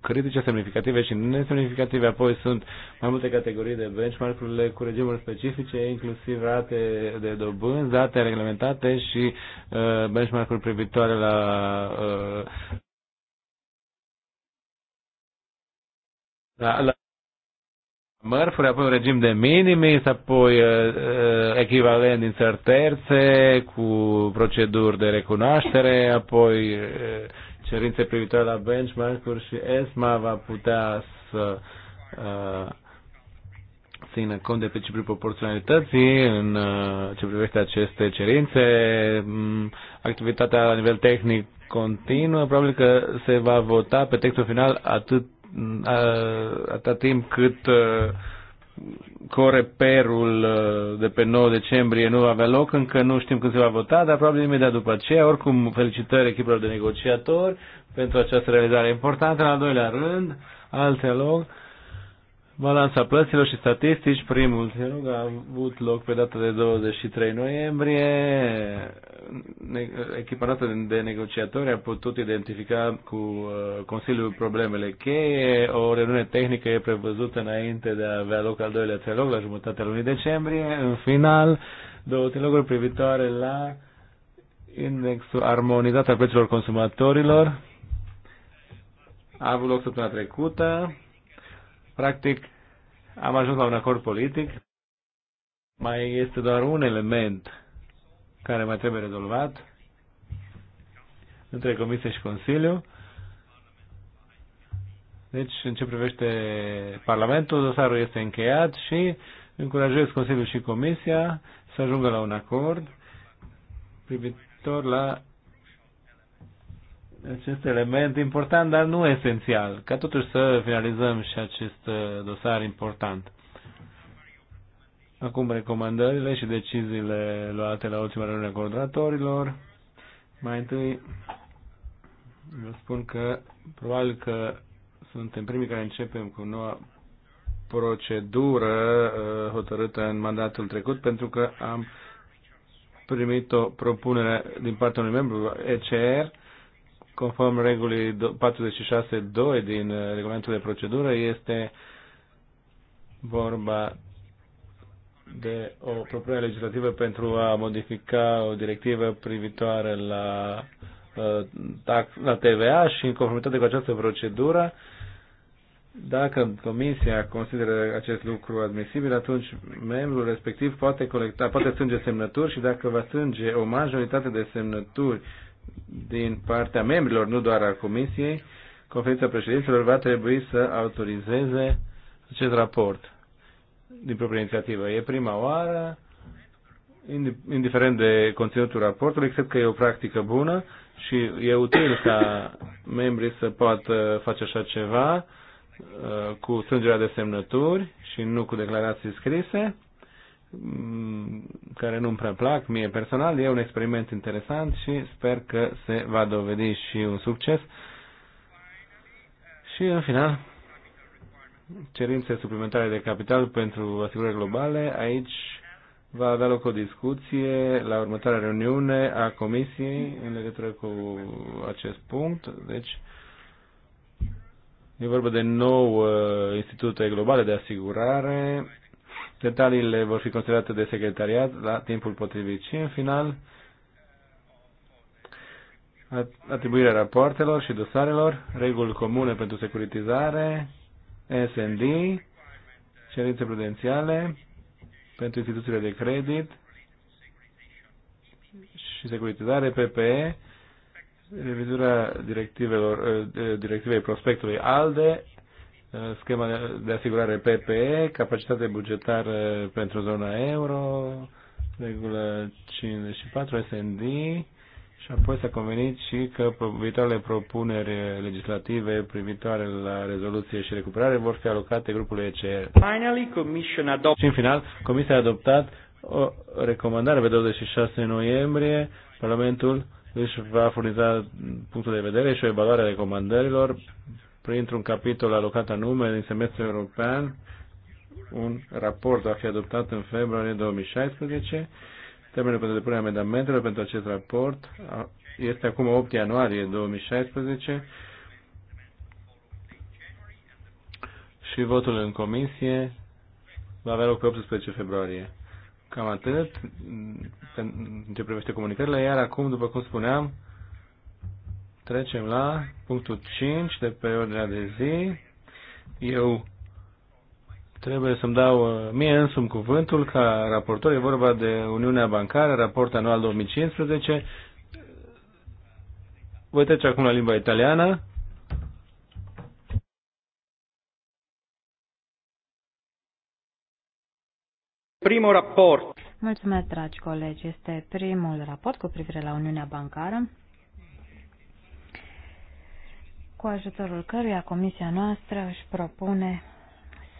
B: critice semnificative și nesemnificative, apoi sunt mai multe categorii de benchmark-urile cu regimuri specifice, inclusiv rate de dobânzi, date reglementate și uh, benchmark-uri privitoare la uh, la, la mărfuri, apoi un regim de minimis, apoi uh, uh echivalent din țări terțe cu proceduri de recunoaștere, apoi uh, cerințe privitoare la benchmark-uri și ESMA va putea să uh, țină cont de principiul proporționalității în uh, ce privește aceste cerințe. Mm, activitatea la nivel tehnic continuă. Probabil că se va vota pe textul final atât mm, atât timp cât uh, coreperul uh, de pe 9 decembrie nu va avea loc, încă nu știm când se va vota, dar probabil imediat după aceea. Oricum, felicitări echipelor de negociatori pentru această realizare importantă. În al doilea rând, alt dialog Balanța plăților și statistici, primul dialog a avut loc pe data de 23 noiembrie. Echipa noastră de negociatori a putut identifica cu uh, Consiliul problemele cheie. O reuniune tehnică e prevăzută înainte de a avea loc al doilea trilog la jumătatea lunii decembrie. În final, două triloguri privitoare la indexul armonizat al prețurilor consumatorilor. A avut loc săptămâna trecută Practic, am ajuns la un acord politic. Mai este doar un element care mai trebuie rezolvat între Comisie și Consiliu. Deci, în ce privește Parlamentul, dosarul este încheiat și încurajez Consiliul și Comisia să ajungă la un acord privitor la acest element important, dar nu esențial, ca totuși să finalizăm și acest uh, dosar important. Acum recomandările și deciziile luate la ultima reuniune a coordonatorilor. Mai întâi vă spun că probabil că suntem primii care începem cu noua procedură uh, hotărâtă în mandatul trecut pentru că am primit o propunere din partea unui membru ECR conform regulii 46.2 din uh, regulamentul de procedură, este vorba de o propunere legislativă pentru a modifica o directivă privitoare la, uh, la TVA și în conformitate cu această procedură, dacă Comisia consideră acest lucru admisibil, atunci membrul respectiv poate colecta, poate strânge semnături și dacă va strânge o majoritate de semnături din partea membrilor, nu doar a Comisiei, conferința președinților va trebui să autorizeze acest raport din propria inițiativă. E prima oară, indiferent de conținutul raportului, cred că e o practică bună și e util ca membrii să poată face așa ceva uh, cu strângerea de semnături și nu cu declarații scrise. Mm, care nu-mi prea plac mie personal. E un experiment interesant și sper că se va dovedi și un succes. Și în final, cerințe suplimentare de capital pentru asigurări globale. Aici va avea loc o discuție la următoarea reuniune a Comisiei în legătură cu acest punct. Deci, e vorba de nouă institute globale de asigurare Detaliile vor fi considerate de secretariat la timpul potrivit. Și în final, atribuirea rapoartelor și dosarelor, reguli comune pentru securitizare, S&D, cerințe prudențiale pentru instituțiile de credit și securitizare, PPE, revizuirea directivelor, eh, directivei prospectului ALDE, Uh, schema de asigurare PPE, capacitate bugetară pentru zona euro, regulă 54 SND și apoi s-a convenit și că viitoarele propuneri legislative privitoare la rezoluție și recuperare vor fi alocate grupului ECR. Finally, commission adopt- și în final, Comisia a adoptat o recomandare pe 26 noiembrie. Parlamentul își va furniza punctul de vedere și o evaluare a recomandărilor printr-un capitol alocat anume din semestrul european. Un raport va fi adoptat în februarie 2016. Termenul pentru depunerea amendamentelor pentru acest raport este acum 8 ianuarie 2016 și votul în comisie va avea loc pe 18 februarie. Cam atât în ce privește comunicările, iar acum, după cum spuneam, Trecem la punctul 5 de pe ordinea de zi. Eu trebuie să-mi dau uh, mie însumi cuvântul ca raportor. E vorba de Uniunea Bancară, raport anual 2015. Voi trece acum la limba italiană.
A: Primul raport. Mulțumesc, dragi colegi. Este primul raport cu privire la Uniunea Bancară cu ajutorul căruia comisia noastră își propune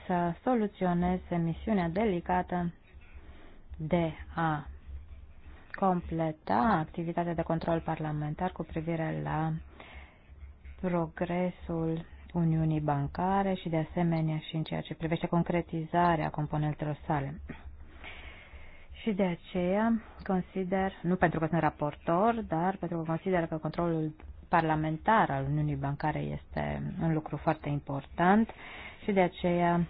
A: să soluționeze misiunea delicată de a completa activitatea de control parlamentar cu privire la progresul Uniunii Bancare și de asemenea și în ceea ce privește concretizarea componentelor sale. Și de aceea consider, nu pentru că sunt raportor, dar pentru că consider că controlul parlamentar al Uniunii Bancare este un lucru foarte important și de aceea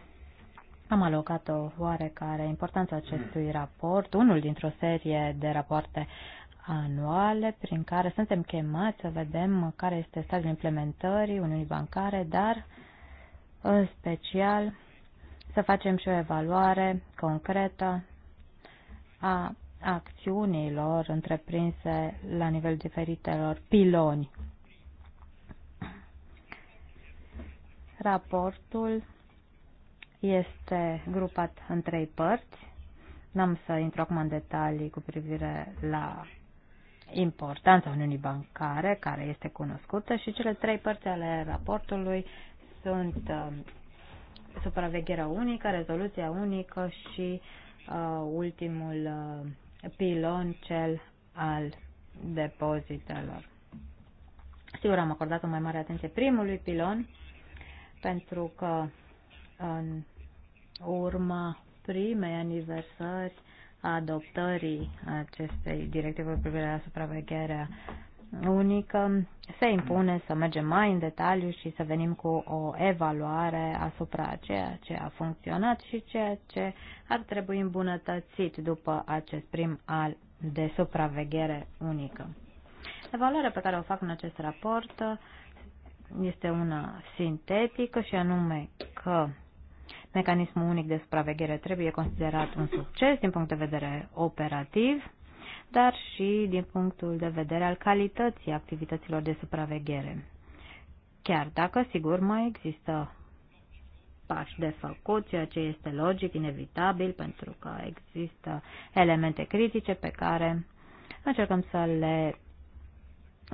A: am alocat o oarecare importanță acestui raport, unul dintr-o serie de rapoarte anuale prin care suntem chemați să vedem care este stadiul implementării Uniunii Bancare, dar în special să facem și o evaluare concretă a acțiunilor întreprinse la nivel diferitelor piloni Raportul este grupat în trei părți. N-am să intru acum în detalii cu privire la importanța Uniunii Bancare, care este cunoscută, și cele trei părți ale raportului sunt uh, supravegherea unică, rezoluția unică și uh, ultimul uh, pilon, cel al depozitelor. Sigur, am acordat o mai mare atenție primului pilon, pentru că în urma primei aniversări a adoptării acestei directive cu privire la supravegherea unică, se impune să mergem mai în detaliu și să venim cu o evaluare asupra ceea ce a funcționat și ceea ce ar trebui îmbunătățit după acest prim al de supraveghere unică. Evaluarea pe care o fac în acest raport este una sintetică și anume că mecanismul unic de supraveghere trebuie considerat un succes din punct de vedere operativ, dar și din punctul de vedere al calității activităților de supraveghere. Chiar dacă, sigur, mai există pași de făcut, ceea ce este logic, inevitabil, pentru că există elemente critice pe care încercăm să le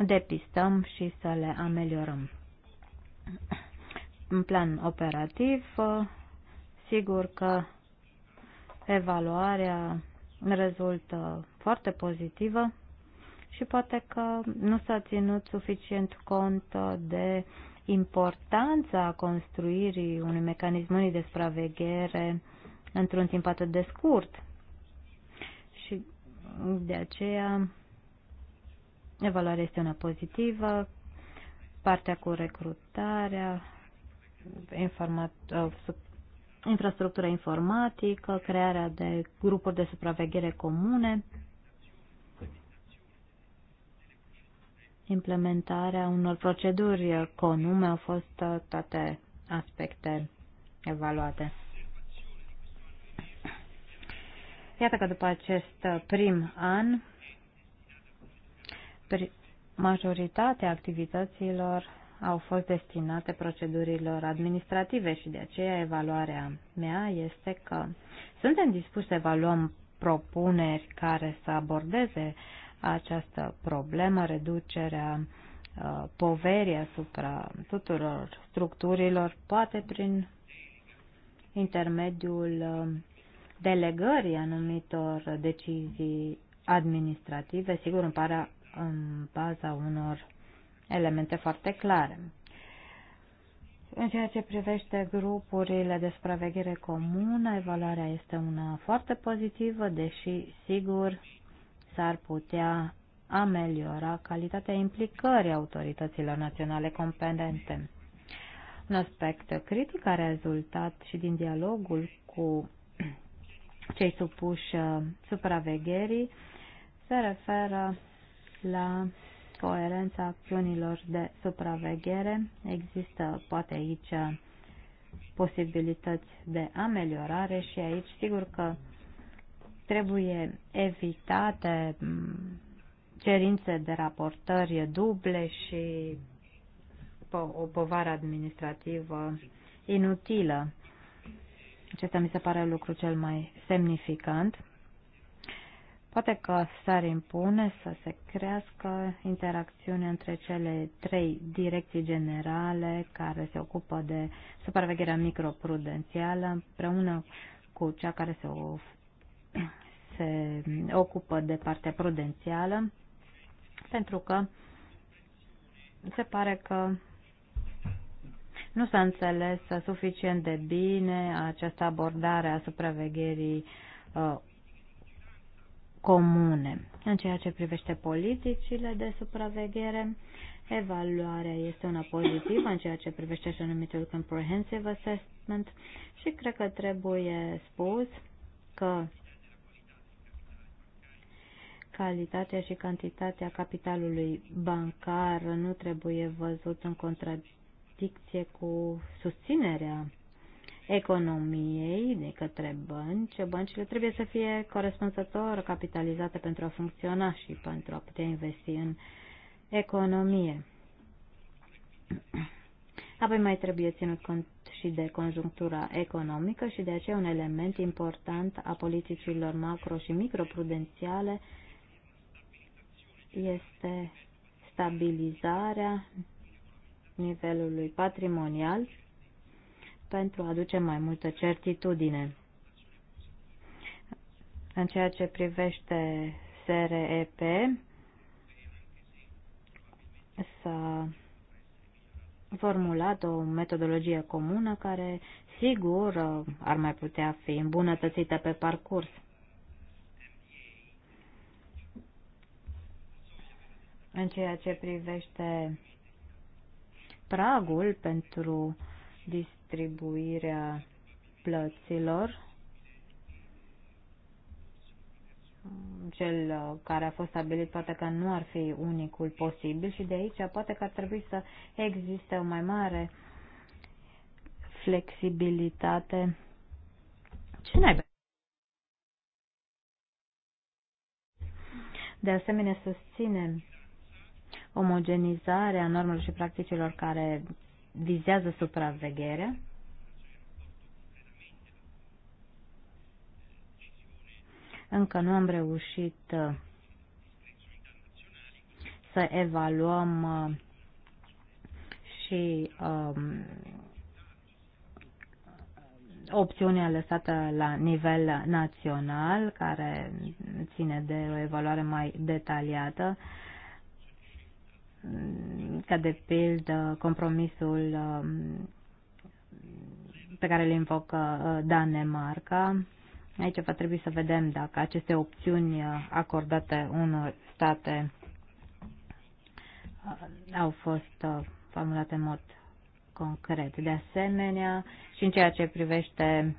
A: depistăm și să le ameliorăm în plan operativ, ă, sigur că evaluarea rezultă foarte pozitivă și poate că nu s-a ținut suficient cont de importanța construirii unui mecanism de supraveghere într-un timp atât de scurt. Și de aceea evaluarea este una pozitivă partea cu recrutarea, informat- uh, infrastructura informatică, crearea de grupuri de supraveghere comune, implementarea unor proceduri conume au fost uh, toate aspecte evaluate. Iată că după acest uh, prim an, majoritatea activităților au fost destinate procedurilor administrative și de aceea evaluarea mea este că suntem dispuși să evaluăm propuneri care să abordeze această problemă, reducerea uh, poverii asupra tuturor structurilor, poate prin intermediul uh, delegării anumitor decizii administrative. Sigur, îmi pare în baza unor elemente foarte clare. În ceea ce privește grupurile de supraveghere comună, evaluarea este una foarte pozitivă, deși, sigur, s-ar putea ameliora calitatea implicării autorităților naționale competente. Un aspect critic care a rezultat și din dialogul cu cei supuși supravegherii se referă la coerența acțiunilor de supraveghere. Există poate aici posibilități de ameliorare și aici sigur că trebuie evitate cerințe de raportări duble și o povară administrativă inutilă. Acesta mi se pare lucru cel mai semnificant. Poate că s-ar impune să se crească interacțiunea între cele trei direcții generale care se ocupă de supravegherea microprudențială împreună cu cea care se, se ocupă de partea prudențială, pentru că se pare că nu s-a înțeles suficient de bine această abordare a supravegherii uh, comune. În ceea ce privește politicile de supraveghere, evaluarea este una pozitivă în ceea ce privește așa numitul comprehensive assessment și cred că trebuie spus că calitatea și cantitatea capitalului bancar nu trebuie văzut în contradicție cu susținerea economiei de către bănci, băncile trebuie să fie corespunzător capitalizate pentru a funcționa și pentru a putea investi în economie. Apoi mai trebuie ținut cont și de conjunctura economică și de aceea un element important a politicilor macro și microprudențiale este stabilizarea nivelului patrimonial pentru a aduce mai multă certitudine. În ceea ce privește SREP, s-a formulat o metodologie comună care, sigur, ar mai putea fi îmbunătățită pe parcurs. În ceea ce privește pragul pentru dis- distribuirea plăților. Cel care a fost stabilit poate că nu ar fi unicul posibil și de aici poate că ar trebui să existe o mai mare flexibilitate. Ce n De asemenea, susținem omogenizarea normelor și practicilor care vizează supravegherea. Încă nu am reușit uh, să evaluăm uh, și um, opțiunea lăsată la nivel național, care ține de o evaluare mai detaliată. Uh, Mm, ca de pildă compromisul um, pe care le invocă uh, Danemarca. Aici va trebui să vedem dacă aceste opțiuni uh, acordate unor state uh, au fost formulate în mod concret. De asemenea, și în ceea ce privește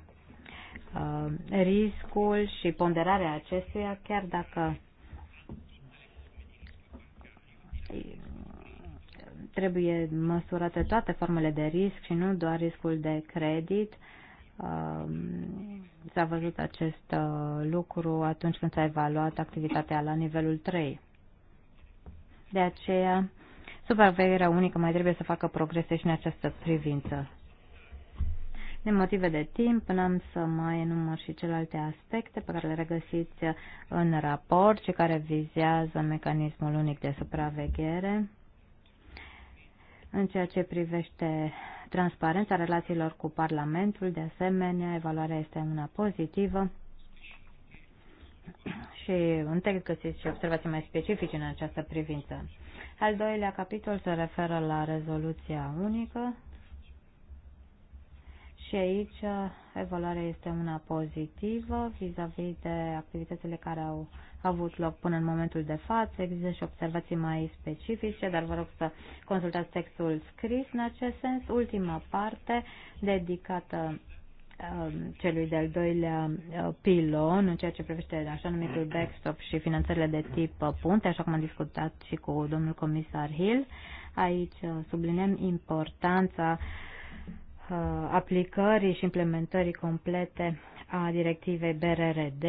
A: riscul și ponderarea acestuia, chiar dacă Trebuie măsurate toate formele de risc și nu doar riscul de credit. Um, s-a văzut acest uh, lucru atunci când s-a evaluat activitatea la nivelul 3. De aceea, supravegherea unică mai trebuie să facă progrese și în această privință. Din motive de timp, n-am să mai enumăr și celelalte aspecte pe care le regăsiți în raport și care vizează mecanismul unic de supraveghere în ceea ce privește transparența relațiilor cu Parlamentul. De asemenea, evaluarea este una pozitivă și un text găsiți și observații mai specifice în această privință. Al doilea capitol se referă la rezoluția unică și aici evaluarea este una pozitivă vis-a-vis -vis de activitățile care au avut loc până în momentul de față. Există și observații mai specifice, dar vă rog să consultați textul scris în acest sens. Ultima parte dedicată um, celui de-al doilea uh, pilon în ceea ce privește așa numitul backstop și finanțările de tip uh, punte, așa cum am discutat și cu domnul comisar Hill. Aici uh, subliniem importanța aplicării și implementării complete a directivei BRRD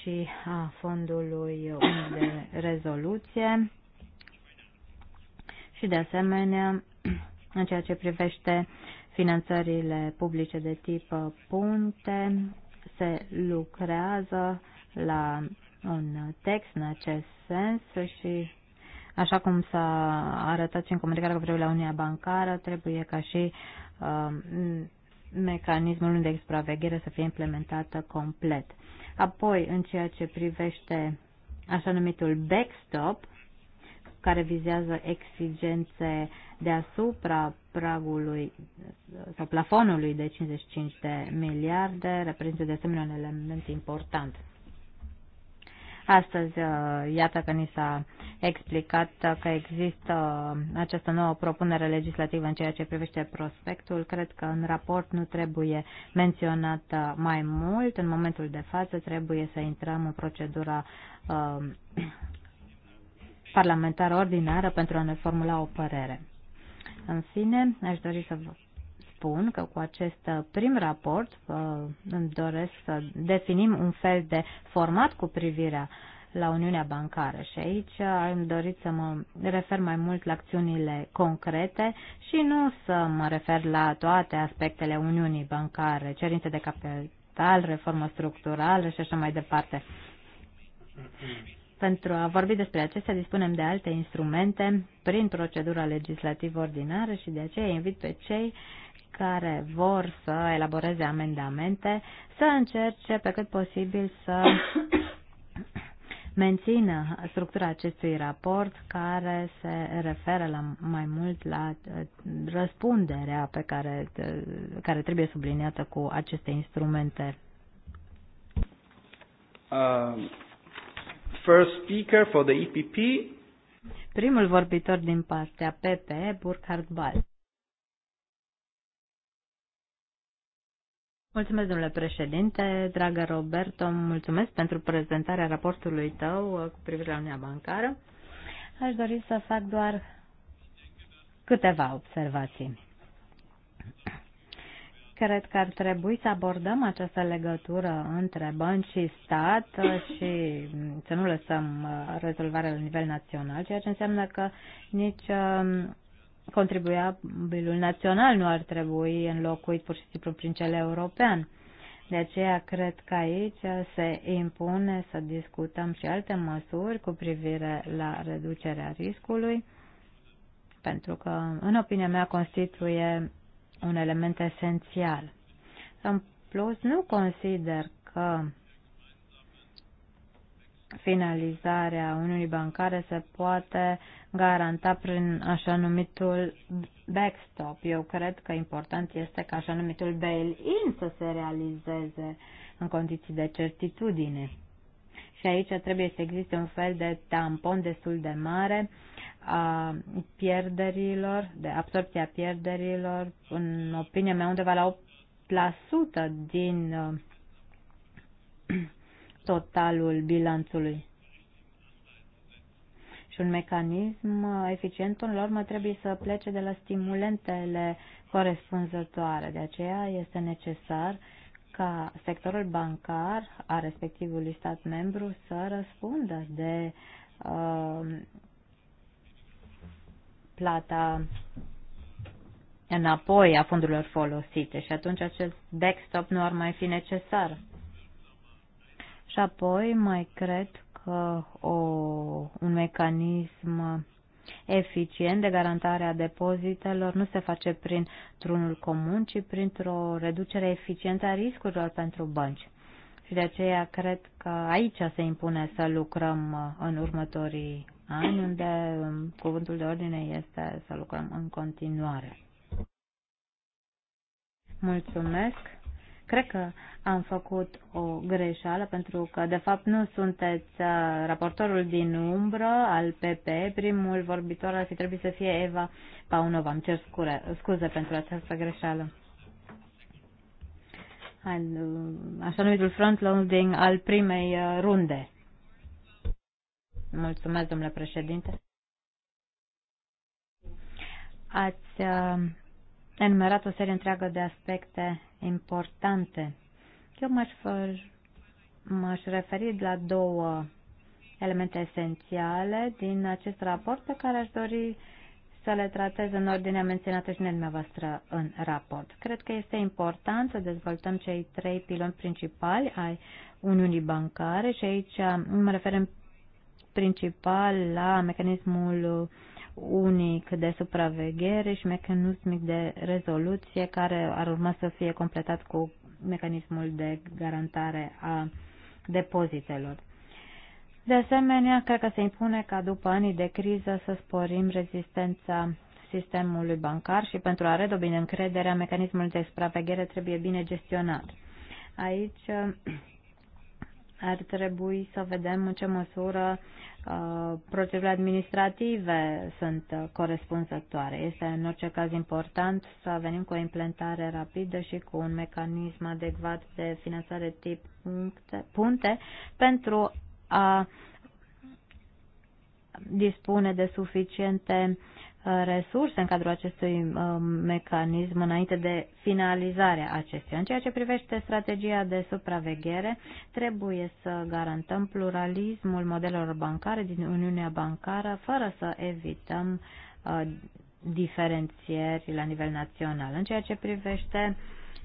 A: și a fondului de rezoluție și de asemenea în ceea ce privește finanțările publice de tip punte se lucrează la un text în acest sens și așa cum s-a arătat și în comunicarea cu la Uniunea Bancară, trebuie ca și uh, mecanismul unde supraveghere să fie implementată complet. Apoi, în ceea ce privește așa numitul backstop, care vizează exigențe deasupra pragului sau plafonului de 55 de miliarde, reprezintă de asemenea un element important. Astăzi, uh, iată că ni s-a explicat că există această nouă propunere legislativă în ceea ce privește prospectul. Cred că în raport nu trebuie menționat mai mult. În momentul de față trebuie să intrăm în procedura uh, parlamentară ordinară pentru a ne formula o părere. În fine, aș dori să vă spun că cu acest uh, prim raport uh, îmi doresc să definim un fel de format cu privirea la Uniunea Bancară și aici uh, am dorit să mă refer mai mult la acțiunile concrete și nu să mă refer la toate aspectele Uniunii Bancare, cerințe de capital, reformă structurală și așa mai departe. Pentru a vorbi despre acestea, dispunem de alte instrumente prin procedura legislativă ordinară și de aceea invit pe cei care vor să elaboreze amendamente să încerce pe cât posibil să mențină structura acestui raport care se referă la, mai mult la uh, răspunderea pe care, uh, care trebuie subliniată cu aceste instrumente.
C: Uh, first speaker for the EPP.
A: Primul vorbitor din partea PP, Burkhard Ball. Mulțumesc, domnule președinte. Dragă Roberto, mulțumesc pentru prezentarea raportului tău uh, cu privire la Uniunea Bancară. Aș dori să fac doar câteva observații. Cred că ar trebui să abordăm această legătură între bănci și stat uh, și să nu lăsăm uh, rezolvarea la nivel național, ceea ce înseamnă că nici um, contribuia bilul național nu ar trebui înlocuit pur și simplu prin cel european. De aceea cred că aici se impune să discutăm și alte măsuri cu privire la reducerea riscului, pentru că, în opinia mea, constituie un element esențial. În plus, nu consider că finalizarea Uniunii Bancare se poate garanta prin așa numitul backstop. Eu cred că important este ca așa numitul bail-in să se realizeze în condiții de certitudine. Și aici trebuie să existe un fel de tampon destul de mare a pierderilor, de absorpția pierderilor, în opinia mea undeva la 8% din uh, totalul bilanțului. Și un mecanism eficient, până la urmă, trebuie să plece de la stimulentele corespunzătoare. De aceea este necesar ca sectorul bancar a respectivului stat membru să răspundă de uh, plata înapoi a fondurilor folosite și atunci acest backstop nu ar mai fi necesar. Și apoi mai cred că o, un mecanism eficient de garantare a depozitelor nu se face prin trunul comun, ci printr-o reducere eficientă a riscurilor pentru bănci. Și de aceea cred că aici se impune să lucrăm uh, în următorii ani, unde um, cuvântul de ordine este să lucrăm în continuare. Mulțumesc! Cred că am făcut o greșeală pentru că, de fapt, nu sunteți uh, raportorul din umbră al PP. Primul vorbitor ar fi trebuit să fie Eva Paunova. Îmi cer scure, scuze pentru această greșeală. Uh, așa numitul frontloading al primei uh, runde. Mulțumesc, domnule președinte. Ați enumerat o serie întreagă de aspecte importante. Eu m-aș, m-aș referi la două elemente esențiale din acest raport pe care aș dori să le tratez în ordinea menționată și dumneavoastră în raport. Cred că este important să dezvoltăm cei trei piloni principali ai Uniunii Bancare și aici mă refer în principal la mecanismul unic de supraveghere și mecanismic de rezoluție care ar urma să fie completat cu mecanismul de garantare a depozitelor. De asemenea, cred că se impune ca după anii de criză să sporim rezistența sistemului bancar și pentru a redobine încrederea, mecanismul de supraveghere trebuie bine gestionat. Aici ar trebui să vedem în ce măsură uh, procedurile administrative sunt uh, corespunzătoare. Este în orice caz important să venim cu o implementare rapidă și cu un mecanism adecvat de finanțare tip puncte, punte pentru a dispune de suficiente resurse în cadrul acestui um, mecanism înainte de finalizarea acestuia. În ceea ce privește strategia de supraveghere, trebuie să garantăm pluralismul modelelor bancare din Uniunea Bancară fără să evităm uh, diferențieri la nivel național. În ceea ce privește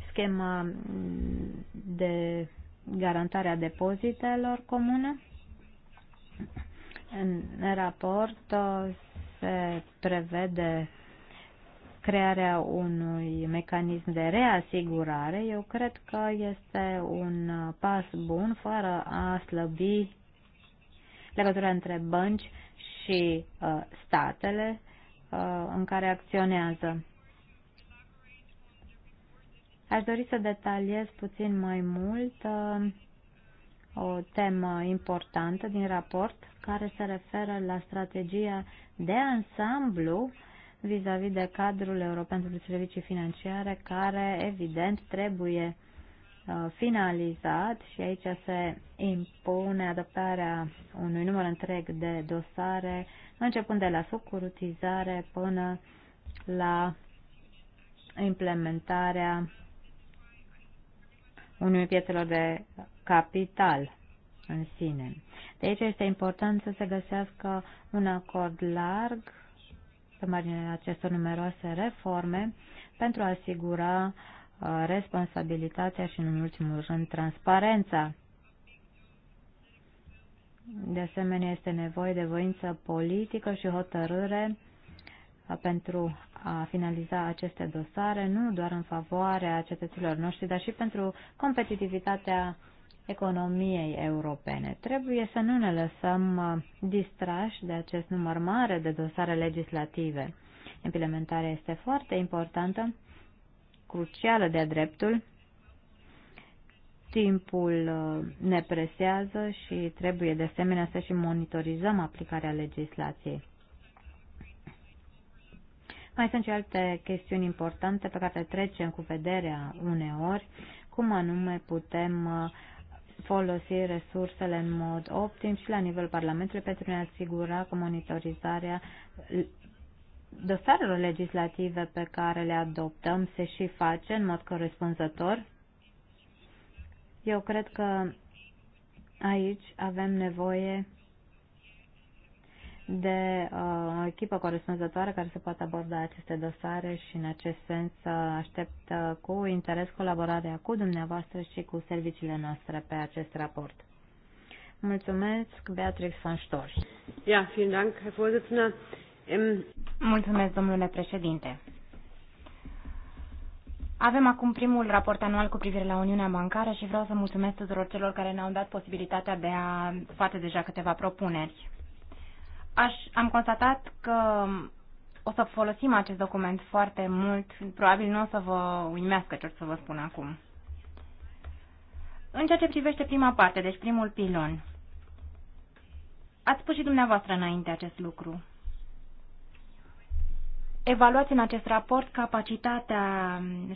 A: schema mm, de garantare a depozitelor comune, în raport uh, se prevede crearea unui mecanism de reasigurare, eu cred că este un pas bun fără a slăbi legătura între bănci și uh, statele uh, în care acționează. Aș dori să detaliez puțin mai mult uh, o temă importantă din raport care se referă la strategia de ansamblu vis-a-vis -vis de cadrul european pentru servicii financiare, care evident trebuie uh, finalizat și aici se impune adoptarea unui număr întreg de dosare, începând de la securitizare până la implementarea unui piețelor de capital în sine. Deci este important să se găsească un acord larg pe marginea acestor numeroase reforme pentru a asigura uh, responsabilitatea și, în ultimul rând, transparența. De asemenea, este nevoie de voință politică și hotărâre uh, pentru a finaliza aceste dosare, nu doar în favoarea cetățenilor noștri, dar și pentru competitivitatea economiei europene. Trebuie să nu ne lăsăm uh, distrași de acest număr mare de dosare legislative. Implementarea este foarte importantă, crucială de-a dreptul. Timpul uh, ne presează și trebuie de asemenea să și monitorizăm aplicarea legislației. Mai sunt și alte chestiuni importante pe care trecem cu vederea uneori, cum anume putem uh, folosi resursele în mod optim și la nivel Parlamentului pentru a ne asigura că monitorizarea dosarelor legislative pe care le adoptăm se și face în mod corespunzător. Eu cred că aici avem nevoie de uh, o echipă corespunzătoare care se poate aborda aceste dosare și în acest sens uh, aștept uh, cu interes colaborarea cu dumneavoastră și cu serviciile noastre pe acest raport. Mulțumesc, Beatrix von Storch. Ja, vielen Dank, Herr Vorsitzender. Im... Mulțumesc, domnule președinte. Avem acum primul raport anual cu privire la Uniunea Bancară și vreau să mulțumesc tuturor celor care ne-au dat posibilitatea de a face deja câteva propuneri. Aș, am constatat că o să folosim acest document foarte mult. Probabil nu o să vă uimească ce o să vă spun acum. În ceea ce privește prima parte, deci primul pilon, ați spus și dumneavoastră înainte acest lucru. Evaluați în acest raport capacitatea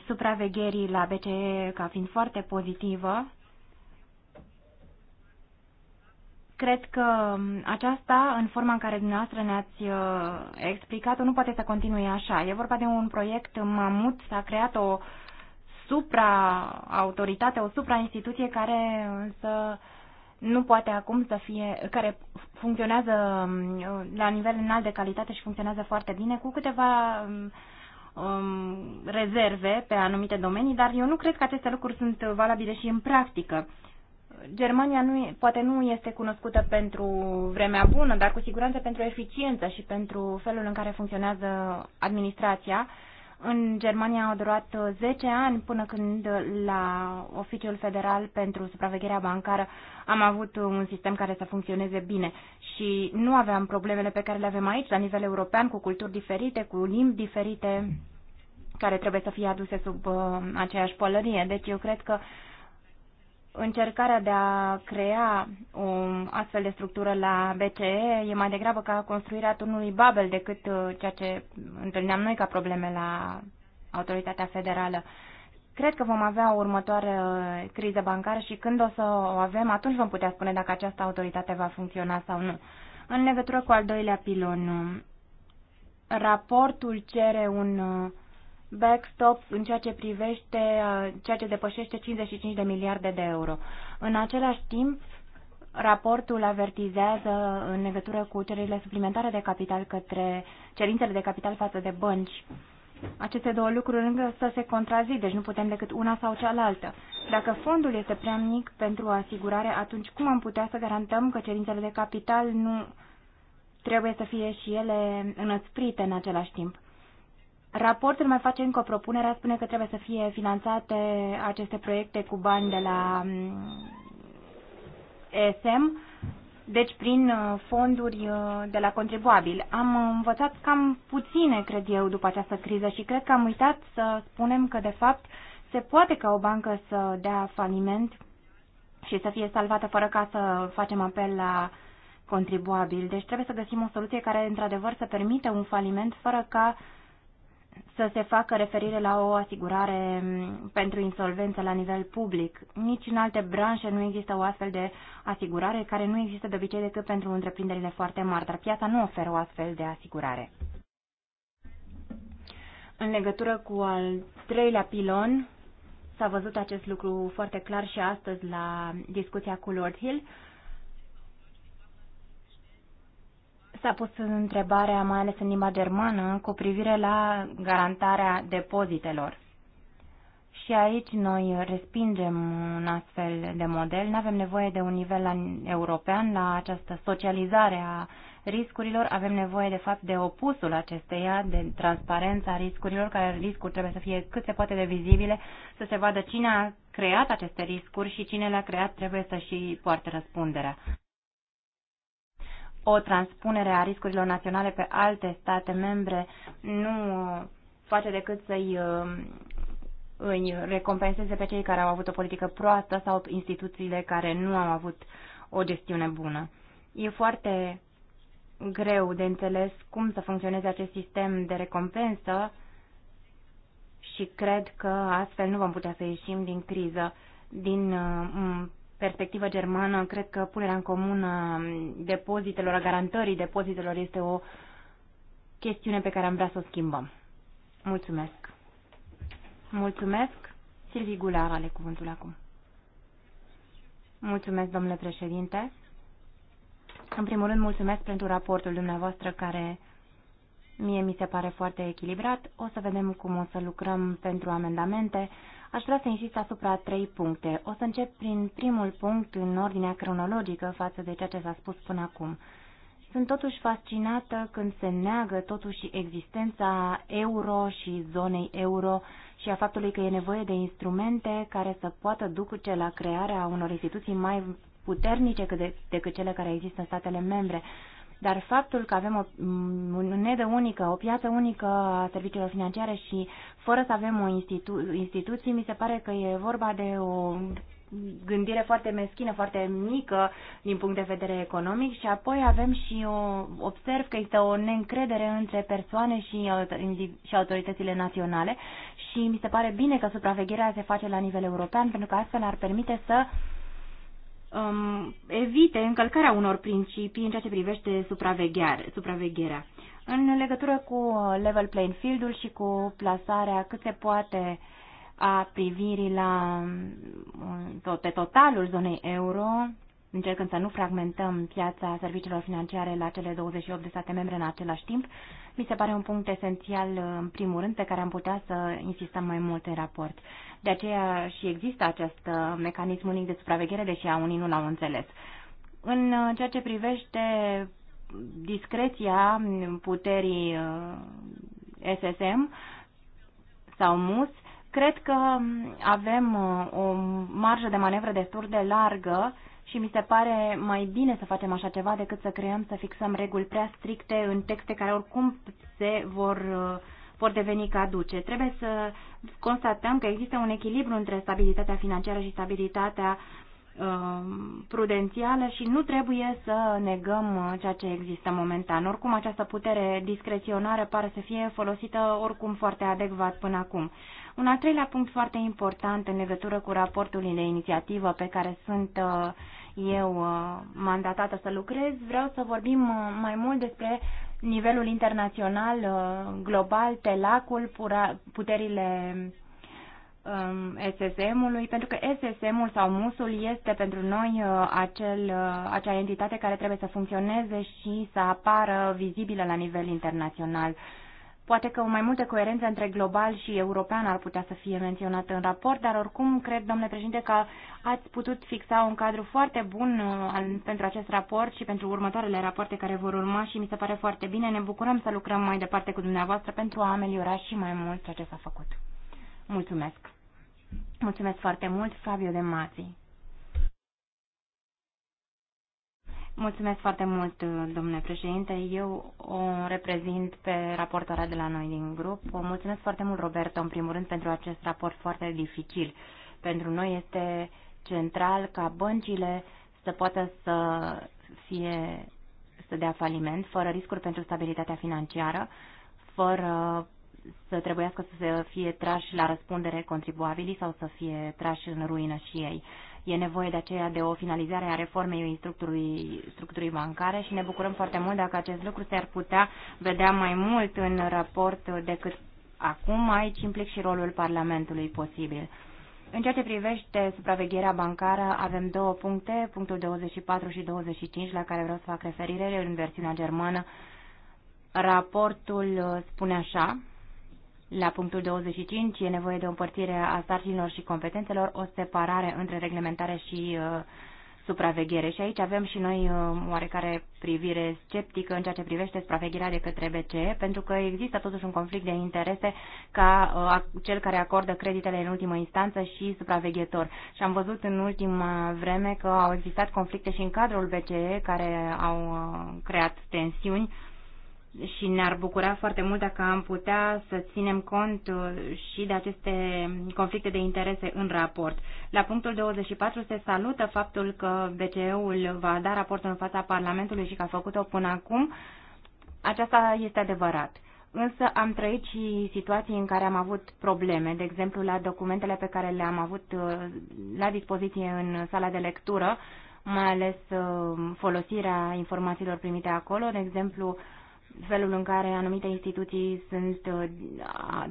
A: supravegherii la BCE ca fiind foarte pozitivă Cred că um, aceasta, în forma în care dumneavoastră ne-ați uh, explicat-o, nu poate să continue așa. E vorba de un proiect mamut, s-a creat o supra-autoritate, o supra-instituție care să nu poate acum să fie, care funcționează um, la nivel înalt de calitate și funcționează foarte bine, cu câteva um, um, rezerve pe anumite domenii, dar eu nu cred că aceste lucruri sunt valabile și în practică. Germania nu poate nu este cunoscută pentru vremea bună, dar cu siguranță pentru eficiență și pentru felul în care funcționează administrația. În Germania au durat 10 ani până când la Oficiul Federal pentru Supravegherea Bancară am avut un sistem care să funcționeze bine și nu aveam problemele pe care le avem aici la nivel european cu culturi diferite, cu limbi diferite care trebuie să fie aduse sub uh, aceeași pălărie. Deci eu cred că uh, încercarea de a crea o astfel de structură la BCE e mai degrabă ca construirea turnului Babel decât uh, ceea ce întâlneam noi ca probleme la autoritatea federală. Cred că vom avea o următoare uh, criză bancară și când o să o avem, atunci vom putea spune dacă această autoritate va funcționa sau nu. În legătură cu al doilea pilon, uh, raportul cere un uh, backstop în ceea ce privește uh, ceea ce depășește 55 de miliarde de euro. În același timp, raportul avertizează în legătură cu cererile suplimentare de capital către cerințele de capital față de bănci. Aceste două lucruri să se contrazic, deci nu putem decât una sau cealaltă. Dacă fondul este prea mic pentru asigurare, atunci cum am putea să garantăm că cerințele de capital nu trebuie să fie și ele înăsprite în același timp? Raportul mai face încă o propunere, spune că trebuie să fie finanțate aceste proiecte cu bani de la ESM, mm, deci prin uh, fonduri uh, de la contribuabil. Am învățat cam puține, cred eu, după această criză și cred că am uitat să spunem că, de fapt, se poate ca o bancă să dea faliment și să fie salvată fără ca să facem apel la contribuabil. Deci trebuie să găsim o soluție care, într-adevăr, să permită un faliment fără ca uh, să se facă referire la o asigurare mm, pentru insolvență la nivel public. Nici în alte branșe nu există o astfel de asigurare, care nu există de obicei decât pentru întreprinderile foarte mari, dar piața nu oferă o astfel de asigurare. În legătură cu al treilea pilon, s-a văzut acest lucru foarte clar și astăzi la discuția cu Lord Hill, S-a pus întrebarea, mai ales în limba germană, cu privire la garantarea depozitelor. Și aici noi respingem un astfel de model. Nu avem nevoie de un nivel european la această socializare a riscurilor. Avem nevoie, de fapt, de opusul acesteia, de transparența riscurilor, care riscuri trebuie să fie cât se poate de vizibile, să se vadă cine a creat aceste riscuri și cine le-a creat trebuie să și poarte răspunderea o transpunere a riscurilor naționale pe alte state membre nu uh, face decât să-i uh, îi recompenseze pe cei care au avut o politică proastă sau instituțiile care nu au avut o gestiune bună. E foarte greu de înțeles cum să funcționeze acest sistem de recompensă și cred că astfel nu vom putea să ieșim din criză. Din uh, perspectivă germană, cred că punerea în comun a um, depozitelor, a garantării depozitelor este o chestiune pe care am vrea să o schimbăm. Mulțumesc. Mulțumesc. Silvi Gular are cuvântul acum. Mulțumesc, domnule președinte. În primul rând, mulțumesc pentru raportul dumneavoastră care Mie mi se pare foarte echilibrat. O să vedem cum o să lucrăm pentru amendamente. Aș vrea să insist asupra trei puncte. O să încep prin primul punct în ordinea cronologică față de ceea ce s-a spus până acum. Sunt totuși fascinată când se neagă totuși existența euro și zonei euro și a faptului că e nevoie de instrumente care să poată duce la crearea unor instituții mai puternice decât cele care există în statele membre dar faptul că avem o monedă unică, o piață unică a serviciilor financiare și fără să avem o institu- instituție, mi se pare că e vorba de o gândire foarte meschină, foarte mică din punct de vedere economic și apoi avem și o, observ că există o neîncredere între persoane și, uh, și autoritățile naționale și mi se pare bine că supravegherea se face la nivel european pentru că astfel ar permite să uh, um, evite încălcarea unor principii în ceea ce privește supravegherea. În legătură cu level playing field-ul și cu plasarea cât se poate a privirii la, um, pe totalul zonei euro, încercând să nu fragmentăm piața serviciilor financiare la cele 28 de state membre în același timp, mi se pare un punct esențial, în primul rând, pe care am putea să insistăm mai mult în raport. De aceea și există acest uh, mecanism unic de supraveghere, deși a unii nu l-au înțeles. În uh, ceea ce privește discreția puterii uh, SSM sau MUS, cred că avem o marjă de manevră destul de largă și mi se pare mai bine să facem așa ceva decât să creăm, să fixăm reguli prea stricte în texte care oricum se vor, uh, vor deveni caduce. Trebuie să constatăm că există un echilibru între stabilitatea financiară și stabilitatea Um, prudențială și nu trebuie să negăm uh, ceea ce există momentan. Oricum, această putere discreționară pare să fie folosită oricum foarte adecvat până acum. Un al treilea punct foarte important în legătură cu raportul de inițiativă pe care sunt uh, eu uh, mandatată să lucrez, vreau să vorbim mai mult despre nivelul internațional, global, telacul, puterile um, SSM-ului, pentru că SSM-ul sau MUS-ul este pentru noi uh, acel, uh, acea entitate care trebuie să funcționeze și să apară vizibilă la nivel internațional. Poate că o mai multă coerență între global și european ar putea să fie menționată în raport, dar oricum cred, domnule președinte, că ați putut fixa un cadru foarte bun uh, pentru acest raport și pentru următoarele rapoarte care vor urma și mi se pare foarte bine. Ne bucurăm să lucrăm mai departe cu dumneavoastră pentru a ameliora și mai mult ceea ce s-a făcut. Mulțumesc! Mulțumesc foarte mult, Fabio de Mazi. Mulțumesc foarte mult, domnule președinte. Eu o reprezint pe raportoarea de la noi din grup. O mulțumesc foarte mult, Roberto, în primul rând, pentru acest raport foarte dificil. Pentru noi este central ca băncile să poată să fie să dea faliment, fără riscuri pentru stabilitatea financiară, fără să trebuiască să fie trași la răspundere contribuabilii sau să fie trași în ruină și ei. E nevoie de aceea de o finalizare a reformei structurii, structurii bancare și ne bucurăm foarte mult dacă acest lucru s-ar putea vedea mai mult în raport decât acum. Aici implic și rolul Parlamentului posibil. În ceea ce privește supravegherea bancară, avem două puncte, punctul 24 și 25, la care vreau să fac referire în versiunea germană. Raportul spune așa, la punctul 25 e nevoie de o împărțire a sarcinilor și competențelor, o separare între reglementare și uh, supraveghere. Și aici avem și noi uh, oarecare privire sceptică în ceea ce privește supravegherea de către BCE, pentru că există totuși un conflict de interese ca uh, cel care acordă creditele în ultimă instanță și supraveghetor. Și am văzut în ultima vreme că au existat conflicte și în cadrul BCE care au uh, creat tensiuni și ne-ar bucura foarte mult dacă am putea să ținem cont uh, și de aceste conflicte de interese în raport. La punctul 24 se salută faptul că BCE-ul va da raportul în fața Parlamentului și că a făcut-o până acum. Aceasta este adevărat. Însă am trăit și situații în care am avut probleme, de exemplu la documentele pe care le-am avut uh, la dispoziție în sala de lectură, mai ales uh, folosirea informațiilor primite acolo, de exemplu felul în care anumite instituții sunt uh,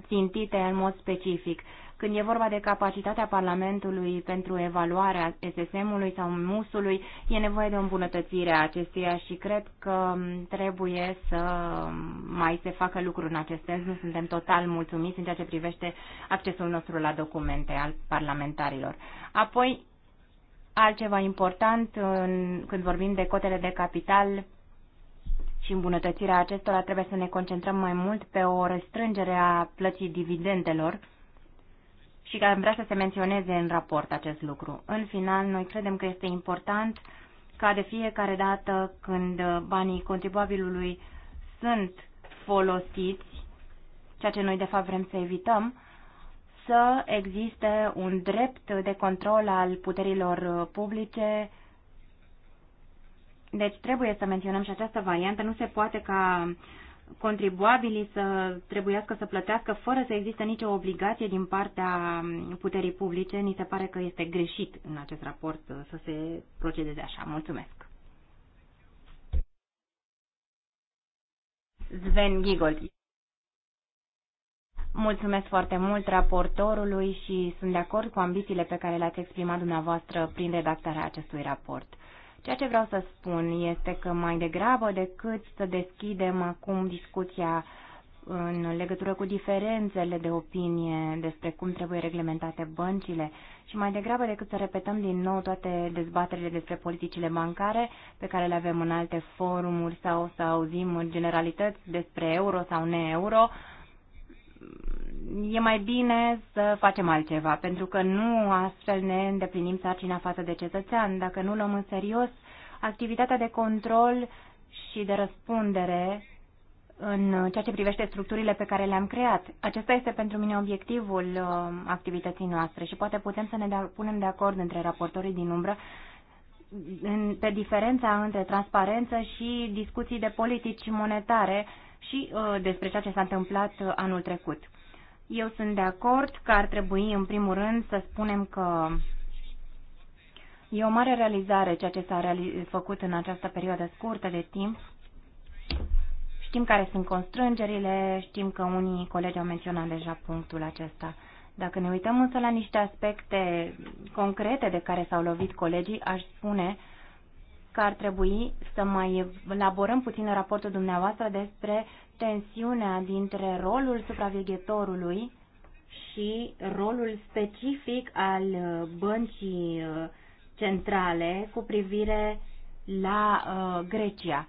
A: țintite în mod specific. Când e vorba de capacitatea Parlamentului pentru evaluarea SSM-ului sau MUS-ului, e nevoie de o îmbunătățire a acesteia și cred că um, trebuie să um, mai se facă lucruri în acest sens. Nu suntem total mulțumiți în ceea ce privește accesul nostru la documente al parlamentarilor. Apoi, altceva important când vorbim de cotele de capital și îmbunătățirea acestora trebuie să ne concentrăm mai mult pe o restrângere a plății dividendelor și că am vrea să se menționeze în raport acest lucru. În final, noi credem că este important ca de fiecare dată când banii contribuabilului sunt folosiți, ceea ce noi de fapt vrem să evităm, să existe un drept de control al puterilor publice deci trebuie să menționăm și această variantă. Nu se poate ca contribuabilii să trebuiască să plătească fără să existe nicio obligație din partea puterii publice. Ni se pare că este greșit în acest raport să se procedeze așa. Mulțumesc. Sven Gigold. Mulțumesc foarte mult raportorului și sunt de acord cu ambițiile pe care le-ați exprimat dumneavoastră prin redactarea acestui raport. Ceea ce vreau să spun este că mai degrabă decât să deschidem acum discuția în legătură cu diferențele de opinie despre cum trebuie reglementate băncile și mai degrabă decât să repetăm din nou toate dezbaterile despre politicile bancare pe care le avem în alte forumuri sau să auzim în generalități despre euro sau ne-euro, e mai bine să facem altceva, pentru că nu astfel ne îndeplinim sarcina față de cetățean. Dacă nu luăm în serios activitatea de control și de răspundere în ceea ce privește structurile pe care le-am creat. Acesta este pentru mine obiectivul uh, activității noastre și poate putem să ne de- punem de acord între raportorii din umbră în, pe diferența între transparență și discuții de politici monetare și uh, despre ceea ce s-a întâmplat uh, anul trecut. Eu sunt de acord că ar trebui, în primul rând, să spunem că e o mare realizare ceea ce s-a făcut în această perioadă scurtă de timp. Știm care sunt constrângerile, știm că unii colegi au menționat deja punctul acesta. Dacă ne uităm însă la niște aspecte concrete de care s-au lovit colegii, aș spune că ar trebui să mai elaborăm puțin raportul dumneavoastră despre tensiunea dintre rolul supraveghetorului și rolul specific al uh, băncii uh, centrale cu privire la uh, Grecia.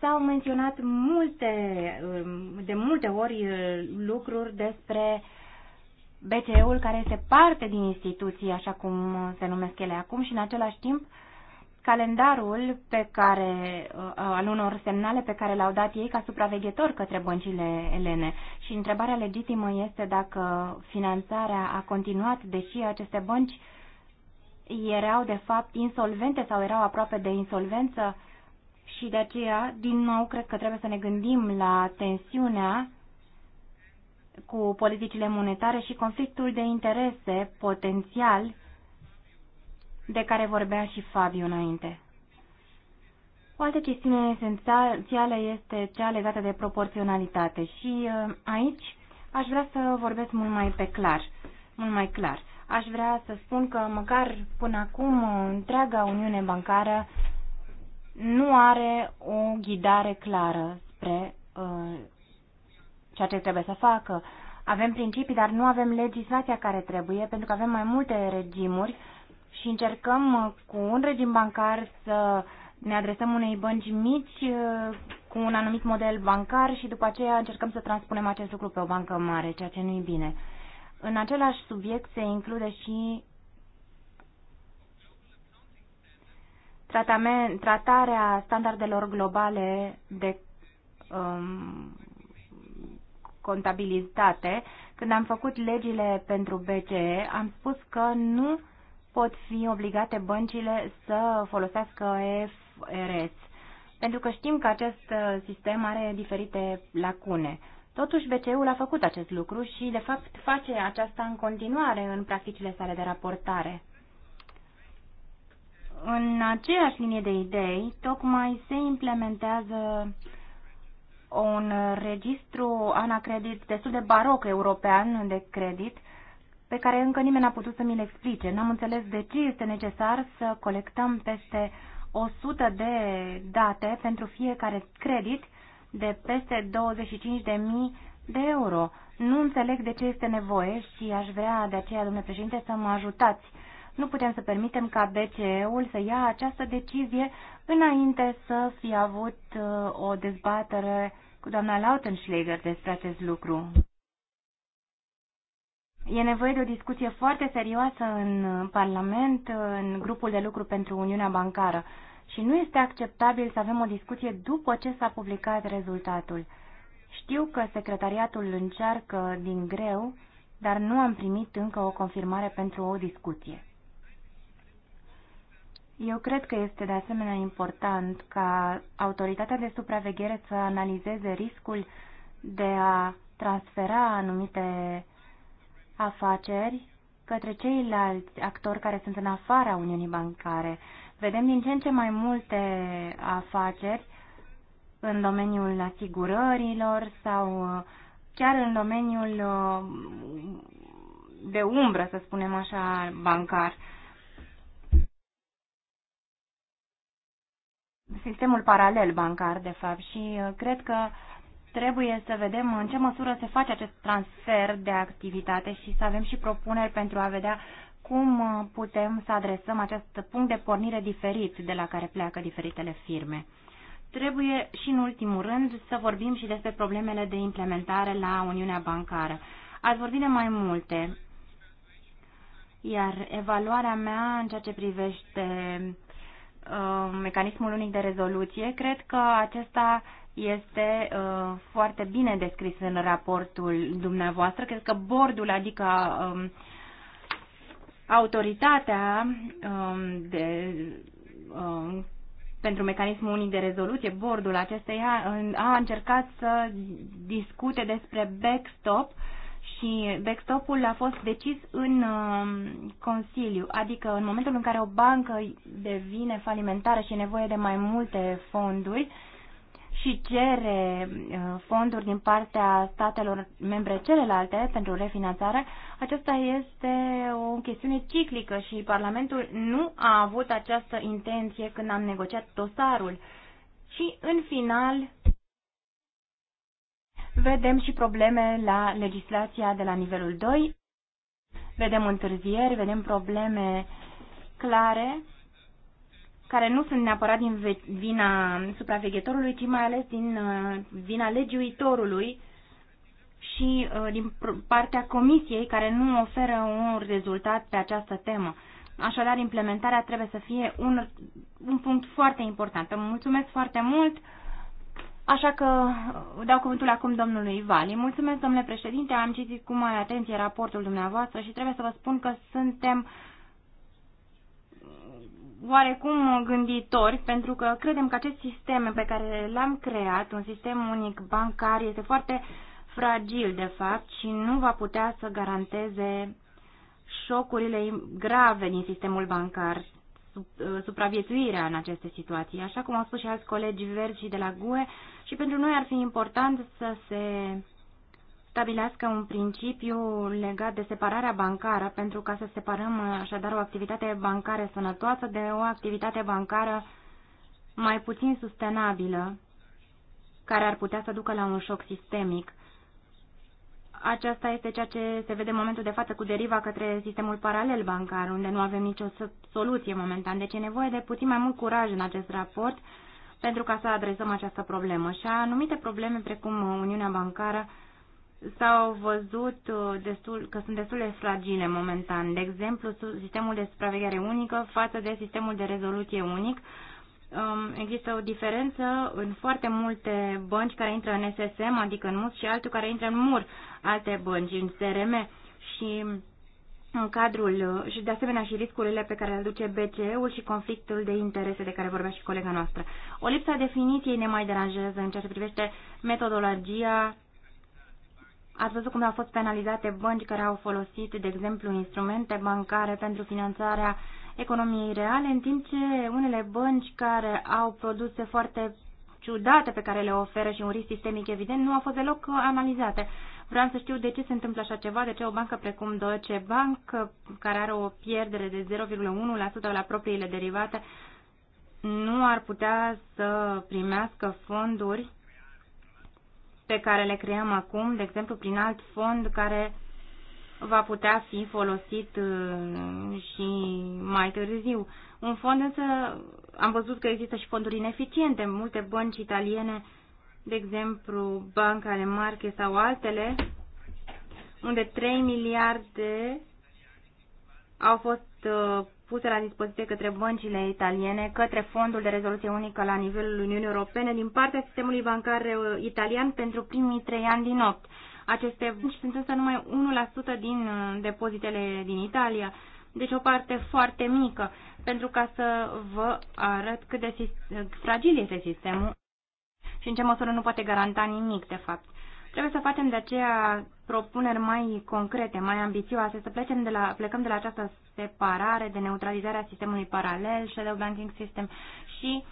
A: S-au menționat multe, um, de multe ori lucruri despre BCE-ul care este parte din instituții, așa cum se numesc ele acum, și în același timp uh, calendarul pe care, uh, al unor semnale pe care le-au dat ei ca supraveghetor către băncile elene. Și întrebarea legitimă este dacă finanțarea a continuat, deși aceste bănci erau de fapt insolvente sau erau aproape de insolvență și de aceea, din nou, cred că trebuie să ne gândim la tensiunea cu politicile monetare și conflictul de interese potențial de care vorbea și Fabio înainte. O altă chestiune esențială este cea legată de proporționalitate și uh, aici aș vrea să vorbesc mult mai pe clar, mult mai clar. Aș vrea să spun că măcar până acum uh, întreaga Uniune Bancară nu are o ghidare clară spre uh, ceea ce trebuie să facă. Avem principii, dar nu avem legislația care trebuie, pentru că avem mai multe regimuri uh, și încercăm uh, cu un regim bancar să ne adresăm unei bănci mici uh, cu un anumit model bancar și după aceea încercăm să transpunem acest lucru pe o bancă mare, ceea ce nu e bine. În același subiect se include și tratarea standardelor globale de um, contabilitate. Când am făcut legile pentru BCE, am spus că nu pot fi obligate băncile să folosească FRS, pentru că știm că acest uh, sistem are diferite lacune. Totuși, BCE-ul a făcut acest lucru și, de fapt, face aceasta în continuare în practicile sale de raportare. În aceeași linie de idei, tocmai se implementează un registru anacredit destul de baroc european de credit, pe care încă nimeni n-a putut să mi le explice. N-am înțeles de ce este necesar să colectăm peste 100 de date pentru fiecare credit de peste 25.000 de euro. Nu înțeleg de ce este nevoie și aș vrea de aceea, domnule președinte, să mă ajutați. Nu putem să permitem ca BCE-ul să ia această decizie înainte să fi avut uh, o dezbatere cu doamna Lautenschläger despre acest lucru. E nevoie de o discuție foarte serioasă în Parlament, în grupul de lucru pentru Uniunea Bancară. Și nu este acceptabil să avem o discuție după ce s-a publicat rezultatul. Știu că secretariatul încearcă din greu, dar nu am primit încă o confirmare pentru o discuție. Eu cred că este de asemenea important ca autoritatea de supraveghere să analizeze riscul de a transfera anumite afaceri către ceilalți actori care sunt în afara Uniunii Bancare. Vedem din ce în ce mai multe afaceri în domeniul asigurărilor sau uh, chiar în domeniul uh, de umbră, să spunem așa, bancar. Sistemul paralel bancar, de fapt, și uh, cred că Trebuie să vedem în ce măsură se face acest transfer de activitate și să avem și propuneri pentru a vedea cum uh, putem să adresăm acest punct de pornire diferit de la care pleacă diferitele firme. Trebuie și în ultimul rând să vorbim și despre problemele de implementare la Uniunea Bancară. Ați vorbit de mai multe, iar evaluarea mea în ceea ce privește uh, mecanismul unic de rezoluție, cred că acesta este uh, foarte bine descris în raportul dumneavoastră. Cred că bordul, adică um, autoritatea um, de, um, pentru mecanismul unic de rezoluție, bordul acesteia a a încercat să discute despre backstop și backstop-ul a fost decis în um, Consiliu, adică în momentul în care o bancă devine falimentară și e nevoie de mai multe fonduri, și cere uh, fonduri din partea statelor membre celelalte pentru refinanțare, aceasta este o chestiune ciclică și Parlamentul nu a avut această intenție când am negociat dosarul. Și în final vedem și probleme la legislația de la nivelul 2, vedem întârzieri, vedem probleme clare care nu sunt neapărat din vina supraveghetorului, ci mai ales din uh, vina legiuitorului și uh, din partea comisiei care nu oferă un rezultat pe această temă. Așadar, implementarea trebuie să fie un, un punct foarte important. Îmi mulțumesc foarte mult, așa că uh, dau cuvântul acum domnului Vali. Mulțumesc, domnule președinte, am citit cu mare atenție raportul dumneavoastră și trebuie să vă spun că suntem uh, oarecum gânditori, pentru că credem că acest sistem pe care l-am creat, un sistem unic bancar, este foarte fragil, de fapt, și nu va putea să garanteze șocurile grave din sistemul bancar, ă, supraviețuirea în aceste situații. Așa cum au spus și alți colegi verzi și de la GUE, și pentru noi ar fi important să se stabilească un principiu legat de separarea bancară, pentru ca să separăm așadar o activitate bancară sănătoasă de o activitate bancară mai puțin sustenabilă, care ar putea să ducă la un șoc sistemic. Aceasta este ceea ce se vede în momentul de față cu deriva către sistemul paralel bancar, unde nu avem nicio soluție momentan. Deci e nevoie de puțin mai mult curaj în acest raport pentru ca să adresăm această problemă. Și anumite probleme, precum Uniunea Bancară, s-au văzut uh, destul, că sunt destul de fragile momentan. De exemplu, sistemul de supraveghere unică față de sistemul de rezoluție unic. Um, există o diferență în foarte multe bănci care intră în SSM, adică în MUS, și altul care intră în MUR, alte bănci, în SRM. Și în cadrul uh, și de asemenea și riscurile pe care le aduce BCE-ul și conflictul de interese de care vorbea și colega noastră. O lipsă a definiției ne mai deranjează în ceea ce privește metodologia Ați văzut cum au fost penalizate bănci care au folosit, de exemplu, instrumente bancare pentru finanțarea economiei reale, în timp ce unele bănci care au produse foarte ciudate pe care le oferă și un risc sistemic evident nu au fost deloc analizate. Vreau să știu de ce se întâmplă așa ceva, de ce o bancă precum Deutsche Bank, care are o pierdere de 0,1% la propriile derivate, nu ar putea să primească fonduri pe care le creăm acum, de exemplu, prin alt fond care va putea fi folosit uh, și mai târziu. Un fond însă, am văzut că există și fonduri ineficiente. Multe bănci italiene, de exemplu Banca de Marche sau altele, unde 3 miliarde au fost Uh, puse la dispoziție către băncile italiene, către Fondul de Rezoluție Unică la nivelul Uniunii Europene, din partea sistemului bancar uh, italian pentru primii trei ani din opt. Aceste bănci sunt însă numai 1% din uh, depozitele din Italia, deci o parte foarte mică, pentru ca să vă arăt cât de fragil este sistemul și în ce măsură nu poate garanta nimic, de fapt. Trebuie să facem de aceea propuneri mai concrete, mai ambițioase, să plecăm de la, plecăm de la această separare, de neutralizarea sistemului paralel, shadow banking system și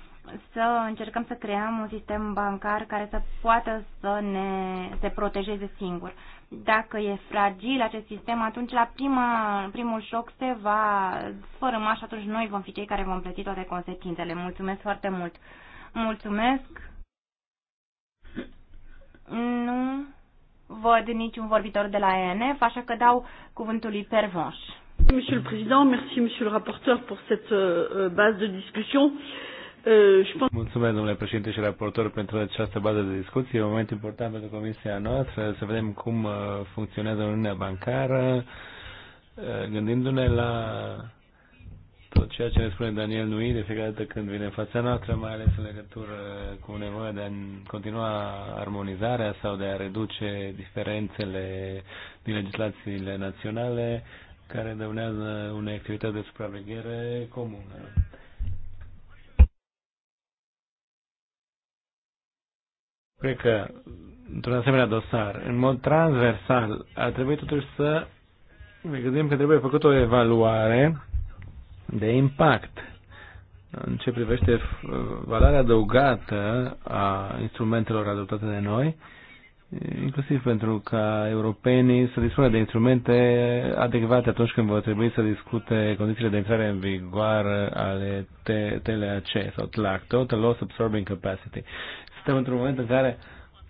A: să încercăm să creăm un sistem bancar care să poată să ne se protejeze singur. Dacă e fragil acest sistem, atunci la prima, primul șoc se va fărâma și atunci noi vom fi cei care vom plăti toate consecințele. Mulțumesc foarte mult! Mulțumesc! Nu văd niciun vorbitor de la ANF, așa că dau cuvântul lui Pervonș. Monsieur le Président, merci Monsieur le Rapporteur pour cette euh, euh base de discussion. Euh,
B: Mulțumesc, domnule președinte și raportor, pentru această bază de discuție. E un moment important pentru comisia noastră să vedem cum uh, funcționează Uniunea Bancară, uh, gândindu-ne la tot ceea ce ne spune Daniel Nui de fiecare dată când vine în fața noastră, mai ales în legătură cu nevoia de a continua armonizarea sau de a reduce diferențele din legislațiile naționale care dăunează unei activități de supraveghere comună. Cred că într-un asemenea dosar, în mod transversal, ar trebui totuși să ne gândim că trebuie făcut o evaluare de impact. În ce privește uh, valoarea adăugată a instrumentelor adoptate de noi, inclusiv pentru ca europenii să dispună de instrumente adecvate atunci când vor trebui să discute condițiile de intrare în vigoare ale TLAC sau TLAC, Total Loss Absorbing Capacity. Suntem într-un moment în care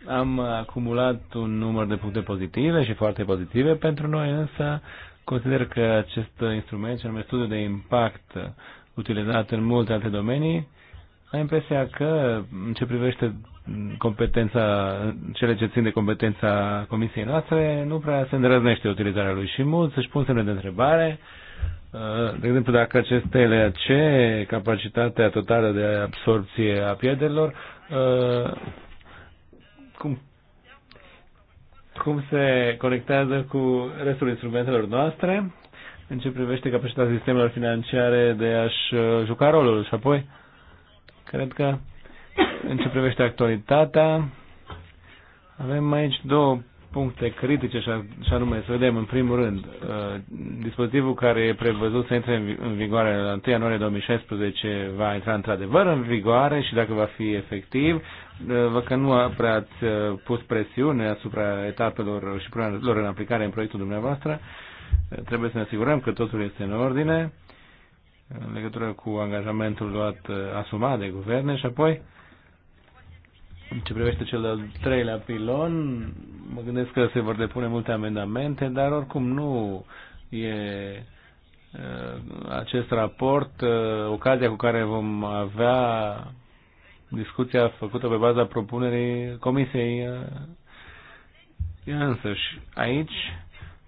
B: am acumulat un număr de puncte pozitive și foarte pozitive pentru noi, însă uh, Consider că acest instrument, cel mai studiu de impact utilizat în multe alte domenii, am impresia că, în ce privește competența, cele ce țin de competența comisiei noastre, nu prea se îndrăznește utilizarea lui și să-și pun semne de întrebare. De exemplu, dacă acest TLAC, capacitatea totală de absorpție a pierderilor, cum cum se conectează cu restul instrumentelor noastre în ce privește capacitatea sistemelor financiare de a-și uh, juca rolul și apoi cred că în ce privește actualitatea avem aici două puncte critice și anume să vedem în primul rând uh, dispozitivul care e prevăzut să intre în vigoare la 1 ianuarie 2016 va intra într-adevăr în vigoare și dacă va fi efectiv uh, văd că nu prea ați uh, pus presiune asupra etapelor și lor în aplicare în proiectul dumneavoastră trebuie să ne asigurăm că totul este în ordine în legătură cu angajamentul luat asumat de guverne și apoi în ce privește cel de-al treilea pilon, mă gândesc că se vor depune multe amendamente, dar oricum nu e uh, acest raport uh, ocazia cu care vom avea discuția făcută pe baza propunerii comisiei uh, însăși. Aici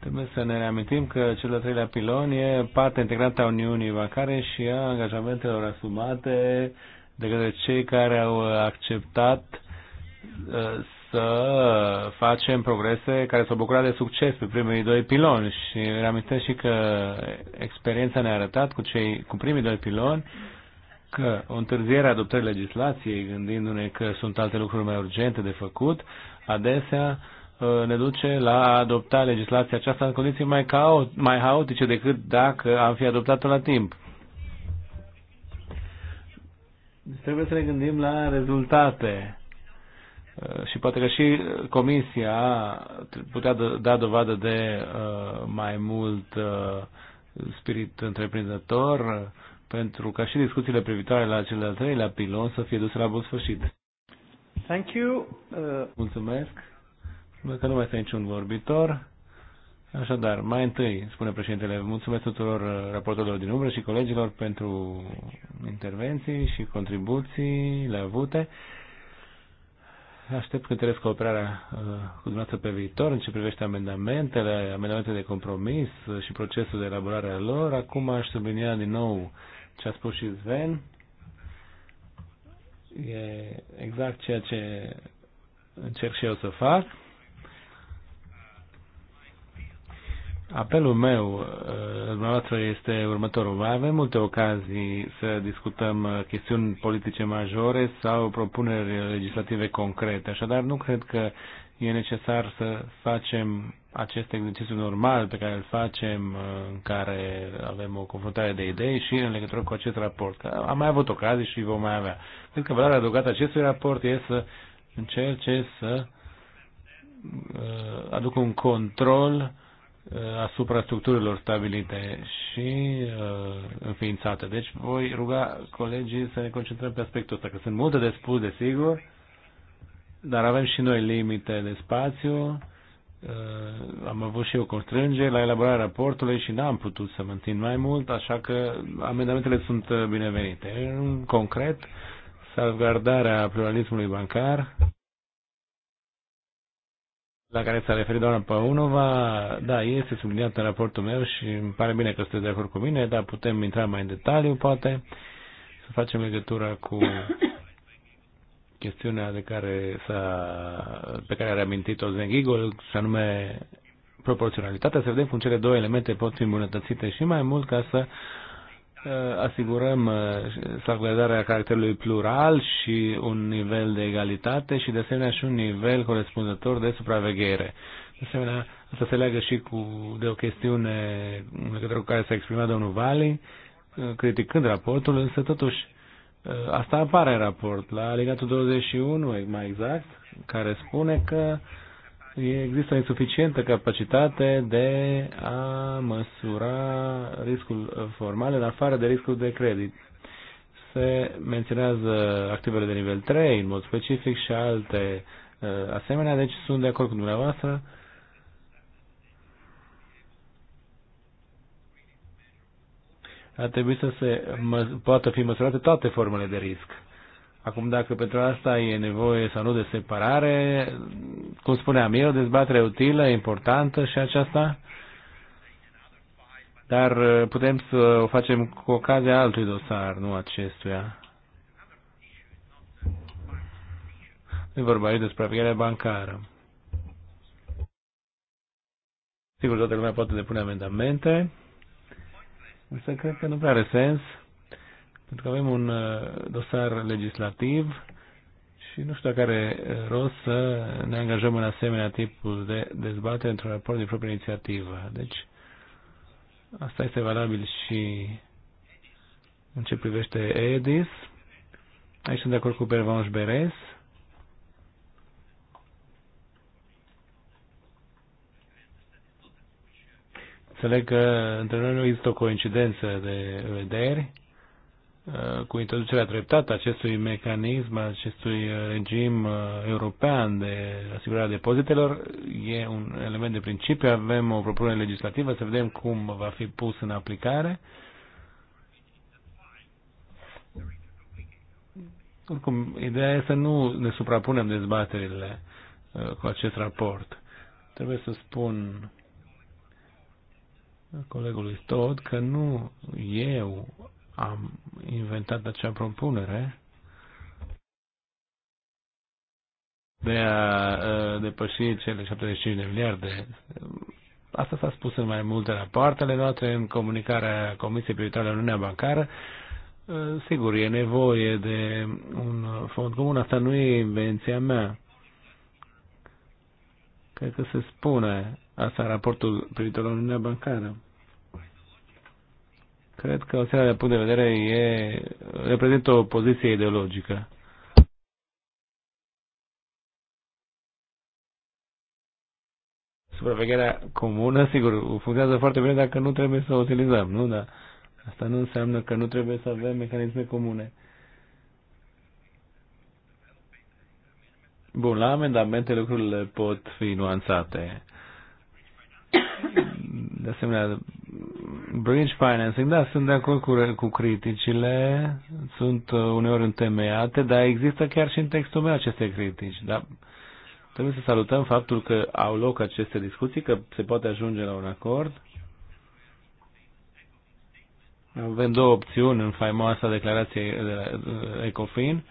B: trebuie să ne reamintim că cel de-al treilea pilon e parte integrată a Uniunii Bancare și a angajamentelor asumate de către cei care au acceptat să facem progrese care s-au bucurat de succes pe primii doi piloni și reamintesc și că experiența ne-a arătat cu, cei, cu primii doi piloni că o întârziere a adoptării legislației, gândindu-ne că sunt alte lucruri mai urgente de făcut, adesea uh, ne duce la a adopta legislația aceasta în condiții mai, caot, mai haotice decât dacă am fi adoptat-o la timp. Deci trebuie să ne gândim la rezultate și poate că și Comisia putea da dovadă de uh, mai mult uh, spirit întreprinzător pentru ca și discuțiile privitoare la cel de-al treilea pilon să fie duse la bun sfârșit. Thank you. Uh... Mulțumesc. Văd că nu mai este niciun vorbitor. Așadar, mai întâi, spune președintele, mulțumesc tuturor uh, raportorilor din umbră și colegilor pentru intervenții și contribuțiile avute aștept că trebuie cooperarea uh, cu dumneavoastră pe viitor în ce privește amendamentele, amendamentele de compromis uh, și procesul de elaborare a lor. Acum aș sublinia din nou ce a spus și Sven. E exact ceea ce încerc și eu să fac. Apelul meu uh, dumneavoastră este următorul. Mai avem multe ocazii să discutăm uh, chestiuni politice majore sau propuneri legislative concrete. Așadar, nu cred că e necesar să facem acest exercițiu normal pe care îl facem, uh, în care avem o confruntare de idei și în legătură cu acest raport. Am mai avut ocazii și vom mai avea. Cred că valoarea adăugată acestui raport este să încerce să aducă un control uh, Uh, asupra structurilor stabilite și uh, înființate. Deci voi ruga colegii să ne concentrăm pe aspectul ăsta, că sunt multe de spus, desigur, dar avem și noi limite de spațiu. Uh, am avut și eu constrângeri la elaborarea raportului și n-am putut să mențin mai mult, așa că amendamentele sunt uh, binevenite. În concret, salvgardarea pluralismului bancar, la care s-a referit doamna Paunova, da, este subliniat în raportul meu și îmi pare bine că sunteți de acord cu mine, dar putem intra mai în detaliu, poate, să facem legătura cu chestiunea de care s-a, pe care a reamintit-o Zengigol, și anume proporționalitatea, să vedem cum cele două elemente pot fi îmbunătățite și mai mult ca să Uh, asigurăm uh, salvgardarea caracterului plural și un nivel de egalitate și de asemenea și un nivel corespunzător de supraveghere. De asemenea, asta se leagă și cu, de o chestiune în legătură cu care s-a exprimat domnul Vali, uh, criticând raportul, însă totuși asta apare în raport, la legatul 21 mai exact, care spune că uh, există o insuficientă capacitate de a măsura riscul formal în afară de riscul de credit. Se menționează activele de nivel 3 în mod specific și alte uh, asemenea, deci sunt de acord cu dumneavoastră. Ar trebui să se poată fi măsurate toate formele de risc Acum, dacă pentru asta e nevoie sau nu de separare, cum spuneam, eu, dezbatere utilă, importantă și aceasta, dar uh, putem să o facem cu ocazia altui dosar, nu acestuia. E vorba aici despre aplicarea bancară. Sigur, toată lumea poate depune amendamente, însă cred că nu prea are sens pentru că avem un uh, dosar legislativ și nu știu dacă are uh, rost să ne angajăm în asemenea tipul de dezbatere într-un raport de proprie inițiativă. Deci, asta este valabil și în ce privește EDIS. Aici sunt de acord cu Pervanș Beres. Înțeleg că între noi nu există o coincidență de vederi. Uh, cu introducerea treptată acestui mecanism, acestui uh, regim uh, european de asigurare a depozitelor, e un element de principiu. Avem o propunere legislativă, să vedem cum va fi pus în aplicare. Oricum, ideea este să nu ne suprapunem dezbaterile cu acest raport. Trebuie să spun colegului Stod că nu eu am inventat acea propunere de a depăși cele 75 de miliarde. Asta s-a spus în mai multe rapoartele noastre, în comunicarea Comisiei Prioritare a Uniunea Bancară. Sigur, e nevoie de un fond comun, asta nu e invenția mea. Cred că se spune asta în raportul privitor la Uniunea Bancară. Cred că o de punct de vedere e, reprezintă o poziție ideologică. Supravegherea comună, sigur, funcționează foarte bine dacă nu trebuie să o utilizăm, nu? Dar asta nu înseamnă că nu trebuie să avem mecanisme comune. Bun, la amendamente lucrurile pot fi nuanțate. De asemenea, bridge financing, da, sunt de acord cu, cu criticile, sunt uh, uneori întemeiate, dar există chiar și în textul meu aceste critici. Dar trebuie să salutăm faptul că au loc aceste discuții, că se poate ajunge la un acord. Avem două opțiuni în faimoasa declarație de uh, la uh, ECOFIN.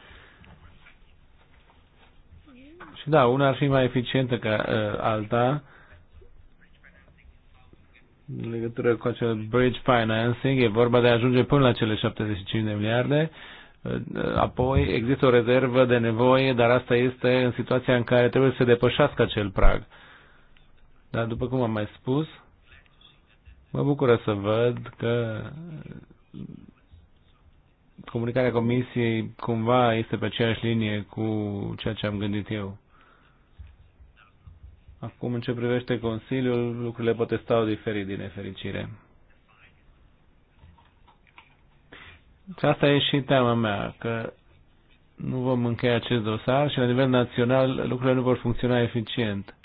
B: Și da, una ar fi mai eficientă ca alta în legătură cu acel bridge financing, e vorba de a ajunge până la cele 75 de miliarde, uh, apoi există o rezervă de nevoie, dar asta este în situația în care trebuie să se depășească acel prag. Dar după cum am mai spus, mă bucură să văd că comunicarea Comisiei cumva este pe aceeași linie cu ceea ce am gândit eu. Acum, în ce privește Consiliul, lucrurile pot stau diferit, din nefericire. Și asta e și teama mea, că nu vom încheia acest dosar și la nivel național lucrurile nu vor funcționa eficient.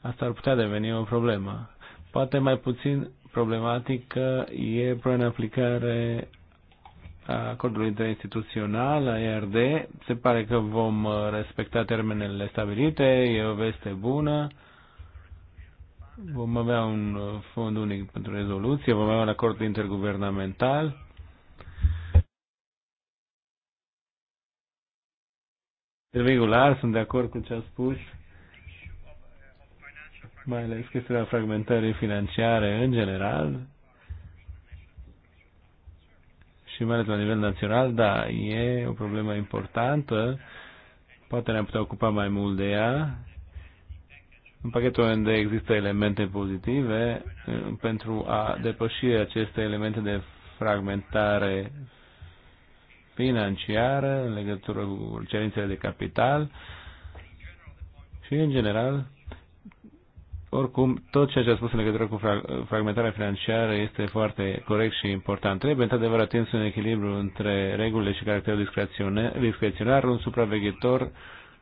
B: Asta ar putea deveni o problemă. Poate mai puțin problematică, e prin aplicare acordului interinstituțional, ARD. Se pare că vom uh, respecta termenele stabilite, e o veste bună. Vom avea un uh, fond unic pentru rezoluție, vom avea un acord interguvernamental. Regular, sunt de acord cu ce a spus, mai ales chestiunea fragmentării financiare în general și mai ales la nivel național, da, e o problemă importantă, poate ne-am putea ocupa mai mult de ea. În pachetul OND există elemente pozitive uh, pentru a depăși aceste elemente de fragmentare financiară în legătură cu cerințele de capital și, în general, oricum, tot ceea ce a spus în legătură cu fragmentarea financiară este foarte corect și important. Trebuie, într-adevăr, atins un echilibru între regulile și caracterul discreționar. Un supraveghetor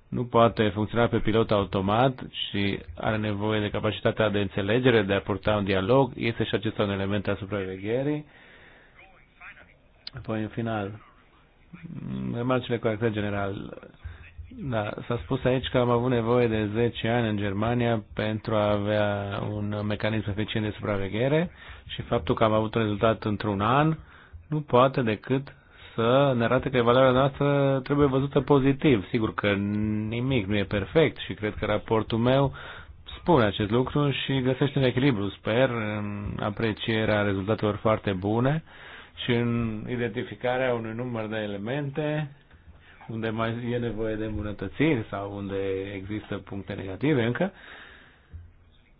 B: nu poate funcționa pe pilot automat și are nevoie de capacitatea de înțelegere, de a purta un dialog. Este și acesta un element al supravegherii. Apoi, în final, remarcile cu caracter general da, s-a spus aici că am avut nevoie de 10 ani în Germania pentru a avea un mecanism eficient de supraveghere și faptul că am avut un rezultat într-un an nu poate decât să ne arate că evaluarea noastră trebuie văzută pozitiv. Sigur că nimic nu e perfect și cred că raportul meu spune acest lucru și găsește un echilibru, sper, în aprecierea rezultatelor foarte bune și în identificarea unui număr de elemente unde mai e nevoie de îmbunătățiri sau unde există puncte negative încă,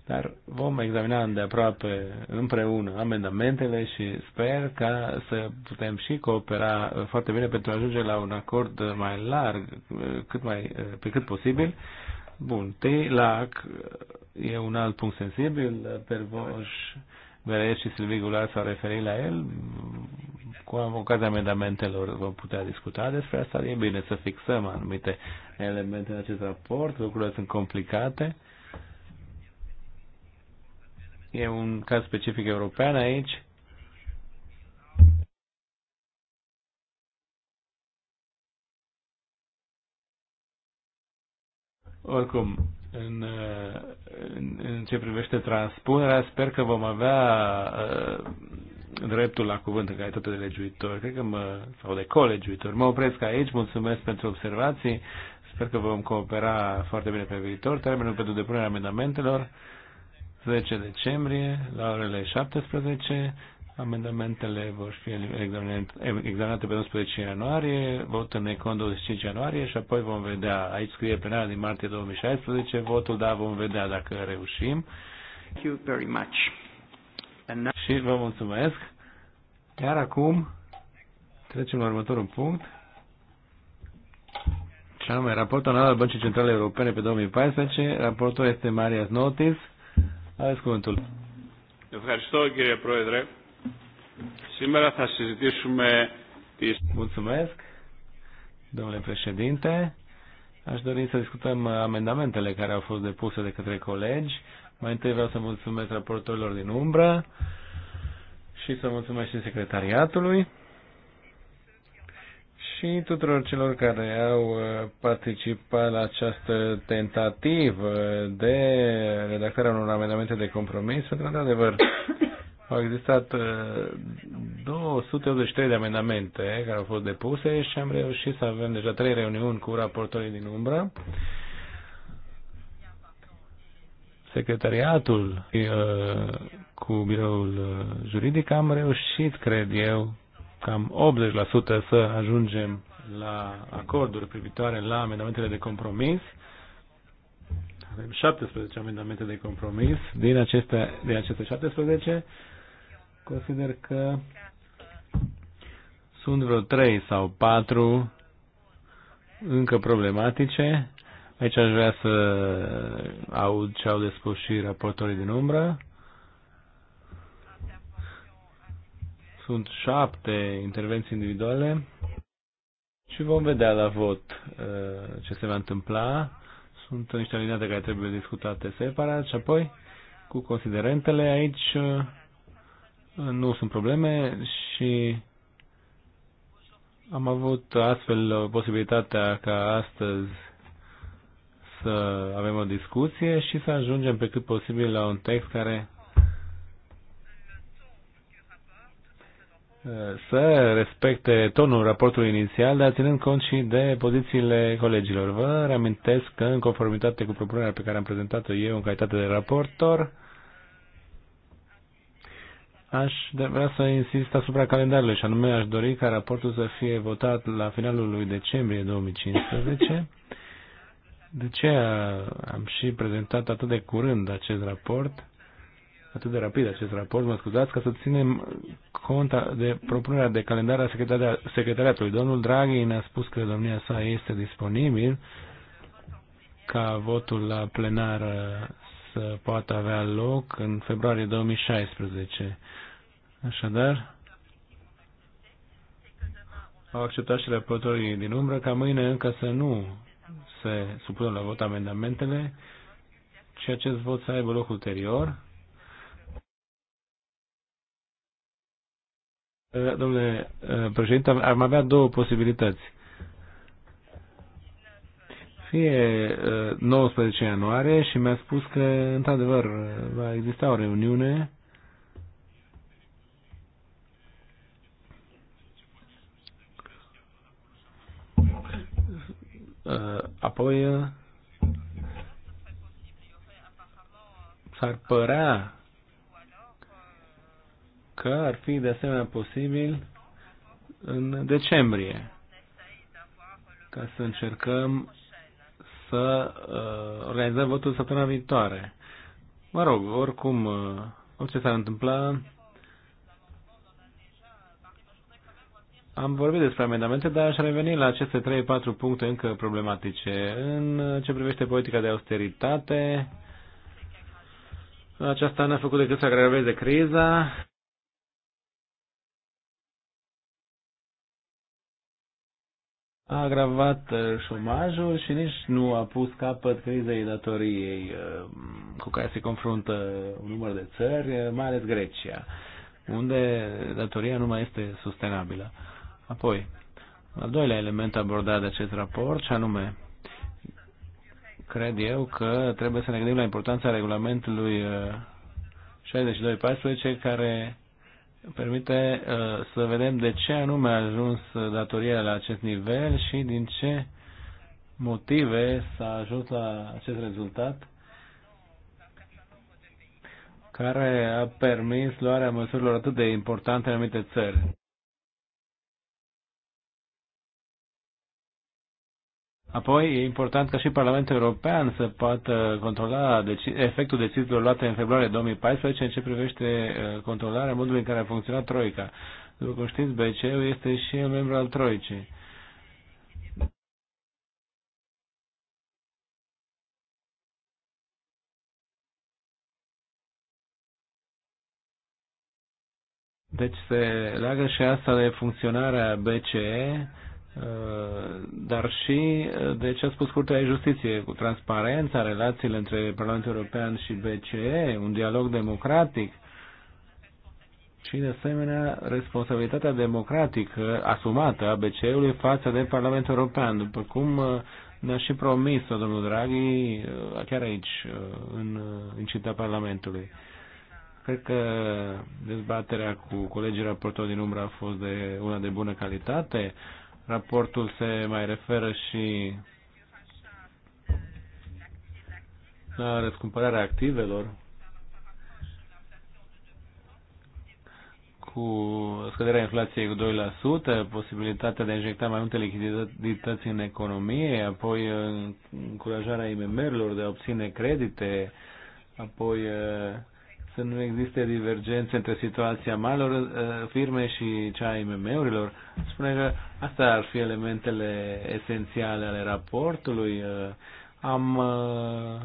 B: dar vom examina îndeaproape împreună amendamentele și sper ca să putem și coopera foarte bine pentru a ajunge la un acord mai larg, cât mai, pe cât posibil. Bun, lac e un alt punct sensibil, Pervoș Bereș și Silvii Gular s-au referit la el cu ocazia amendamentelor vom putea discuta despre asta. E bine să fixăm anumite elemente în acest raport, lucrurile sunt complicate. E un caz specific european aici. Oricum, în, în, în ce privește transpunerea, sper că vom avea uh, dreptul la cuvânt în calitate de legiuitor, cred că mă, sau de colegiuitor. Mă opresc aici, mulțumesc pentru observații, sper că vom coopera foarte bine pe viitor. Termenul pentru depunerea amendamentelor, 10 decembrie, la orele 17, Amendamentele vor fi examinate pe 11 ianuarie, vot în Econ 25 ianuarie și apoi vom vedea, aici scrie plenarea din martie 2016, votul, da, vom vedea dacă reușim. Thank you very much. And now... Și vă mulțumesc. Iar acum trecem la următorul punct. Și anume, raportul anual al Băncii Centrale Europene pe 2014. Raportul este Marias Notis. Aveți cuvântul. Mulțumesc, domnule președinte. Aș dori să discutăm amendamentele care au fost depuse de către colegi. Mai întâi vreau să mulțumesc raportorilor din umbră și să mulțumesc și secretariatului și tuturor celor care au uh, participat la această tentativă de redactarea unor amendamente de compromis, pentru că, într-adevăr, au existat 283 uh, de amendamente care au fost depuse și am reușit să avem deja trei reuniuni cu raportorii din umbră secretariatul uh, cu biroul uh, juridic am reușit, cred eu, cam 80% să ajungem la acorduri privitoare la amendamentele de compromis. Avem 17 amendamente de compromis. Din aceste, din aceste 17, consider că sunt vreo 3 sau 4 încă problematice Aici aș vrea să aud ce au de spus și raportorii din umbră. Sunt șapte intervenții individuale și vom vedea la vot uh, ce se va întâmpla. Sunt niște alineate care trebuie discutate separat și apoi cu considerentele aici uh, nu sunt probleme și am avut astfel posibilitatea ca astăzi să avem o discuție și să ajungem pe cât posibil la un text care uh, să respecte tonul raportului inițial, dar ținând cont și de pozițiile colegilor. Vă reamintesc că, în conformitate cu propunerea pe care am prezentat-o eu în calitate de raportor, aș vrea să insist asupra calendarului și anume aș dori ca raportul să fie votat la finalul lui decembrie 2015 de ce am și prezentat atât de curând acest raport, atât de rapid acest raport, mă scuzați, ca să ținem cont de propunerea de calendar a secretariatului. Domnul Draghi ne-a spus că domnia sa este disponibil ca votul la plenar să poată avea loc în februarie 2016. Așadar, au acceptat și raportorii din umbră ca mâine încă să nu se supună la vot amendamentele și acest vot să aibă loc ulterior. Eh, domnule eh, președinte, am avea două posibilități. Fie 19 eh, ianuarie și mi-a spus că, într-adevăr, va exista o reuniune Eh, apoi eh, s-ar părea că ar fi de asemenea posibil în decembrie ca să încercăm să uh, organizăm votul săptămâna viitoare. Mă rog, oricum, uh, orice s-ar întâmpla, Am vorbit despre amendamente, dar aș reveni la aceste 3-4 puncte încă problematice. În ce privește politica de austeritate, aceasta n-a făcut decât să agraveze criza. a agravat uh, șomajul și nici nu a pus capăt crizei datoriei uh, cu care se confruntă un număr de țări, uh, mai ales Grecia, unde datoria nu mai este sustenabilă. Apoi, al doilea element abordat de acest raport, și anume, cred eu că trebuie să ne gândim la importanța regulamentului 62.14 uh, care permite uh, să vedem de ce anume a ajuns datoria la acest nivel și din ce motive s-a ajuns la acest rezultat care a permis luarea măsurilor atât de importante în anumite țări. Apoi, e important ca și Parlamentul European să poată controla deci, efectul deciziilor luate în februarie 2014 în ce privește uh, controlarea modului în care a funcționat Troica. După cum știți, bce este și un membru al Troicii. Deci se leagă și asta de funcționarea BCE Uh, dar și uh, de ce a spus Curtea de Justiție, cu transparența, relațiile între Parlamentul European și BCE, un dialog democratic și, de asemenea, responsabilitatea democratică asumată a BCE-ului față de Parlamentul European, după cum uh, ne-a și promis-o domnul Draghi chiar aici, în, în cita Parlamentului. Cred că dezbaterea cu colegii raportori din umbră a fost de una de bună calitate. Raportul se mai referă și la răscumpărarea activelor cu scăderea inflației cu 2%, posibilitatea de a injecta mai multe lichidități în economie, apoi uh, încurajarea IMM-urilor de a obține credite, apoi uh, să nu existe divergențe între situația marilor uh, firme și cea a IMM-urilor. Spune că asta ar fi elementele esențiale ale raportului. Uh, am uh,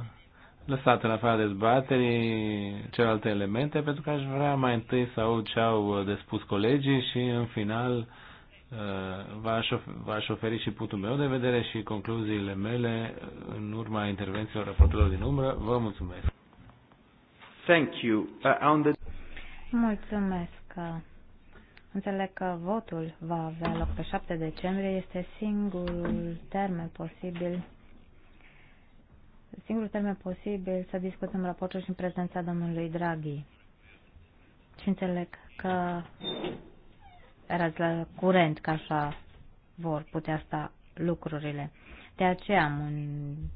B: lăsat în afara dezbaterii celelalte elemente pentru că aș vrea mai întâi să aud ce au de spus colegii și în final v-aș oferi și punctul meu de vedere și concluziile mele în urma intervențiilor raportelor din umbră. Vă mulțumesc! Thank you. Uh, on the...
A: Mulțumesc. Înțeleg că votul va avea loc pe 7 decembrie. Este singurul termen posibil singurul termen posibil să discutăm raportul și în prezența domnului Draghi. Și înțeleg că erați la curent că așa vor putea sta lucrurile. De aceea am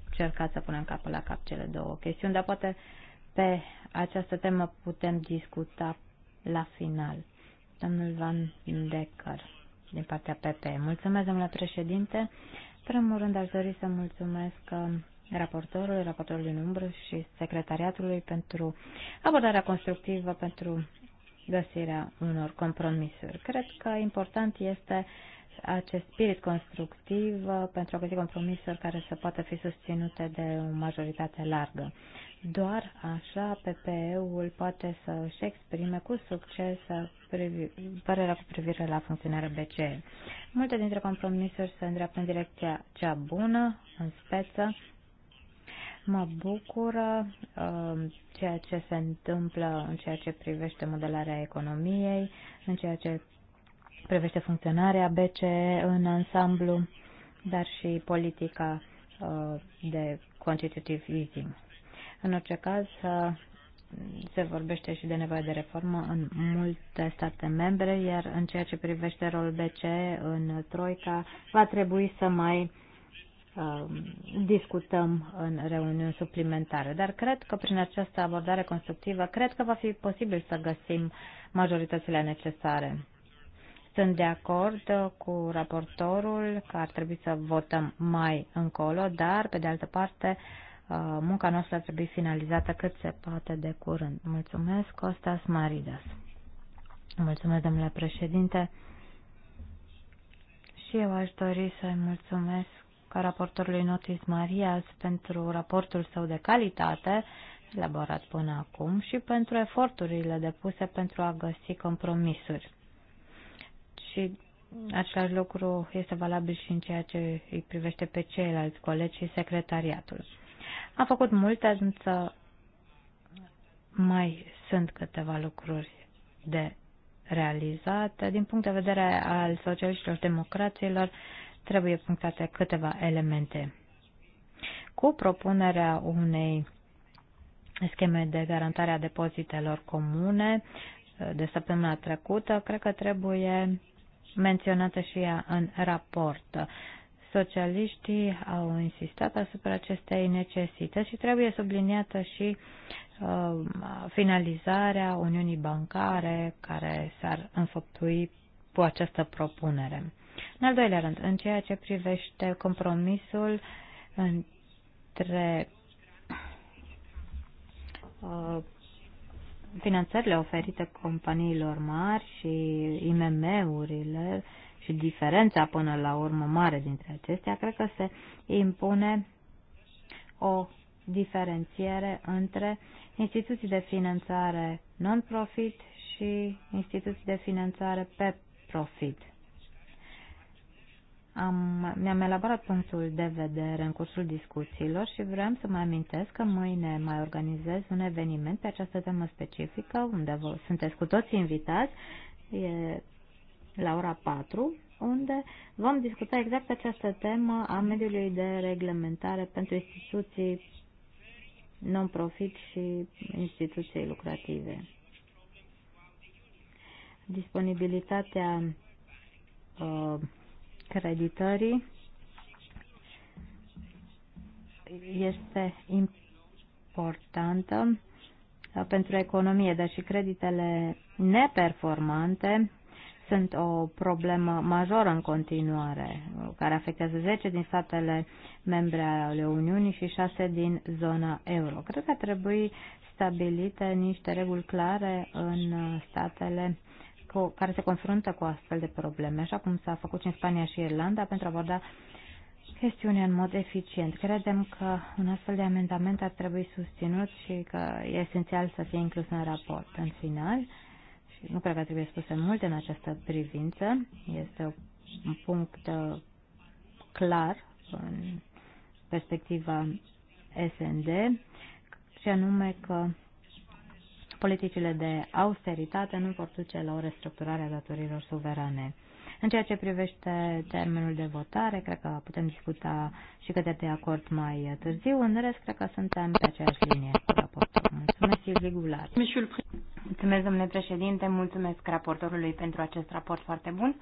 A: încercat să punem capul la cap cele două chestiuni, dar poate pe această temă putem discuta la final. Domnul Van Decker, din partea PP. Mulțumesc, domnule președinte. Primul rând, aș dori să mulțumesc uh, raportorului, raportorului în umbră și secretariatului pentru abordarea constructivă, pentru găsirea unor compromisuri. Cred că important este uh, acest spirit constructiv uh, pentru a găsi compromisuri care să poată fi susținute de o majoritate largă. Doar așa PPE-ul poate să își exprime cu succes uh, părerea cu privire la funcționarea BCE. Multe dintre compromisuri se îndreaptă în direcția cea bună, în speță. Mă bucură uh, ceea ce se întâmplă în ceea ce privește modelarea economiei, în ceea ce privește funcționarea BCE în ansamblu, dar și politica uh, de quantitative easing. În orice caz, uh, se vorbește și de nevoie de reformă în multe state membre, iar în ceea ce privește rolul BCE în Troica, va trebui să mai uh, discutăm în reuniuni suplimentare. Dar cred că prin această abordare constructivă, cred că va fi posibil să găsim majoritățile necesare. Sunt de acord cu raportorul că ar trebui să votăm mai încolo, dar, pe de altă parte, uh, munca noastră ar trebui finalizată cât se poate de curând. Mulțumesc, Costas Maridas. Mulțumesc, domnule președinte. Și eu aș dori să-i mulțumesc ca raportorului Notis Marias pentru raportul său de calitate elaborat până acum și pentru eforturile depuse pentru a găsi compromisuri și același lucru este valabil și în ceea ce îi privește pe ceilalți colegi și secretariatul. Am făcut multe, însă mai sunt câteva lucruri de realizat. Din punct de vedere al socialiștilor democrațiilor, trebuie punctate câteva elemente. Cu propunerea unei scheme de garantare a depozitelor comune de săptămâna trecută, cred că trebuie menționată și ea în raport. Socialiștii au insistat asupra acestei necesități și trebuie subliniată și uh, finalizarea Uniunii Bancare care s-ar înfăptui cu această propunere. În al doilea rând, în ceea ce privește compromisul între uh, finanțările oferite companiilor mari și IMM-urile și diferența până la urmă mare dintre acestea, cred că se impune o diferențiere între instituții de finanțare non-profit și instituții de finanțare pe profit am, mi-am elaborat punctul de vedere în cursul discuțiilor și vreau să mai amintesc că mâine mai organizez un eveniment pe această temă specifică, unde vă, sunteți cu toți invitați, e la ora 4, unde vom discuta exact această temă a mediului de reglementare pentru instituții non-profit și instituții lucrative. Disponibilitatea uh, creditării este importantă uh, pentru economie, dar și creditele neperformante sunt o problemă majoră în continuare, uh, care afectează 10 din statele membre ale Uniunii și 6 din zona euro. Cred că ar trebui stabilite niște reguli clare în uh, statele care se confruntă cu astfel de probleme, așa cum s-a făcut și în Spania și Irlanda, pentru a aborda chestiunea în mod eficient. Credem că un astfel de amendament ar trebui susținut și că e esențial să fie inclus în raport. În final, și nu cred că trebuie spuse multe în această privință, este un punct uh, clar în perspectiva SND, și anume că politicile de austeritate nu vor duce la o restructurare a datorilor suverane. În ceea ce privește termenul de votare, cred că putem discuta și câte de acord mai târziu. În rest, cred că suntem pe aceeași linie cu raportul. Mulțumesc, Silvi Mulțumesc, domnule președinte, mulțumesc raportorului pentru acest raport foarte bun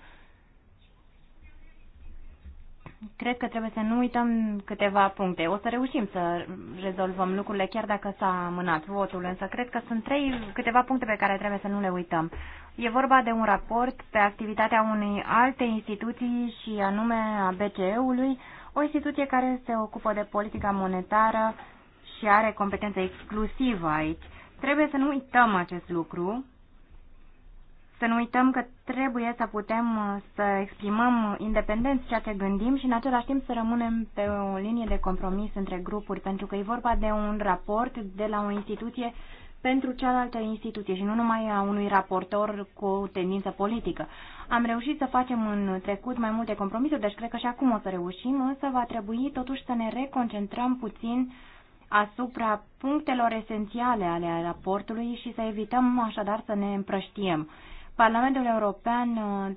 A: cred că trebuie să nu uităm câteva puncte. O să reușim să rezolvăm lucrurile chiar dacă s-a amânat votul, însă cred că sunt trei câteva puncte pe care trebuie să nu le uităm. E vorba de un raport pe activitatea unei alte instituții și anume a BCE-ului, o instituție care se ocupă de politica monetară și are competență exclusivă aici. Trebuie să nu uităm acest lucru să nu uităm că trebuie să putem uh, să exprimăm independent ceea ce gândim și în același timp să rămânem pe o linie de compromis între grupuri, pentru că e vorba de un raport de la o instituție pentru cealaltă instituție și nu numai a unui raportor cu tendință politică. Am reușit să facem în trecut mai multe compromisuri, deci cred că și acum o să reușim, însă va trebui totuși să ne reconcentrăm puțin asupra punctelor esențiale ale raportului și să evităm așadar să ne împrăștiem. Parlamentul European uh,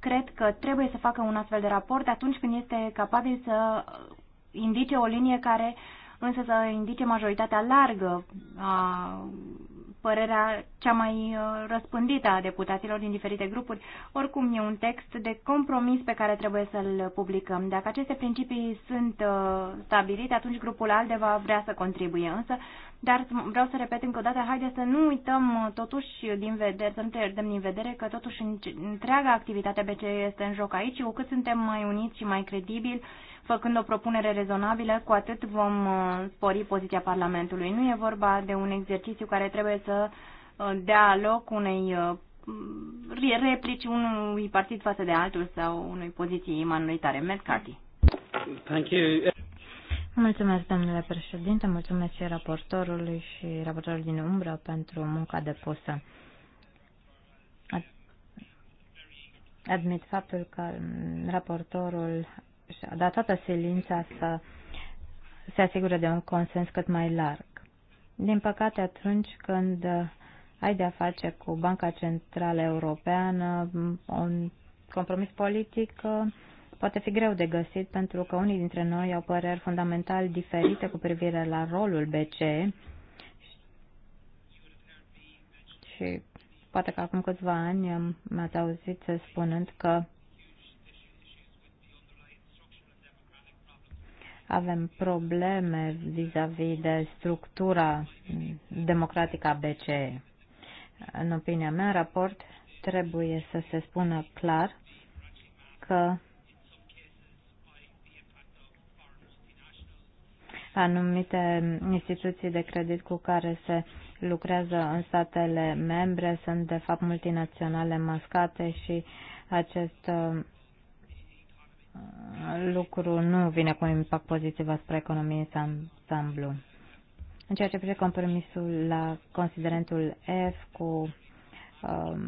A: cred că trebuie să facă un astfel de raport atunci când este capabil să uh, indice o linie care însă să indice majoritatea largă a părerea cea mai uh, răspândită a deputaților din diferite grupuri. Oricum, e un text de compromis pe care trebuie să-l publicăm. Dacă aceste principii sunt uh, stabilite, atunci grupul ALDE va vrea să contribuie. Însă, dar vreau să repet încă o dată, haide să nu uităm uh, totuși din vedere, să nu pierdem din vedere că totuși întreaga activitate BCE este în joc aici, cu cât suntem mai uniți și mai credibili, făcând o propunere rezonabilă, cu atât vom uh, spori poziția Parlamentului. Nu e vorba de un exercițiu care trebuie să uh, dea loc unei uh, replici unui partid față de altul sau unui poziții manoritare. McCarthy. Thank you. Mulțumesc, domnule președinte, mulțumesc și raportorului și raportorului din umbră pentru munca depusă. Admit faptul că raportorul și-a dat toată silința să se asigure de un consens cât mai larg. Din păcate, atunci când ai de-a face cu Banca Centrală Europeană, un compromis politic poate fi greu de găsit pentru că unii dintre noi au păreri fundamental diferite cu privire la rolul BCE și poate că acum câțiva ani m-ați auzit spunând că avem probleme vis-a-vis -vis de structura democratică a BCE. În opinia mea, raport trebuie să se spună clar că anumite instituții de credit cu care se lucrează în statele membre sunt de fapt multinaționale mascate și acest uh, lucru nu vine cu un impact pozitiv asupra economiei în ansamblu. În ceea ce privește compromisul la considerentul F cu um,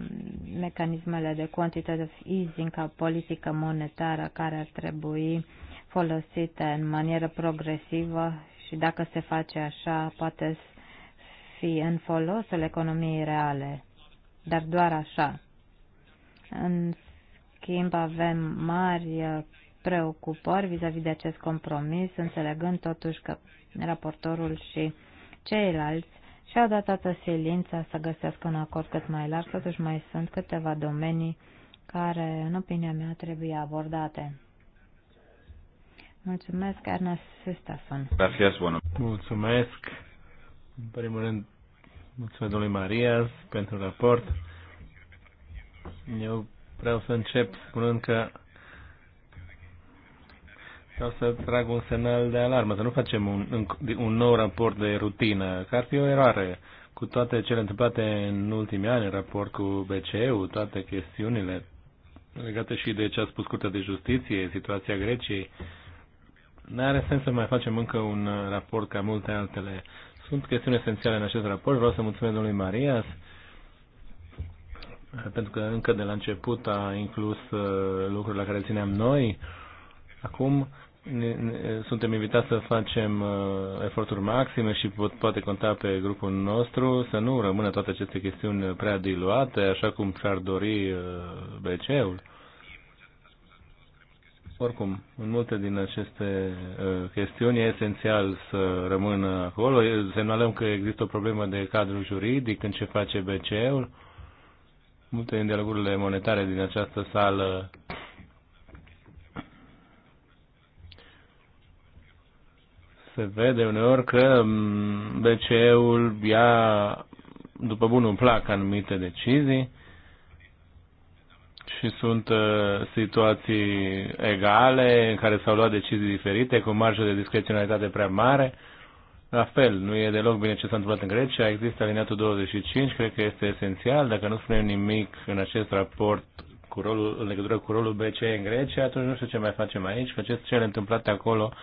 A: mecanismele de quantitative easing ca politică monetară care ar trebui folosite în manieră progresivă și dacă se face așa poate fi în folosul economiei reale, dar doar așa. În schimb avem mari preocupări vis-a-vis -vis de acest compromis, înțelegând totuși că raportorul și ceilalți și-au dat toată silința să găsească un acord cât mai larg, totuși mai sunt câteva domenii care, în opinia mea, trebuie abordate. Mulțumesc, Ernest Sistason.
B: Mulțumesc. În primul rând, mulțumesc domnului Marias pentru raport. Eu vreau să încep spunând că și o să trag un semnal de alarmă, să nu facem un, un nou raport de rutină, că ar fi o eroare. Cu toate cele întâmplate în ultimii ani, în raport cu BCE-ul, toate chestiunile legate și de ce a spus Curtea de Justiție, situația Greciei, n-are sens să mai facem încă un raport ca multe altele. Sunt chestiuni esențiale în acest raport. Vreau să mulțumesc domnului Marias pentru că încă de la început a inclus uh, lucruri la care țineam noi. Acum suntem invitați să facem uh, eforturi maxime și pot, poate conta pe grupul nostru să nu rămână toate aceste chestiuni prea diluate, așa cum și-ar dori uh, BC-ul. Oricum, în multe din aceste uh, chestiuni e esențial să rămână acolo. Semnalăm că există o problemă de cadru juridic în ce face BCE-ul. Multe din dialogurile monetare din această sală se vede uneori că mm, BCE-ul ia după bunul plac anumite decizii și sunt uh, situații egale în care s-au luat decizii diferite cu marjă de discreționalitate prea mare. La fel, nu e deloc bine ce s-a întâmplat în Grecia, există alineatul 25, cred că este esențial, dacă nu spunem nimic în acest raport cu rolul, în legătură cu rolul BCE în Grecia, atunci nu știu ce mai facem aici, că ce a întâmplat acolo uh,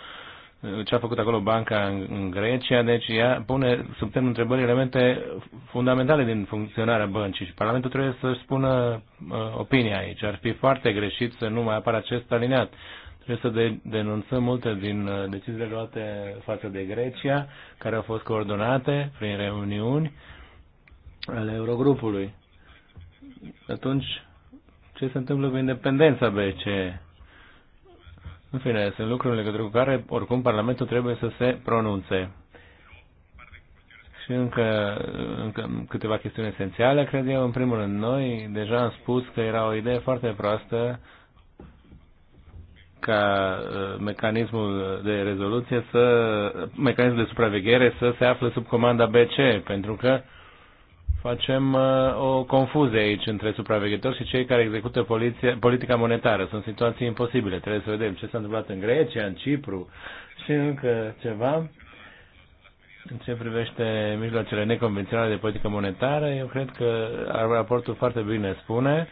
B: ce a făcut acolo banca în Grecia, deci ea pune sub semnul întrebării elemente fundamentale din funcționarea băncii și Parlamentul trebuie să-și spună uh, opinia aici. Ar fi foarte greșit să nu mai apară acest alineat. Trebuie să de- denunțăm multe din uh, deciziile luate față de Grecia, care au fost coordonate prin reuniuni ale Eurogrupului. Atunci, ce se întâmplă cu independența BCE? În fine, sunt lucruri în legătură cu care, oricum, Parlamentul trebuie să se pronunțe. Și încă, încă câteva chestiuni esențiale, cred eu. În primul rând, noi deja am spus că era o idee foarte proastă ca uh, mecanismul de rezoluție să, mecanismul de supraveghere să se află sub comanda BC, pentru că uh, facem uh, o confuzie aici între supraveghetori și cei care execută poliția, politica monetară. Sunt situații imposibile. Trebuie să vedem ce s-a întâmplat în Grecia, în Cipru și încă ceva. În ce privește mijloacele neconvenționale de politică monetară, eu cred că raportul foarte bine spune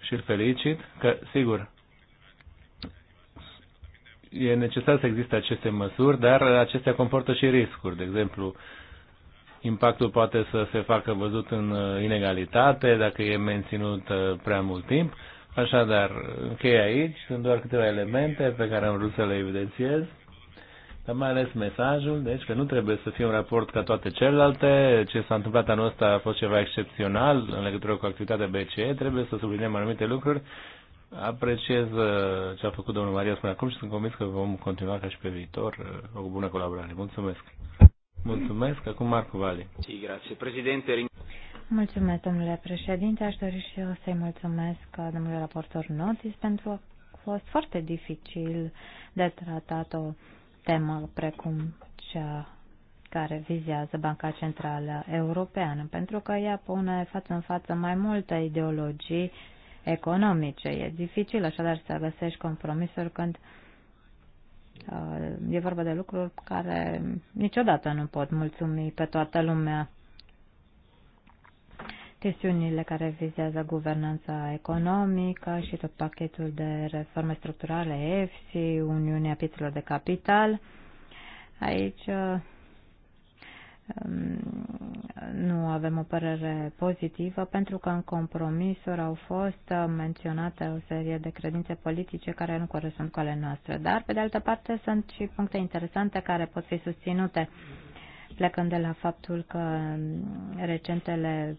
B: și îl felicit că, sigur, e necesar să existe aceste măsuri, dar acestea comportă și riscuri. De exemplu, uh, impactul poate să se facă văzut în uh, inegalitate dacă e menținut uh, prea mult timp. Așadar, închei aici, sunt doar câteva elemente pe care am vrut să le evidențiez, dar mai ales mesajul, deci că nu trebuie să fie un raport ca toate celelalte, ce s-a întâmplat anul ăsta a fost ceva excepțional în legătură cu activitatea BCE, trebuie să subliniem anumite lucruri, apreciez uh, ce a făcut domnul Marius până acum și sunt convins că vom continua ca și pe viitor o bună colaborare. Mulțumesc! Mulțumesc. Acum Marco Vali. Si, grazie, președinte.
A: Mulțumesc, domnule președinte. Aș dori și eu să-i mulțumesc domnului raportor Notis pentru că a fost foarte dificil de tratat o temă precum cea care vizează Banca Centrală Europeană, pentru că ea pune față în față mai multe ideologii economice. E dificil așadar să găsești compromisuri când uh, Uh, e vorba de lucruri care niciodată nu pot mulțumi pe toată lumea. Chestiunile care vizează guvernanța economică și tot pachetul de reforme structurale EFSI, Uniunea Piețelor de Capital. Aici uh, Ehm, nu avem o părere pozitivă pentru că în compromisuri au fost menționate o serie de credințe politice care nu corespund cu ale noastre. Dar, pe de altă parte, sunt și puncte interesante care pot fi susținute plecând de la faptul că recentele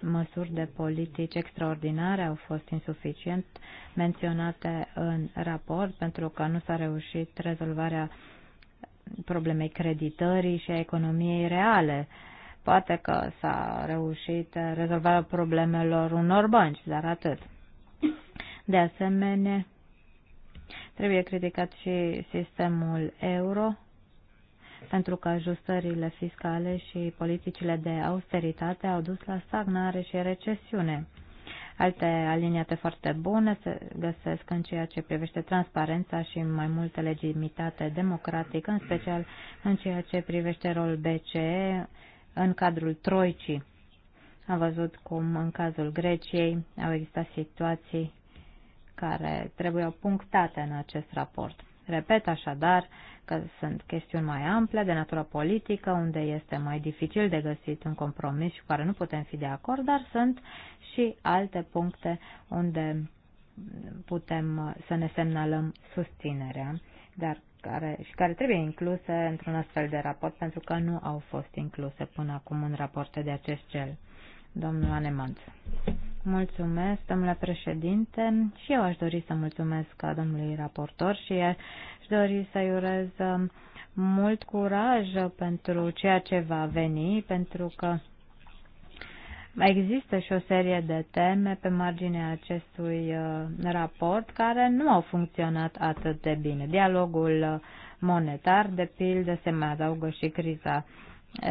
A: măsuri de politici extraordinare au fost insuficient menționate în raport pentru că nu s-a reușit rezolvarea uh, problemei creditării și a economiei reale. Poate că s-a reușit rezolvarea problemelor unor bănci, dar atât. De asemenea, trebuie criticat și sistemul euro, pentru că ajustările fiscale și politicile de austeritate au dus la stagnare și recesiune. Alte aliniate foarte bune se găsesc în ceea ce privește transparența și mai multă legitimitate democratică, în special în ceea ce privește rolul BCE în cadrul Troicii. Am văzut cum în cazul Greciei au existat situații care trebuiau punctate în acest raport. Repet așadar că sunt chestiuni mai ample de natură politică, unde este mai dificil de găsit un compromis și cu care nu putem fi de acord, dar sunt și alte puncte unde putem să ne semnalăm susținerea, dar care, și care trebuie incluse într-un astfel de raport, pentru că nu au fost incluse până acum în rapoarte de acest cel. Domnul Anemant. Mulțumesc, domnule președinte, și eu aș dori să mulțumesc domnului raportor și aș dori să-i urez um, mult curaj pentru ceea ce va veni, pentru că mai există și o serie de teme pe marginea acestui uh, raport care nu au funcționat atât de bine. Dialogul monetar, de pildă, se mai adaugă și criza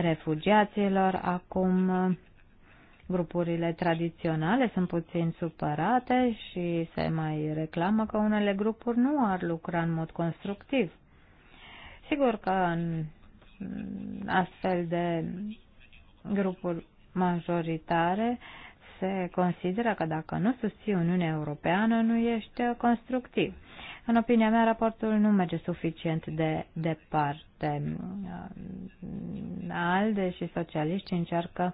A: refugiaților acum uh, grupurile tradiționale sunt puțin supărate și se mai reclamă că unele grupuri nu ar lucra în mod constructiv. Sigur că în astfel de grupuri majoritare se consideră că dacă nu susții Uniunea Europeană, nu ești constructiv. În opinia mea, raportul nu merge suficient de departe. ALDE și socialiști încearcă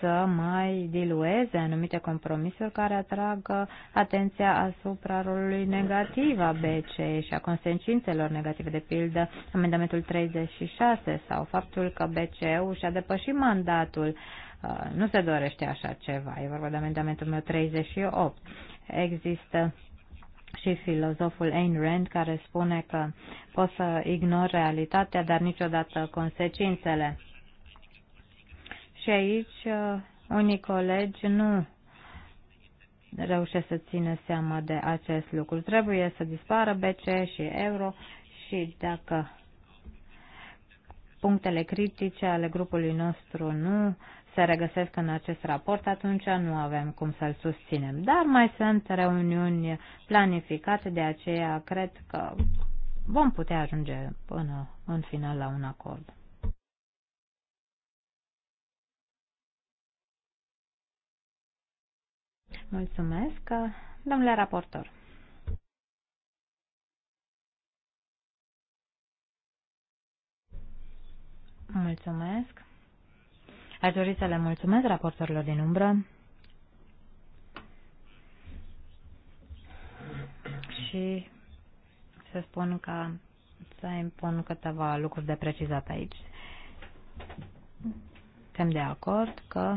A: să mai dilueze anumite compromisuri care atrag atenția asupra rolului negativ a BCE și a consecințelor negative, de pildă amendamentul 36 sau faptul că BCE-ul și-a depășit mandatul. Uh, nu se dorește așa ceva, e vorba de amendamentul meu 38. Există și filozoful Ayn Rand care spune că poți să ignori realitatea, dar niciodată consecințele. Și aici uh, unii colegi nu reușesc să țină seama de acest lucru. Trebuie să dispară BC și euro și dacă punctele critice ale grupului nostru nu se regăsesc în acest raport, atunci nu avem cum să-l susținem. Dar mai sunt reuniuni planificate, de aceea cred că vom putea ajunge până în final la un acord. Mulțumesc, domnule raportor. Mulțumesc. Aș dori să le mulțumesc raportorilor din umbră și să spun că să impun câteva lucruri de precizat aici. Suntem de acord că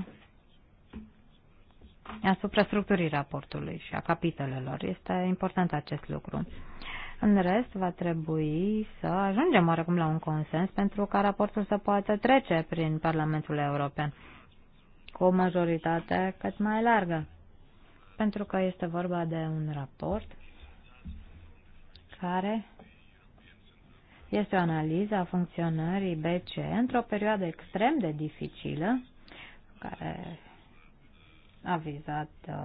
A: asupra structurii raportului și a capitolelor. Este important acest lucru. În rest, va trebui să ajungem oarecum la un consens pentru ca raportul să poată trece prin Parlamentul European cu o majoritate cât mai largă. Pentru că este vorba de un raport care este o analiză a funcționării BCE într-o perioadă extrem de dificilă, care a vizat uh,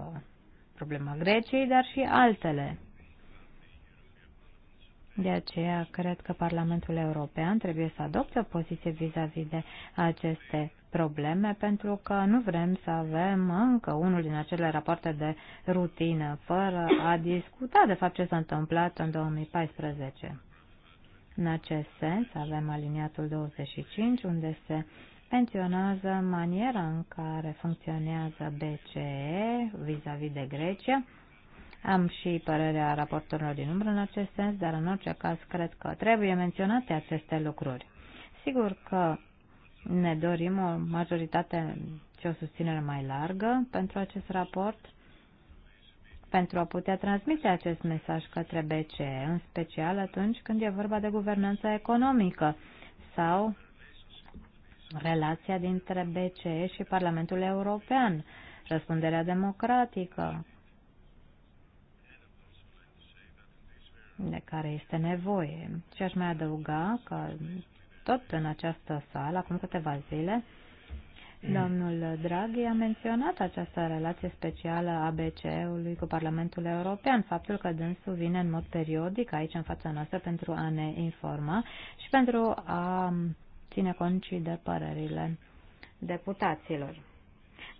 A: problema Greciei, dar și altele. De aceea, cred că Parlamentul European trebuie să adopte o poziție vis-a-vis -vis de aceste probleme, pentru că nu vrem să avem încă unul din acele rapoarte de rutină, fără a discuta de fapt ce s-a întâmplat în 2014. În acest sens, avem aliniatul 25, unde se menționează maniera în care funcționează BCE vis-a-vis -vis de Grecia. Am și părerea raportorilor din umbră în acest sens, dar în orice caz cred că trebuie menționate aceste lucruri. Sigur că ne dorim o majoritate și o susținere mai largă pentru acest raport, pentru a putea transmite acest mesaj către BCE, în special atunci când e vorba de guvernanța economică sau relația dintre BCE și Parlamentul European, răspunderea democratică de care este nevoie. Și aș mai adăuga că tot în această sală, acum câteva zile, Domnul Draghi a menționat această relație specială a BCE-ului cu Parlamentul European, faptul că dânsul vine în mod periodic aici în fața noastră pentru a ne informa și pentru a ține cont de părerile deputaților.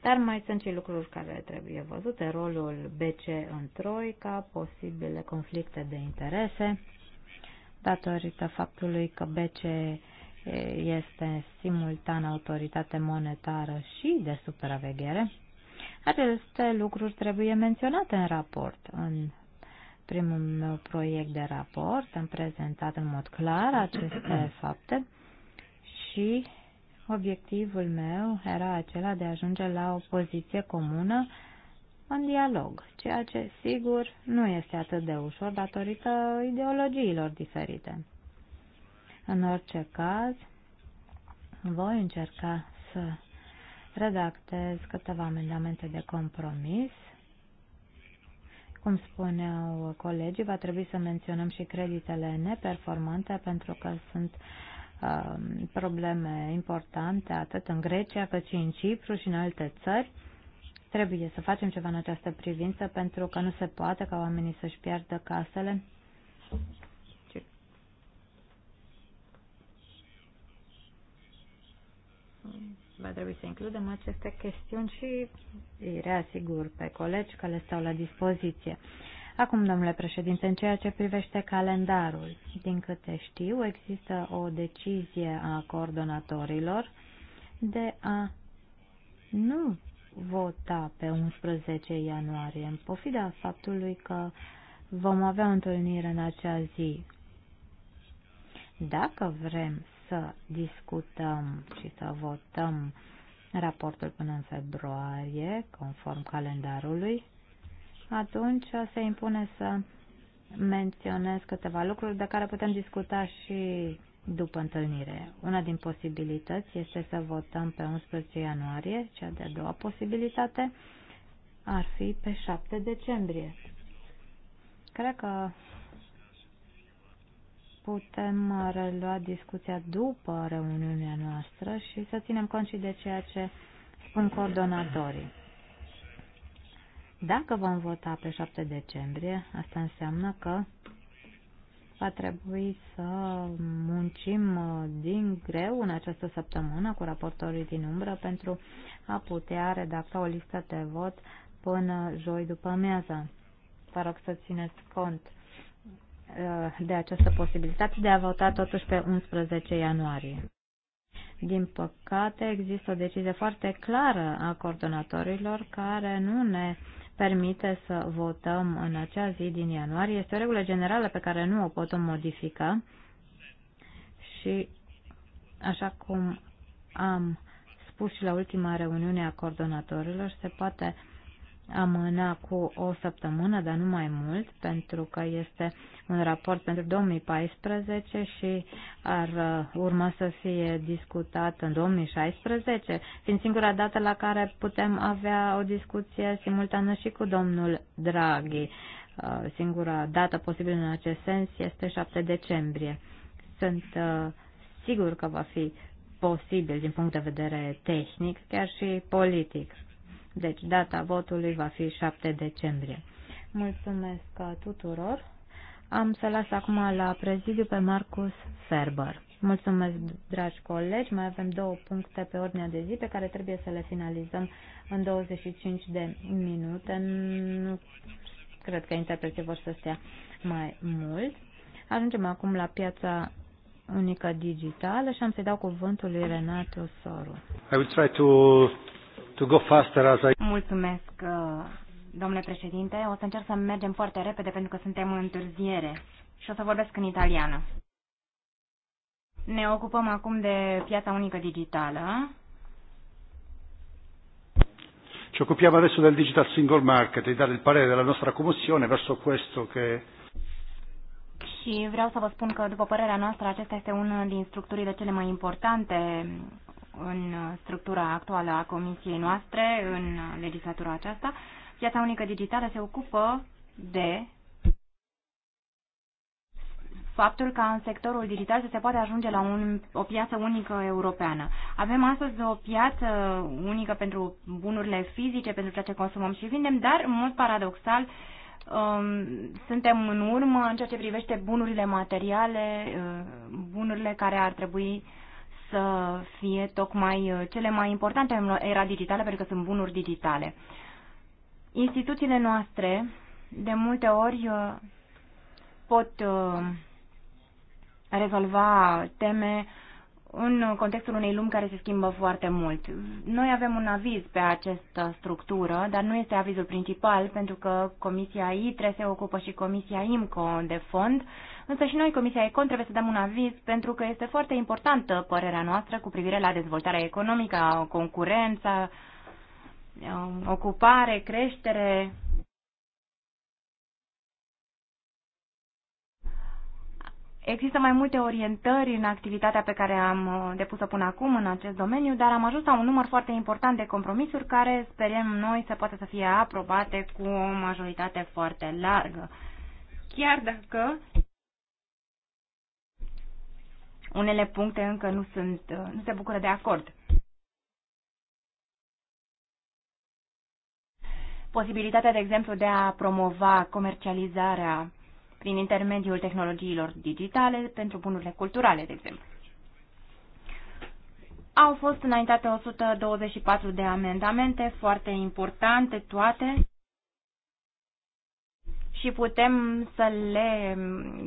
A: Dar mai sunt și lucruri care trebuie văzute, rolul BC în Troica, posibile conflicte de interese, datorită faptului că BC este simultan autoritate monetară și de supraveghere. Aceste lucruri trebuie menționate în raport. În primul meu proiect de raport am prezentat în mod clar aceste fapte și obiectivul meu era acela de a ajunge la o poziție comună în dialog, ceea ce, sigur, nu este atât de ușor datorită ideologiilor diferite. În orice caz, voi încerca să redactez câteva amendamente de compromis. Cum spuneau colegii, va trebui să menționăm și creditele neperformante pentru că sunt uh, Um, probleme importante atât în Grecia cât și în Cipru și în alte țări. Trebuie să facem ceva în această privință pentru că nu se poate ca oamenii să-și piardă casele. Va trebui să includem aceste chestiuni și îi reasigur pe colegi că le stau la dispoziție. Acum, domnule președinte, în ceea ce privește calendarul, din câte știu, există o decizie a coordonatorilor de a nu vota pe 11 ianuarie, în pofida faptului că vom avea o întâlnire în acea zi. Dacă vrem să discutăm și să votăm raportul până în februarie, conform calendarului, atunci se impune să menționez câteva lucruri de care putem discuta și după întâlnire. Una din posibilități este să votăm pe 11 ianuarie, cea de-a doua posibilitate ar fi pe 7 decembrie. Cred că putem relua discuția după reuniunea noastră și să ținem cont și de ceea ce spun coordonatorii. Dacă vom vota pe 7 decembrie, asta înseamnă că va trebui să muncim uh, din greu în această săptămână cu raportorii din umbră pentru a putea redacta o listă de vot până joi după amiază. Vă rog să țineți cont uh, de această posibilitate de a vota totuși pe 11 ianuarie. Din păcate, există o decizie foarte clară a coordonatorilor care nu ne uh, permite să votăm în acea zi din ianuarie. Este o regulă generală pe care nu o putem modifica și așa cum am spus și la ultima reuniune a coordonatorilor, se poate uh, amâna cu o săptămână, dar nu mai mult, pentru că este un raport pentru 2014 și ar uh, urma să fie discutat în 2016, fiind singura dată la care putem avea o discuție simultană și cu domnul Draghi. Uh, singura dată posibilă în acest sens este 7 decembrie. Sunt uh, sigur că va fi posibil din punct de vedere tehnic, chiar și politic. Deci data votului va fi 7 decembrie. Mulțumesc tuturor. Am să las acum la prezidiu pe Marcus Ferber. Mulțumesc, dragi colegi. Mai avem două puncte pe ordinea de zi pe care trebuie să le finalizăm în 25 de minute. Nu cred că interpreții vor să stea mai mult. Ajungem acum la piața unică digitală și am să-i dau cuvântul lui Renato Soru.
B: I will try to to go faster as I...
A: Mulțumesc, uh, domnule președinte. O să încerc să mergem foarte repede pentru că suntem în întârziere și o să vorbesc în italiană. Ne ocupăm acum de piața unică digitală.
C: Ci occupiamo adesso del digital single market e dare il parere della nostra commissione verso questo che
A: și vreau să vă spun că, după părerea noastră, acesta este unul din structurile cele mai importante în structura actuală a comisiei noastre, în legislatura aceasta. Piața unică digitală se ocupă de faptul ca în sectorul digital să se poate ajunge la un, o piață unică europeană. Avem astăzi o piață unică pentru bunurile fizice, pentru ceea ce consumăm și vindem, dar, în mod paradoxal, um, suntem în urmă în ceea ce privește bunurile materiale, uh, bunurile care ar trebui uh, să fie tocmai uh, cele mai importante în era digitală, pentru că sunt bunuri digitale. Instituțiile noastre, de multe ori, uh, pot uh, rezolva teme în contextul unei lumi care se schimbă foarte mult. Noi avem un aviz pe această structură, dar nu este avizul principal, pentru că Comisia ITRE se ocupă și Comisia IMCO de fond Însă și noi, Comisia Econ, trebuie să dăm un aviz pentru că este foarte importantă părerea noastră cu privire la dezvoltarea economică, concurența, ocupare, creștere, Există mai multe orientări în activitatea pe care am uh, depus-o până acum în acest domeniu, dar am ajuns la un număr foarte important de compromisuri care sperăm noi să poată să fie aprobate cu o majoritate foarte largă. Chiar dacă unele puncte încă nu, sunt, uh, nu se bucură de acord. Posibilitatea, de exemplu, de a promova comercializarea prin intermediul tehnologiilor digitale pentru bunurile culturale, de exemplu. Au fost înaintate 124 de amendamente, foarte importante toate, și putem să le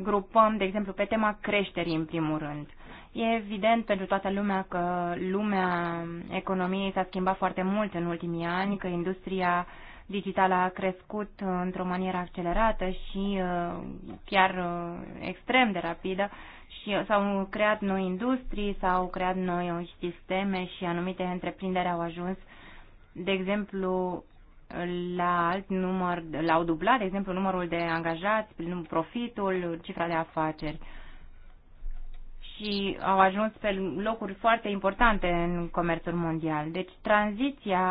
A: grupăm, de exemplu, pe tema creșterii, în primul rând. E evident pentru toată lumea că lumea economiei s-a schimbat foarte mult în ultimii ani, că industria digitală a crescut uh, într-o manieră accelerată și uh, chiar uh, extrem de rapidă și s-au creat noi industrii, s-au creat noi sisteme și anumite întreprinderi au ajuns, de exemplu, la alt număr, l-au dublat, de exemplu, numărul de angajați, profitul, cifra de afaceri și au ajuns pe locuri foarte importante în comerțul mondial. Deci tranziția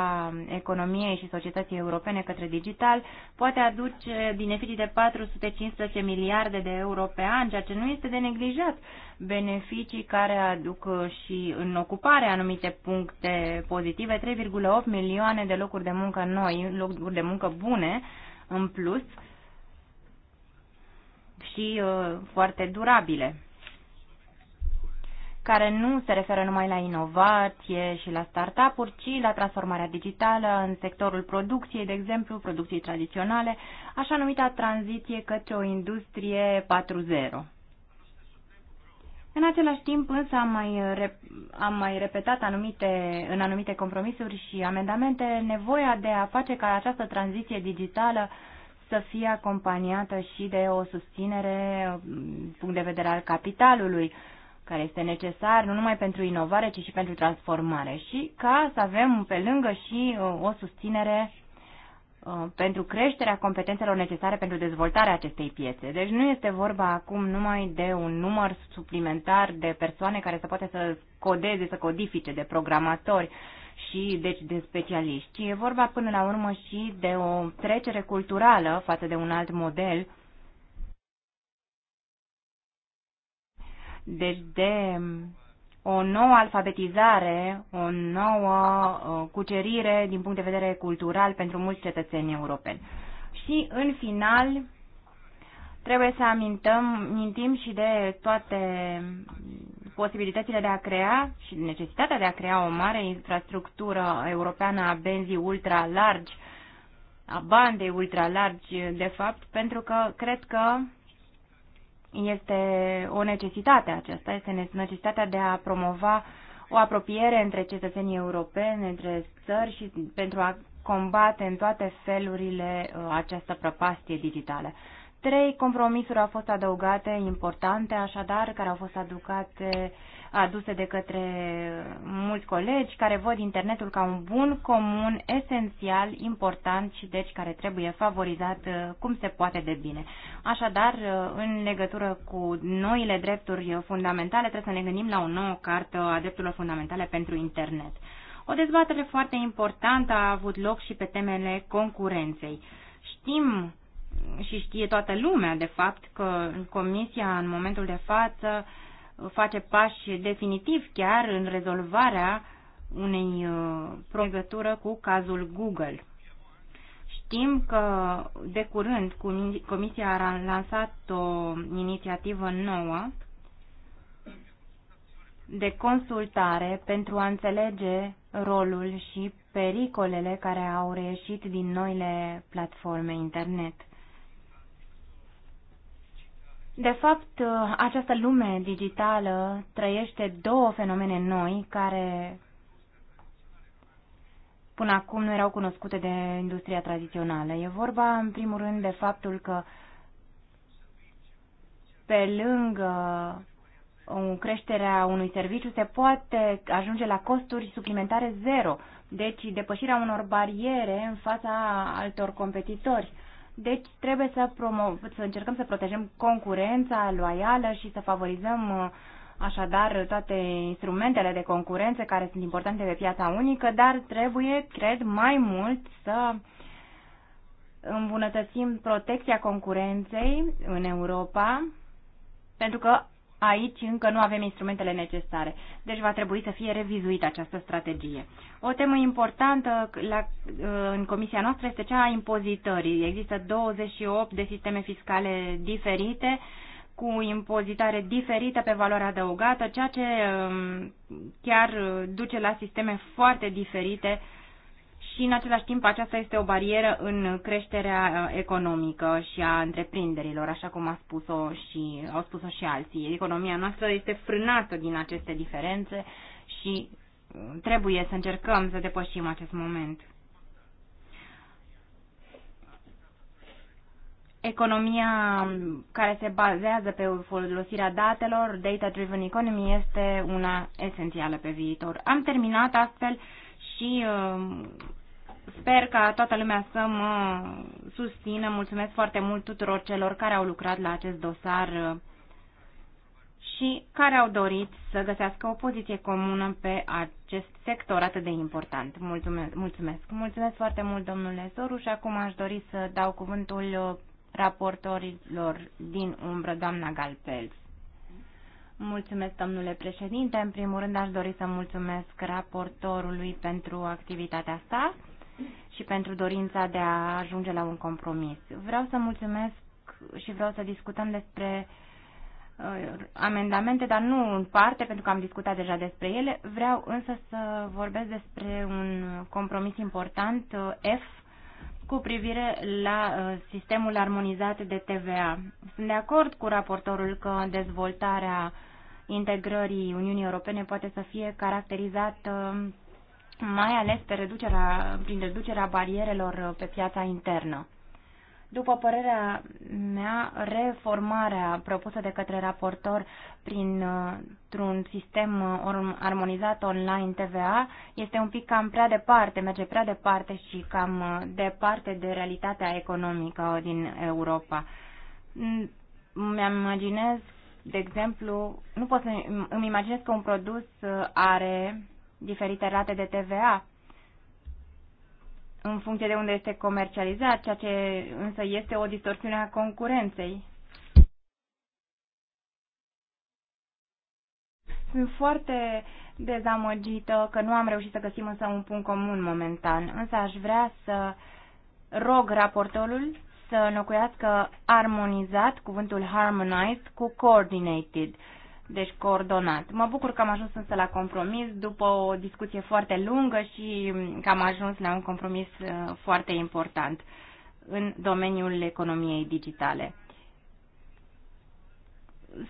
A: economiei și societății europene către digital poate aduce beneficii de 415 miliarde de euro pe an, ceea ce nu este de neglijat. Beneficii care aduc și în ocupare anumite puncte pozitive, 3,8 milioane de locuri de muncă noi, locuri de muncă bune în plus și uh, foarte durabile care nu se referă numai la inovație și la startup-uri, ci la transformarea digitală în sectorul producției, de exemplu, producției tradiționale, așa numita tranziție către o industrie 4.0. În același timp, însă, am mai, rep am mai repetat anumite, în anumite compromisuri și amendamente nevoia de a face ca această tranziție digitală să fie acompaniată și de o susținere mm, punct de vedere al capitalului, care este necesar nu numai pentru inovare, ci și pentru transformare și ca să avem pe lângă și uh, o susținere uh, pentru creșterea competențelor necesare pentru dezvoltarea acestei piețe. Deci nu este vorba acum numai de un număr suplimentar de persoane care să poate să codeze, să codifice, de programatori și deci de specialiști, ci e vorba până la urmă și de o trecere culturală față de un alt model deci de o nouă alfabetizare, o nouă uh, cucerire din punct de vedere cultural pentru mulți cetățeni europeni. Și în final trebuie să amintăm, mintim și de toate posibilitățile de a crea și necesitatea de a crea o mare infrastructură europeană a benzii ultra-largi, a bandei ultra-largi, de fapt, pentru că cred că este o necesitate aceasta, este necesitatea de a promova o apropiere între cetățenii europeni, între țări și pentru a combate în toate felurile uh, această prăpastie digitală. Trei compromisuri au fost adăugate, importante, așadar, care au fost aducate, aduse de către mulți colegi care văd internetul ca un bun comun, esențial, important și deci care trebuie favorizat cum se poate de bine. Așadar, în legătură cu noile drepturi fundamentale, trebuie să ne gândim la o nouă cartă a drepturilor fundamentale pentru internet. O dezbatere foarte importantă a avut loc și pe temele concurenței. Știm și știe toată lumea, de fapt, că Comisia, în momentul de față, face pași definitiv chiar în rezolvarea unei uh, progătură cu cazul Google. Știm că de curând Comisia a lansat o inițiativă nouă de consultare pentru a înțelege rolul și pericolele care au reieșit din noile platforme internet. De fapt, această lume digitală trăiește două fenomene noi care până acum nu erau cunoscute de industria tradițională. E vorba, în primul rând, de faptul că pe lângă o creșterea unui serviciu se poate ajunge la costuri suplimentare zero, deci depășirea unor bariere în fața altor competitori. Deci trebuie să, promov, să încercăm să protejăm concurența loială și să favorizăm uh, așadar toate instrumentele de concurență care sunt importante pe piața unică, dar trebuie, cred, mai mult să îmbunătățim protecția concurenței în Europa, pentru că aici încă nu avem instrumentele necesare. Deci va trebui să fie revizuită această strategie. O temă importantă la, uh, în comisia noastră este cea a impozitării. Există 28 de sisteme fiscale diferite cu impozitare diferită pe valoare adăugată, ceea ce um, chiar uh, duce la sisteme foarte diferite și în același timp aceasta este o barieră în creșterea uh, economică și a întreprinderilor, așa cum a spus-o și, au spus-o și alții. Economia noastră este frânată din aceste diferențe și uh, trebuie să încercăm să depășim acest moment. Economia um, care se bazează pe folosirea datelor, data-driven economy, este una esențială pe viitor. Am terminat astfel și uh, Sper ca toată lumea să mă susțină. Mulțumesc foarte mult tuturor celor care au lucrat la acest dosar și care au dorit să găsească o poziție comună pe acest sector atât de important. Mulțumesc! Mulțumesc, mulțumesc foarte mult, domnule Soru, și acum aș dori să dau cuvântul raportorilor din umbră, doamna Galpels. Mulțumesc, domnule președinte. În primul rând, aș dori să mulțumesc raportorului pentru activitatea sa și pentru dorința de a ajunge la un compromis. Vreau să mulțumesc și vreau să discutăm despre uh, amendamente, dar nu în parte, pentru că am discutat deja despre ele. Vreau însă să vorbesc despre un compromis important, uh, F, cu privire la uh, sistemul armonizat de TVA. Sunt de acord cu raportorul că dezvoltarea integrării Uniunii Europene poate să fie caracterizată mai ales pe reducerea, prin reducerea barierelor uh, pe piața internă. După părerea mea, reformarea propusă de către raportor printr-un uh, sistem uh, armonizat online TVA este un pic cam prea departe, merge prea departe și cam departe de realitatea economică din Europa. Mm, mi-am imaginez, de exemplu, nu pot să îmi imaginez că un produs are diferite rate de TVA în funcție de unde este comercializat, ceea ce însă este o distorsiune a concurenței. Sunt foarte dezamăgită că nu am reușit să găsim însă un punct comun momentan, însă aș vrea să rog raportorul să înlocuiască armonizat cuvântul harmonized cu coordinated deci coordonat. Mă bucur că am ajuns însă la compromis după o discuție foarte lungă și că am ajuns la un compromis uh, foarte important în domeniul economiei digitale.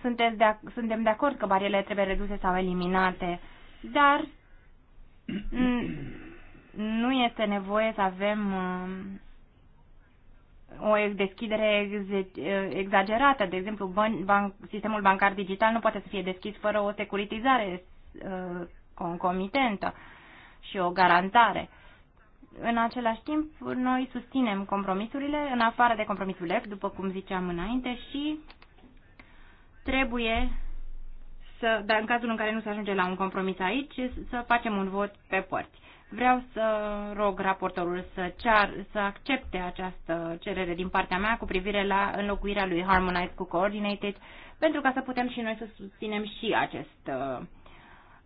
A: Sunteți de, suntem de acord că barierele trebuie reduse sau eliminate, dar nu este nevoie să avem uh, o deschidere exagerată. De exemplu, ban, ban, sistemul bancar digital nu poate să fie deschis fără o securitizare uh, concomitentă și o garantare. În același timp, noi susținem compromisurile, în afară de compromisul F, după cum ziceam înainte, și trebuie să, dar în cazul în care nu se ajunge la un compromis aici, să facem un vot pe părți. Vreau să rog raportorul să, cear, să accepte această cerere din partea mea cu privire la înlocuirea lui Harmonized cu Coordinated, pentru ca să putem și noi să susținem și acest uh,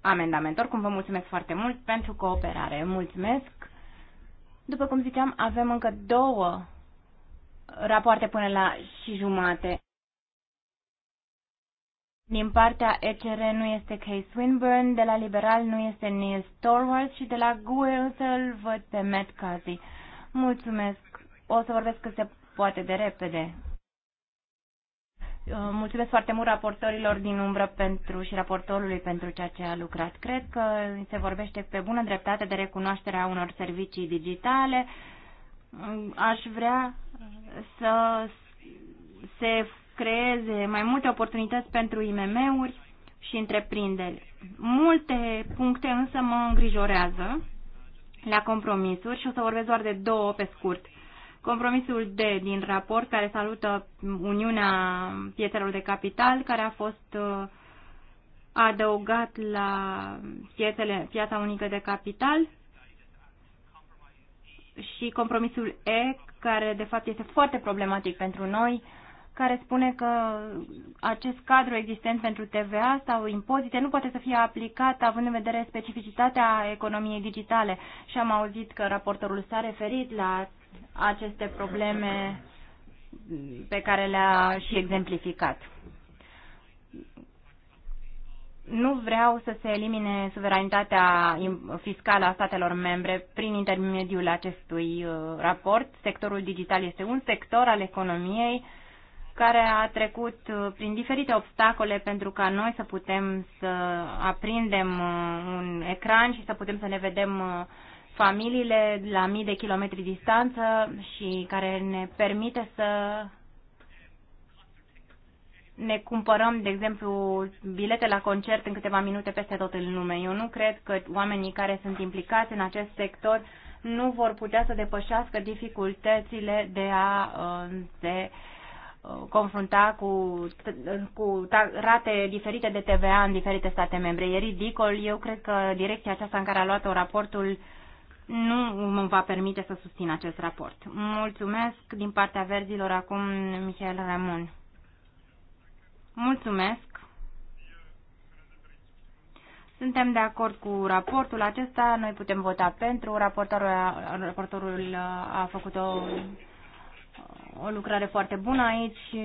A: amendament. Oricum, vă mulțumesc foarte mult pentru cooperare. Mulțumesc! După cum ziceam, avem încă două rapoarte până la și jumate. Din partea ECR nu este Kay Swinburne, de la Liberal nu este Neil Storwarth și de la GUE însă îl văd pe Matt Cazi. Mulțumesc. O să vorbesc cât se poate de repede. Uh, mulțumesc foarte mult raportorilor din umbră pentru și raportorului pentru ceea ce a lucrat. Cred că se vorbește pe bună dreptate de recunoașterea unor servicii digitale. Mm, aș vrea să se creeze mai multe oportunități pentru IMM-uri și întreprinderi. Multe puncte însă mă îngrijorează la compromisuri și o să vorbesc doar de două pe scurt. Compromisul D din raport care salută Uniunea pietelor de Capital care a fost uh, adăugat la piețele, piața unică de capital și compromisul E care de fapt este foarte problematic pentru noi care spune că acest cadru existent pentru TVA sau impozite nu poate să fie aplicat având în vedere specificitatea economiei digitale. Și am auzit că raportorul s-a referit la aceste probleme pe care le-a și exemplificat. Nu vreau să se elimine suveranitatea fiscală a statelor membre prin intermediul acestui uh, raport. Sectorul digital este un sector al economiei care a trecut uh, prin diferite obstacole pentru ca noi să putem să aprindem uh, un ecran și să putem să ne vedem uh, familiile la mii de kilometri distanță și care ne permite să ne cumpărăm, de exemplu, bilete la concert în câteva minute peste tot în lume. Eu nu cred că oamenii care sunt implicați în acest sector nu vor putea să depășească dificultățile de a se uh, confrunta cu, cu rate diferite de TVA în diferite state membre. E ridicol. Eu cred că direcția aceasta în care a luat-o raportul nu mă va permite să susțin acest raport. Mulțumesc din partea verzilor acum, Michael Ramon. Mulțumesc. Suntem de acord cu raportul acesta, noi putem vota pentru, raportorul, raportorul a făcut o o lucrare foarte bună aici,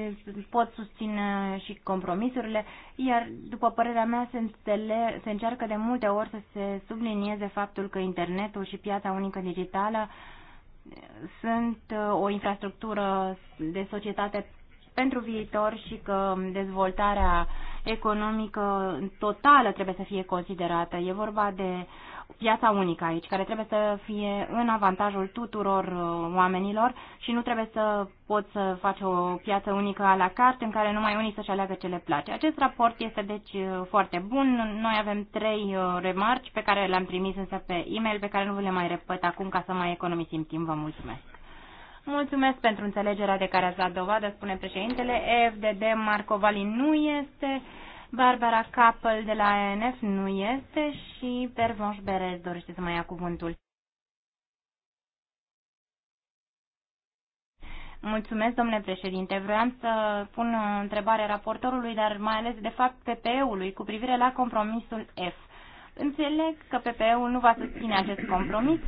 A: pot susține și compromisurile, iar, după părerea mea, se, înțele, se încearcă de multe ori să se sublinieze faptul că internetul și piața unică digitală eh, sunt eh, o infrastructură de societate pentru viitor și că dezvoltarea economică totală trebuie să fie considerată. E vorba de uh, piața unică aici, care trebuie să fie în avantajul tuturor uh, oamenilor și nu trebuie să poți să faci o piață unică a la carte în care numai unii să-și aleagă ce le place. Acest raport este deci uh, foarte bun. Noi avem trei uh, remarci pe care le-am trimis însă pe e-mail, pe care nu le mai repet acum ca să mai economisim timp. Vă mulțumesc! Mulțumesc pentru înțelegerea de care ați dat dovadă, spune președintele. Marco Marcovali nu este Barbara Capel de la ANF nu este și Pervon Berez dorește să mai ia cuvântul. Mulțumesc, domnule președinte. Vreau să pun o întrebare raportorului, dar mai ales, de fapt, PPE-ului cu privire la compromisul F. Înțeleg că PPE-ul nu va susține acest compromis,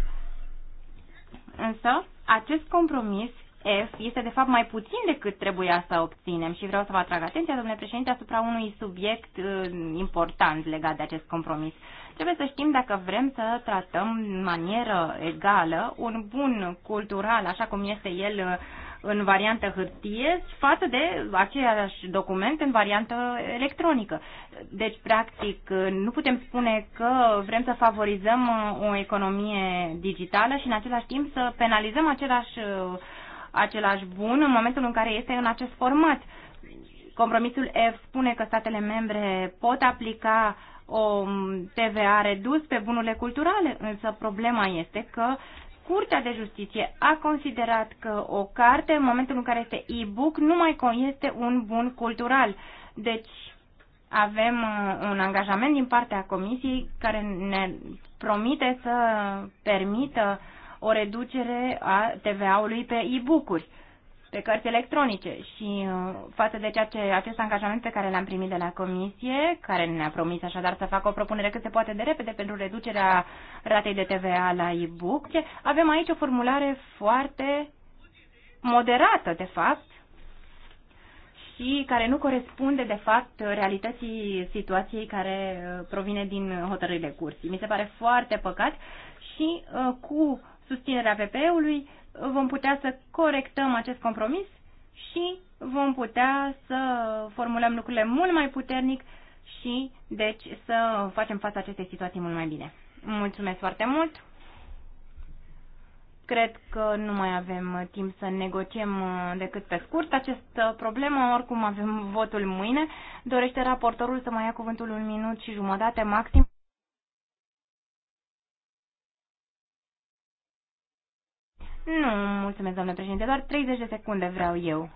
A: însă acest compromis F este de fapt mai puțin decât trebuia să obținem și vreau să vă atrag atenția, domnule președinte, asupra unui subiect uh, important legat de acest compromis. Trebuie să știm dacă vrem să tratăm în manieră egală un bun cultural, așa cum este el uh, în variantă hârtie față de aceeași document în variantă electronică. Deci, practic, uh, nu putem spune că vrem să favorizăm o economie digitală și în același timp să penalizăm același același bun în momentul în care este în acest format. Compromisul F spune că statele membre pot aplica o TVA redus pe bunurile culturale, însă problema este că Curtea de Justiție a considerat că o carte, în momentul în care este e-book, nu mai este un bun cultural. Deci avem uh, un angajament din partea Comisiei care ne promite să permită uh, o reducere a TVA-ului pe e-book-uri, pe cărți electronice și uh, față de ceea ce acest angajament pe care l-am primit de la comisie, care ne-a promis așadar să facă o propunere cât se poate de repede pentru reducerea ratei de TVA la e-book, avem aici o formulare foarte moderată, de fapt, și care nu corespunde, de fapt, realității situației care uh, provine din hotărârile curții. Mi se pare foarte păcat și uh, cu susținerea PPE-ului, vom putea să corectăm acest compromis și vom putea să formulăm lucrurile mult mai puternic și, deci, să facem față acestei situații mult mai bine. Mulțumesc foarte mult! Cred că nu mai avem timp să negociem decât pe scurt această problemă, oricum avem votul mâine. Dorește raportorul să mai ia cuvântul un minut și jumătate maxim. Nu, mulțumesc, doamnă președinte, doar 30 de secunde vreau eu.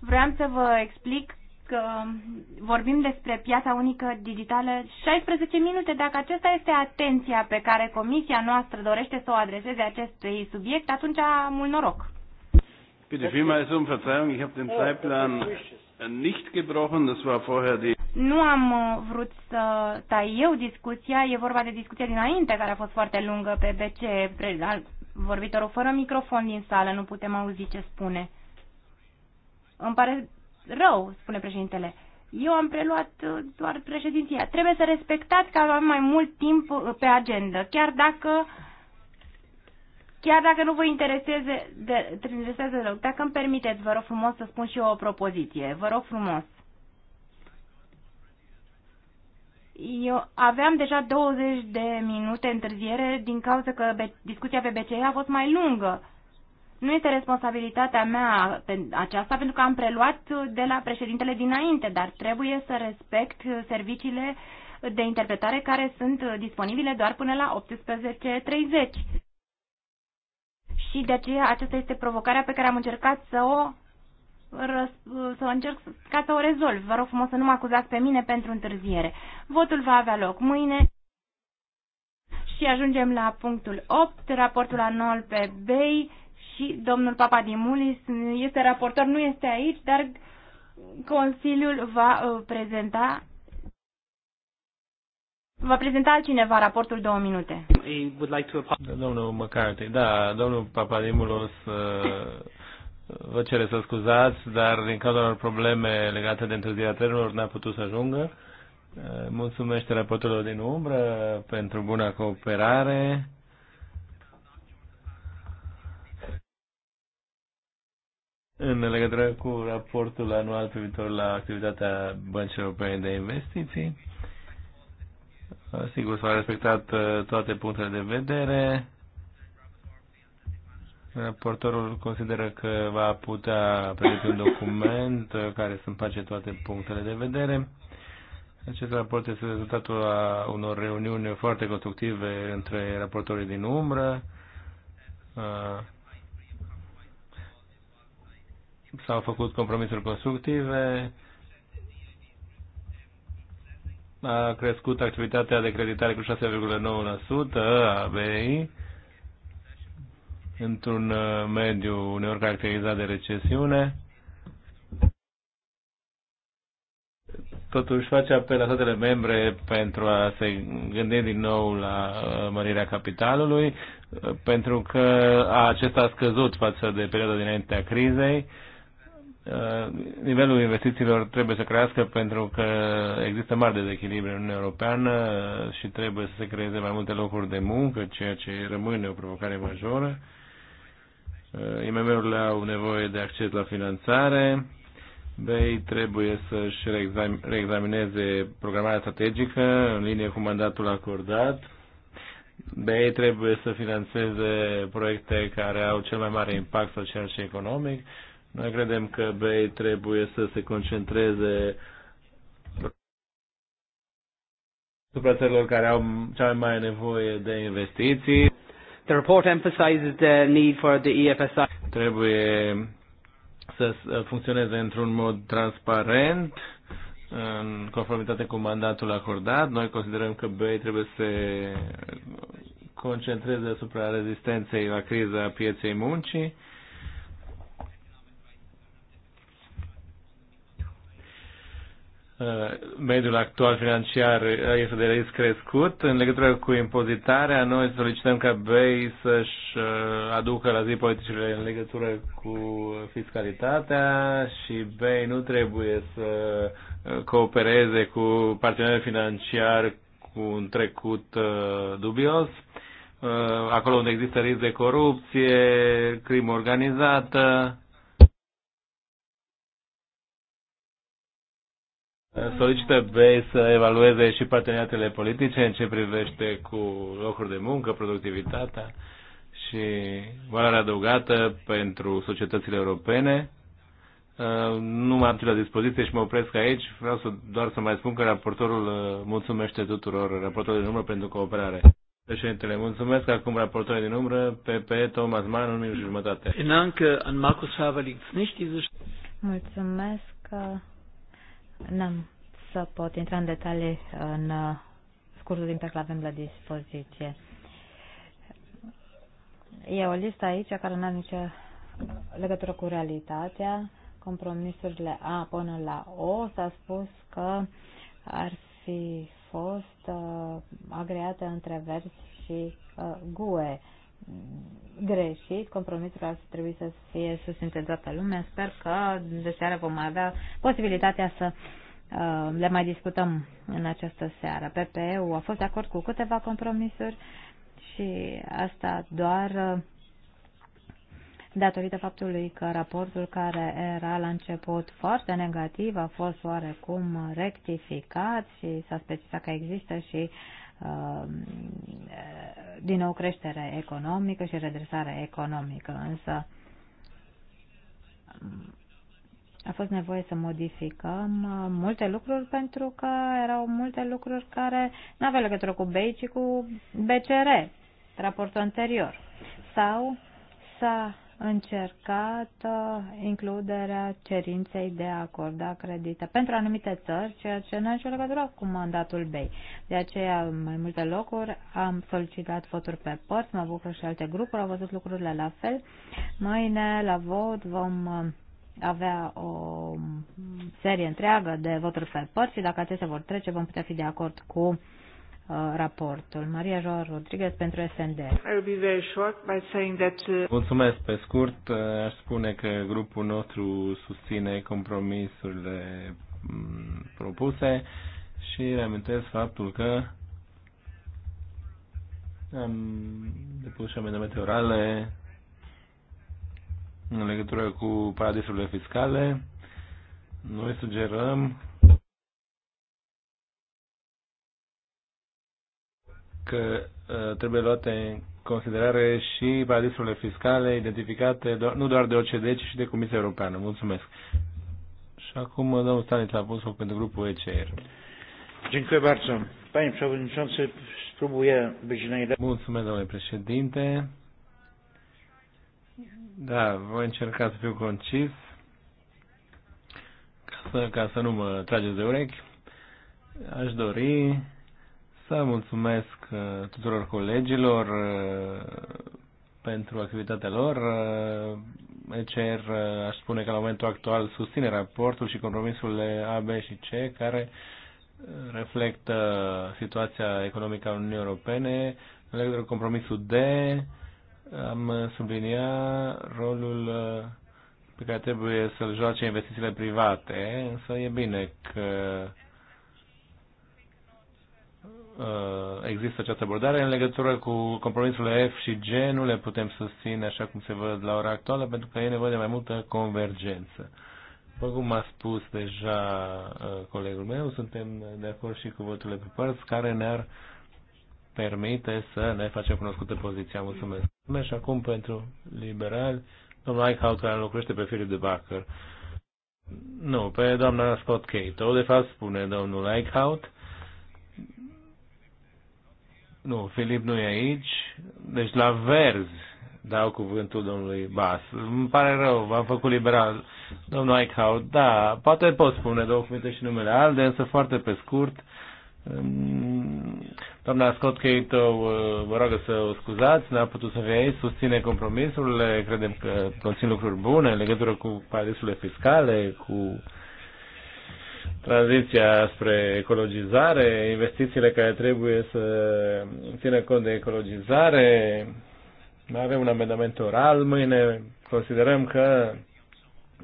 A: Vreau să vă explic că vorbim despre piața unică digitală 16 minute. Dacă aceasta este atenția pe care comisia noastră dorește să o adreseze acestui subiect, atunci mult noroc.
B: Bitte vielmals um Verzeihung, ich habe den oh, Zeitplan
A: nu am uh, vrut să tai eu discuția, e vorba de discuția dinainte care a fost foarte lungă pe BC, vorbitorul fără microfon din sală, nu putem auzi ce spune. Îmi pare rău, spune președintele. Eu am preluat uh, doar președinția. Trebuie să respectați că avem mai mult timp uh, pe agenda, chiar dacă uh, Chiar dacă nu vă intereseze, de, interesează deloc, dacă îmi permiteți, vă rog frumos să spun și eu o propoziție. Vă rog frumos. Eu aveam deja 20 de minute întârziere din cauza că discuția pe BCE a fost mai lungă. Nu este responsabilitatea mea pe aceasta pentru că am preluat de la președintele dinainte, dar trebuie să respect serviciile de interpretare care sunt disponibile doar până la 18.30. Și de aceea aceasta este provocarea pe care am încercat să o să încerc ca să o rezolv. Vă rog frumos să nu mă acuzați pe mine pentru întârziere. Votul va avea loc mâine. Și ajungem la punctul 8, raportul anual pe BEI și domnul papa Dimulis este raportor, nu este aici, dar Consiliul va uh, prezenta Va prezenta altcineva raportul două minute.
B: Da, domnul McCarthy, da, domnul Papadimulos uh, vă cere să scuzați, dar din cauza unor probleme legate de întârzierea trenurilor n-a putut să ajungă. Uh, mulțumește raportelor din umbră pentru buna cooperare. În legătură cu raportul anual privitor la activitatea băncii europene de investiții, Sigur, s-au respectat uh, toate punctele de vedere. Raportorul consideră că va putea pregăti un document uh, care să împace toate punctele de vedere. Acest raport este rezultatul a unor reuniuni foarte constructive între raportorii din umbră. Uh, s-au făcut compromisuri constructive a crescut activitatea de creditare cu 6,9% a BI într-un uh, mediu uneori caracterizat de recesiune. Totuși face apel la statele membre pentru a se gândi din nou la uh, mărirea capitalului, uh, pentru că acesta a scăzut față de perioada dinaintea crizei Uh, nivelul investițiilor trebuie să crească pentru că există mari dezechilibre în Uniunea Europeană uh, și trebuie să se creeze mai multe locuri de muncă, ceea ce rămâne o provocare majoră. Uh, IMM-urile au nevoie de acces la finanțare. BEI trebuie să-și reexamineze programarea strategică în linie cu mandatul acordat. BEI trebuie să financeze proiecte care au cel mai mare impact social și economic noi credem că Bay trebuie să se concentreze asupra țărilor care au cea mai mare nevoie de investiții. The report emphasizes the need for the EFSI. Trebuie să funcționeze într-un mod transparent, în conformitate cu mandatul acordat. Noi considerăm că BEI trebuie să se concentreze asupra rezistenței la criza pieței muncii Uh, mediul actual financiar este de risc crescut. În legătură cu impozitarea, noi solicităm ca BEI să-și uh, aducă la zi politicile în legătură cu fiscalitatea și BEI nu trebuie să uh, coopereze cu partenerii financiari cu un trecut dubios. Acolo unde există risc de corupție, crimă organizată, solicită BEI să evalueze și parteneriatele politice în ce privește cu locuri de muncă, productivitatea și valoarea adăugată pentru societățile europene. Uh, nu mai am timp la dispoziție și mă opresc aici. Vreau să, doar să mai spun că raportorul uh, mulțumește tuturor raportorului din urmă pentru cooperare. Președintele, mulțumesc. Acum raportorul din umbră, PP, Thomas Mann, un minut și jumătate. Uh,
A: mulțumesc. N-am să pot intra în detalii în uh, scurtul timp pe care avem la dispoziție. E o listă aici care nu are nicio legătură cu realitatea. Compromisurile A până la O s-a spus că ar fi fost uh, agreate între verzi și uh, GUE. Uh, greșit, compromisul ar trebui să fie susținut de toată lumea. Sper că de seară vom avea posibilitatea să uh, le mai discutăm în această seară. PPE-ul a fost de acord cu câteva compromisuri și asta doar uh, datorită faptului că raportul care era la început foarte negativ a fost oarecum rectificat și s-a specificat că există și uh, din nou creștere economică și redresare economică, însă a fost nevoie să modificăm uh, multe lucruri pentru că erau multe lucruri care nu aveau legătură cu BEI, ci cu BCR, raportul anterior. Sau s-a încercat uh, includerea cerinței de a acorda credite pentru anumite țări, ceea ce nu are nicio legătură cu mandatul BEI. De aceea, în mai multe locuri, am solicitat voturi pe părți, mă bucur și alte grupuri, au văzut lucrurile la fel. Mâine, la vot, vom uh, avea o serie întreagă de voturi pe părți și dacă acestea vor trece, vom putea fi de acord cu Uh, raportul. Maria Joa Rodriguez pentru SND. Uh,
B: Mulțumesc. Pe scurt, uh, aș spune că grupul nostru susține compromisurile mm, propuse și reamintesc faptul că am depus și amendamente orale în legătură cu paradisurile fiscale. Noi sugerăm că uh, trebuie luate în considerare și paradisurile fiscale identificate nu doar de OCDE, ci și de Comisia Europeană. Mulțumesc. Și acum uh, domnul Stanislav Busov pentru grupul ECR. Dziękuję bardzo. Panie Przewodniczący, spróbuję być najlepszy. Mulțumesc, domnule președinte. Da, voi încerca să fiu concis ca să, ca să nu mă trageți de urechi. Aș dori să mulțumesc uh, tuturor colegilor uh, pentru activitatea lor. Uh, ECR, aș spune că la momentul actual susține raportul și compromisurile A, B și C, care reflectă situația economică a Uniunii Europene. În legătură cu compromisul D, am subliniat rolul pe care trebuie să-l joace investițiile private, însă e bine că Uh, există această abordare. În legătură cu compromisurile F și G nu le putem susține așa cum se văd la ora actuală pentru că e nevoie de mai multă convergență. După cum a spus deja uh, colegul meu, suntem de acord și cu voturile pe părți care ne-ar permite să ne facem cunoscută poziția. Mulțumesc. și acum pentru liberal, domnul Eichhout care locuiește pe Philip de Bacher. Nu, pe doamna Scott Cato, de fapt spune domnul Eichhout, nu, Filip nu e aici, deci la verzi dau cuvântul domnului Bas. Îmi pare rău, v-am făcut liberal. Domnul Eichhout, da, poate pot spune două cuvinte și numele ALDE, însă foarte pe scurt. Doamna Scott Cato, uh, vă rog să o scuzați, n-a putut să fie aici, susține compromisurile, credem că conțin lucruri bune în legătură cu paradisurile fiscale, cu tranziția spre ecologizare, investițiile care trebuie să țină cont de ecologizare. Mai avem un amendament oral mâine. Considerăm că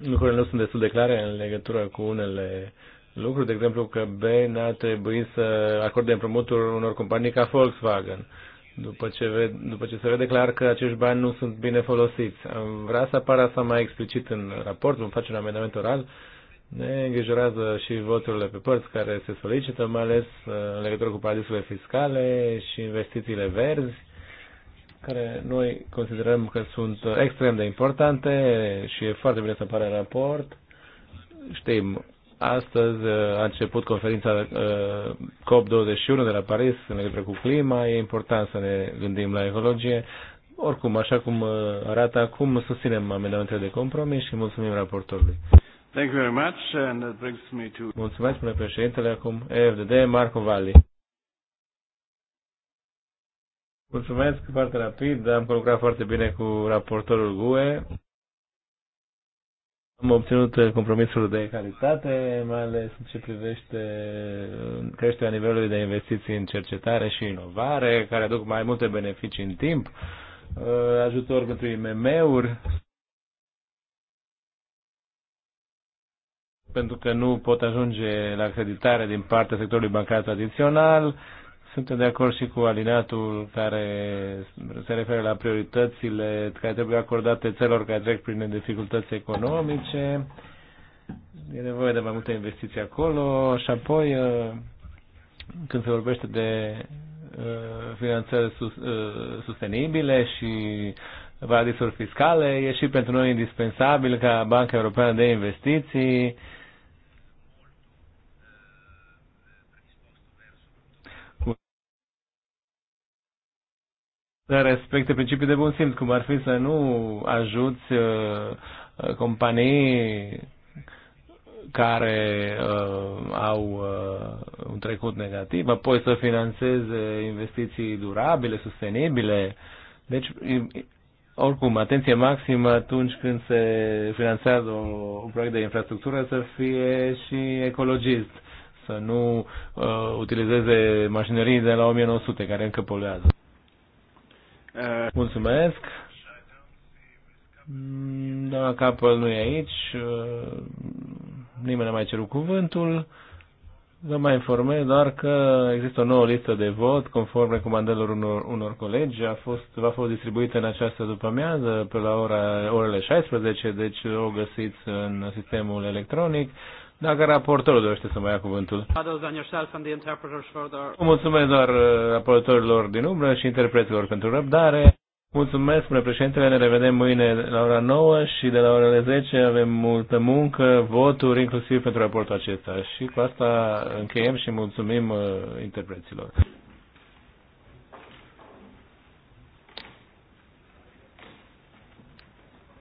B: lucrurile nu sunt destul de clare în legătură cu unele lucruri, de exemplu că BN a trebuit să acorde împrumuturi unor companii ca Volkswagen. După ce, ved, după ce se vede clar că acești bani nu sunt bine folosiți. Am vrea să apară asta mai explicit în raport, vom face un amendament oral ne îngrijorează și voturile pe părți care se solicită, mai ales uh, în legătură cu paradisurile fiscale și investițiile verzi, care noi considerăm că sunt extrem de importante și e foarte bine să apare în raport. Știm, astăzi uh, a început conferința uh, COP21 de la Paris în legătură cu clima, e important să ne gândim la ecologie. Oricum, așa cum arată acum, susținem amendamentele de compromis și mulțumim raportorului. Thank you very much, and that brings me to... Mulțumesc, domnule președintele, acum EFDD, Marco Valli. Mulțumesc foarte rapid, am colaborat foarte bine cu raportorul GUE. Am obținut compromisul de calitate, mai ales în ce privește creșterea nivelului de investiții în cercetare și inovare, care aduc mai multe beneficii în timp, ajutor pentru IMM-uri, pentru că nu pot ajunge la creditare din partea sectorului bancar tradițional. Suntem de acord și cu alineatul care se referă la prioritățile care trebuie acordate țelor care trec prin dificultăți economice. E nevoie de mai multe investiții acolo și apoi uh, când se vorbește de uh, finanțări uh, sustenibile și paradisuri fiscale, e și pentru noi indispensabil ca Banca Europeană de Investiții respecte principiul de bun simț, cum ar fi să nu ajuți uh, uh, companii care uh, au uh, un trecut negativ, apoi să financeze investiții durabile, sustenibile. Deci, oricum, atenție maximă atunci când se finanțează un proiect de infrastructură să fie și ecologist, să nu uh, utilizeze mașinării de la 1900 care încă poluează. Mulțumesc. Doamna Capăl nu e aici. Nimeni nu mai cerut cuvântul. Vă mai informez doar că există o nouă listă de vot conform recomandărilor unor, unor colegi. A fost, va fost distribuită în această după-amiază pe la ora, orele 16, deci o găsiți în sistemul electronic. Dacă raportorul dorește să mai ia cuvântul. Mulțumesc doar uh, raportorilor din umbră și interpreților pentru răbdare. Mulțumesc, spune președintele, ne revedem mâine la ora 9 și de la orele 10 avem multă muncă, voturi, inclusiv pentru raportul acesta. Și cu asta încheiem și mulțumim uh, interpreților.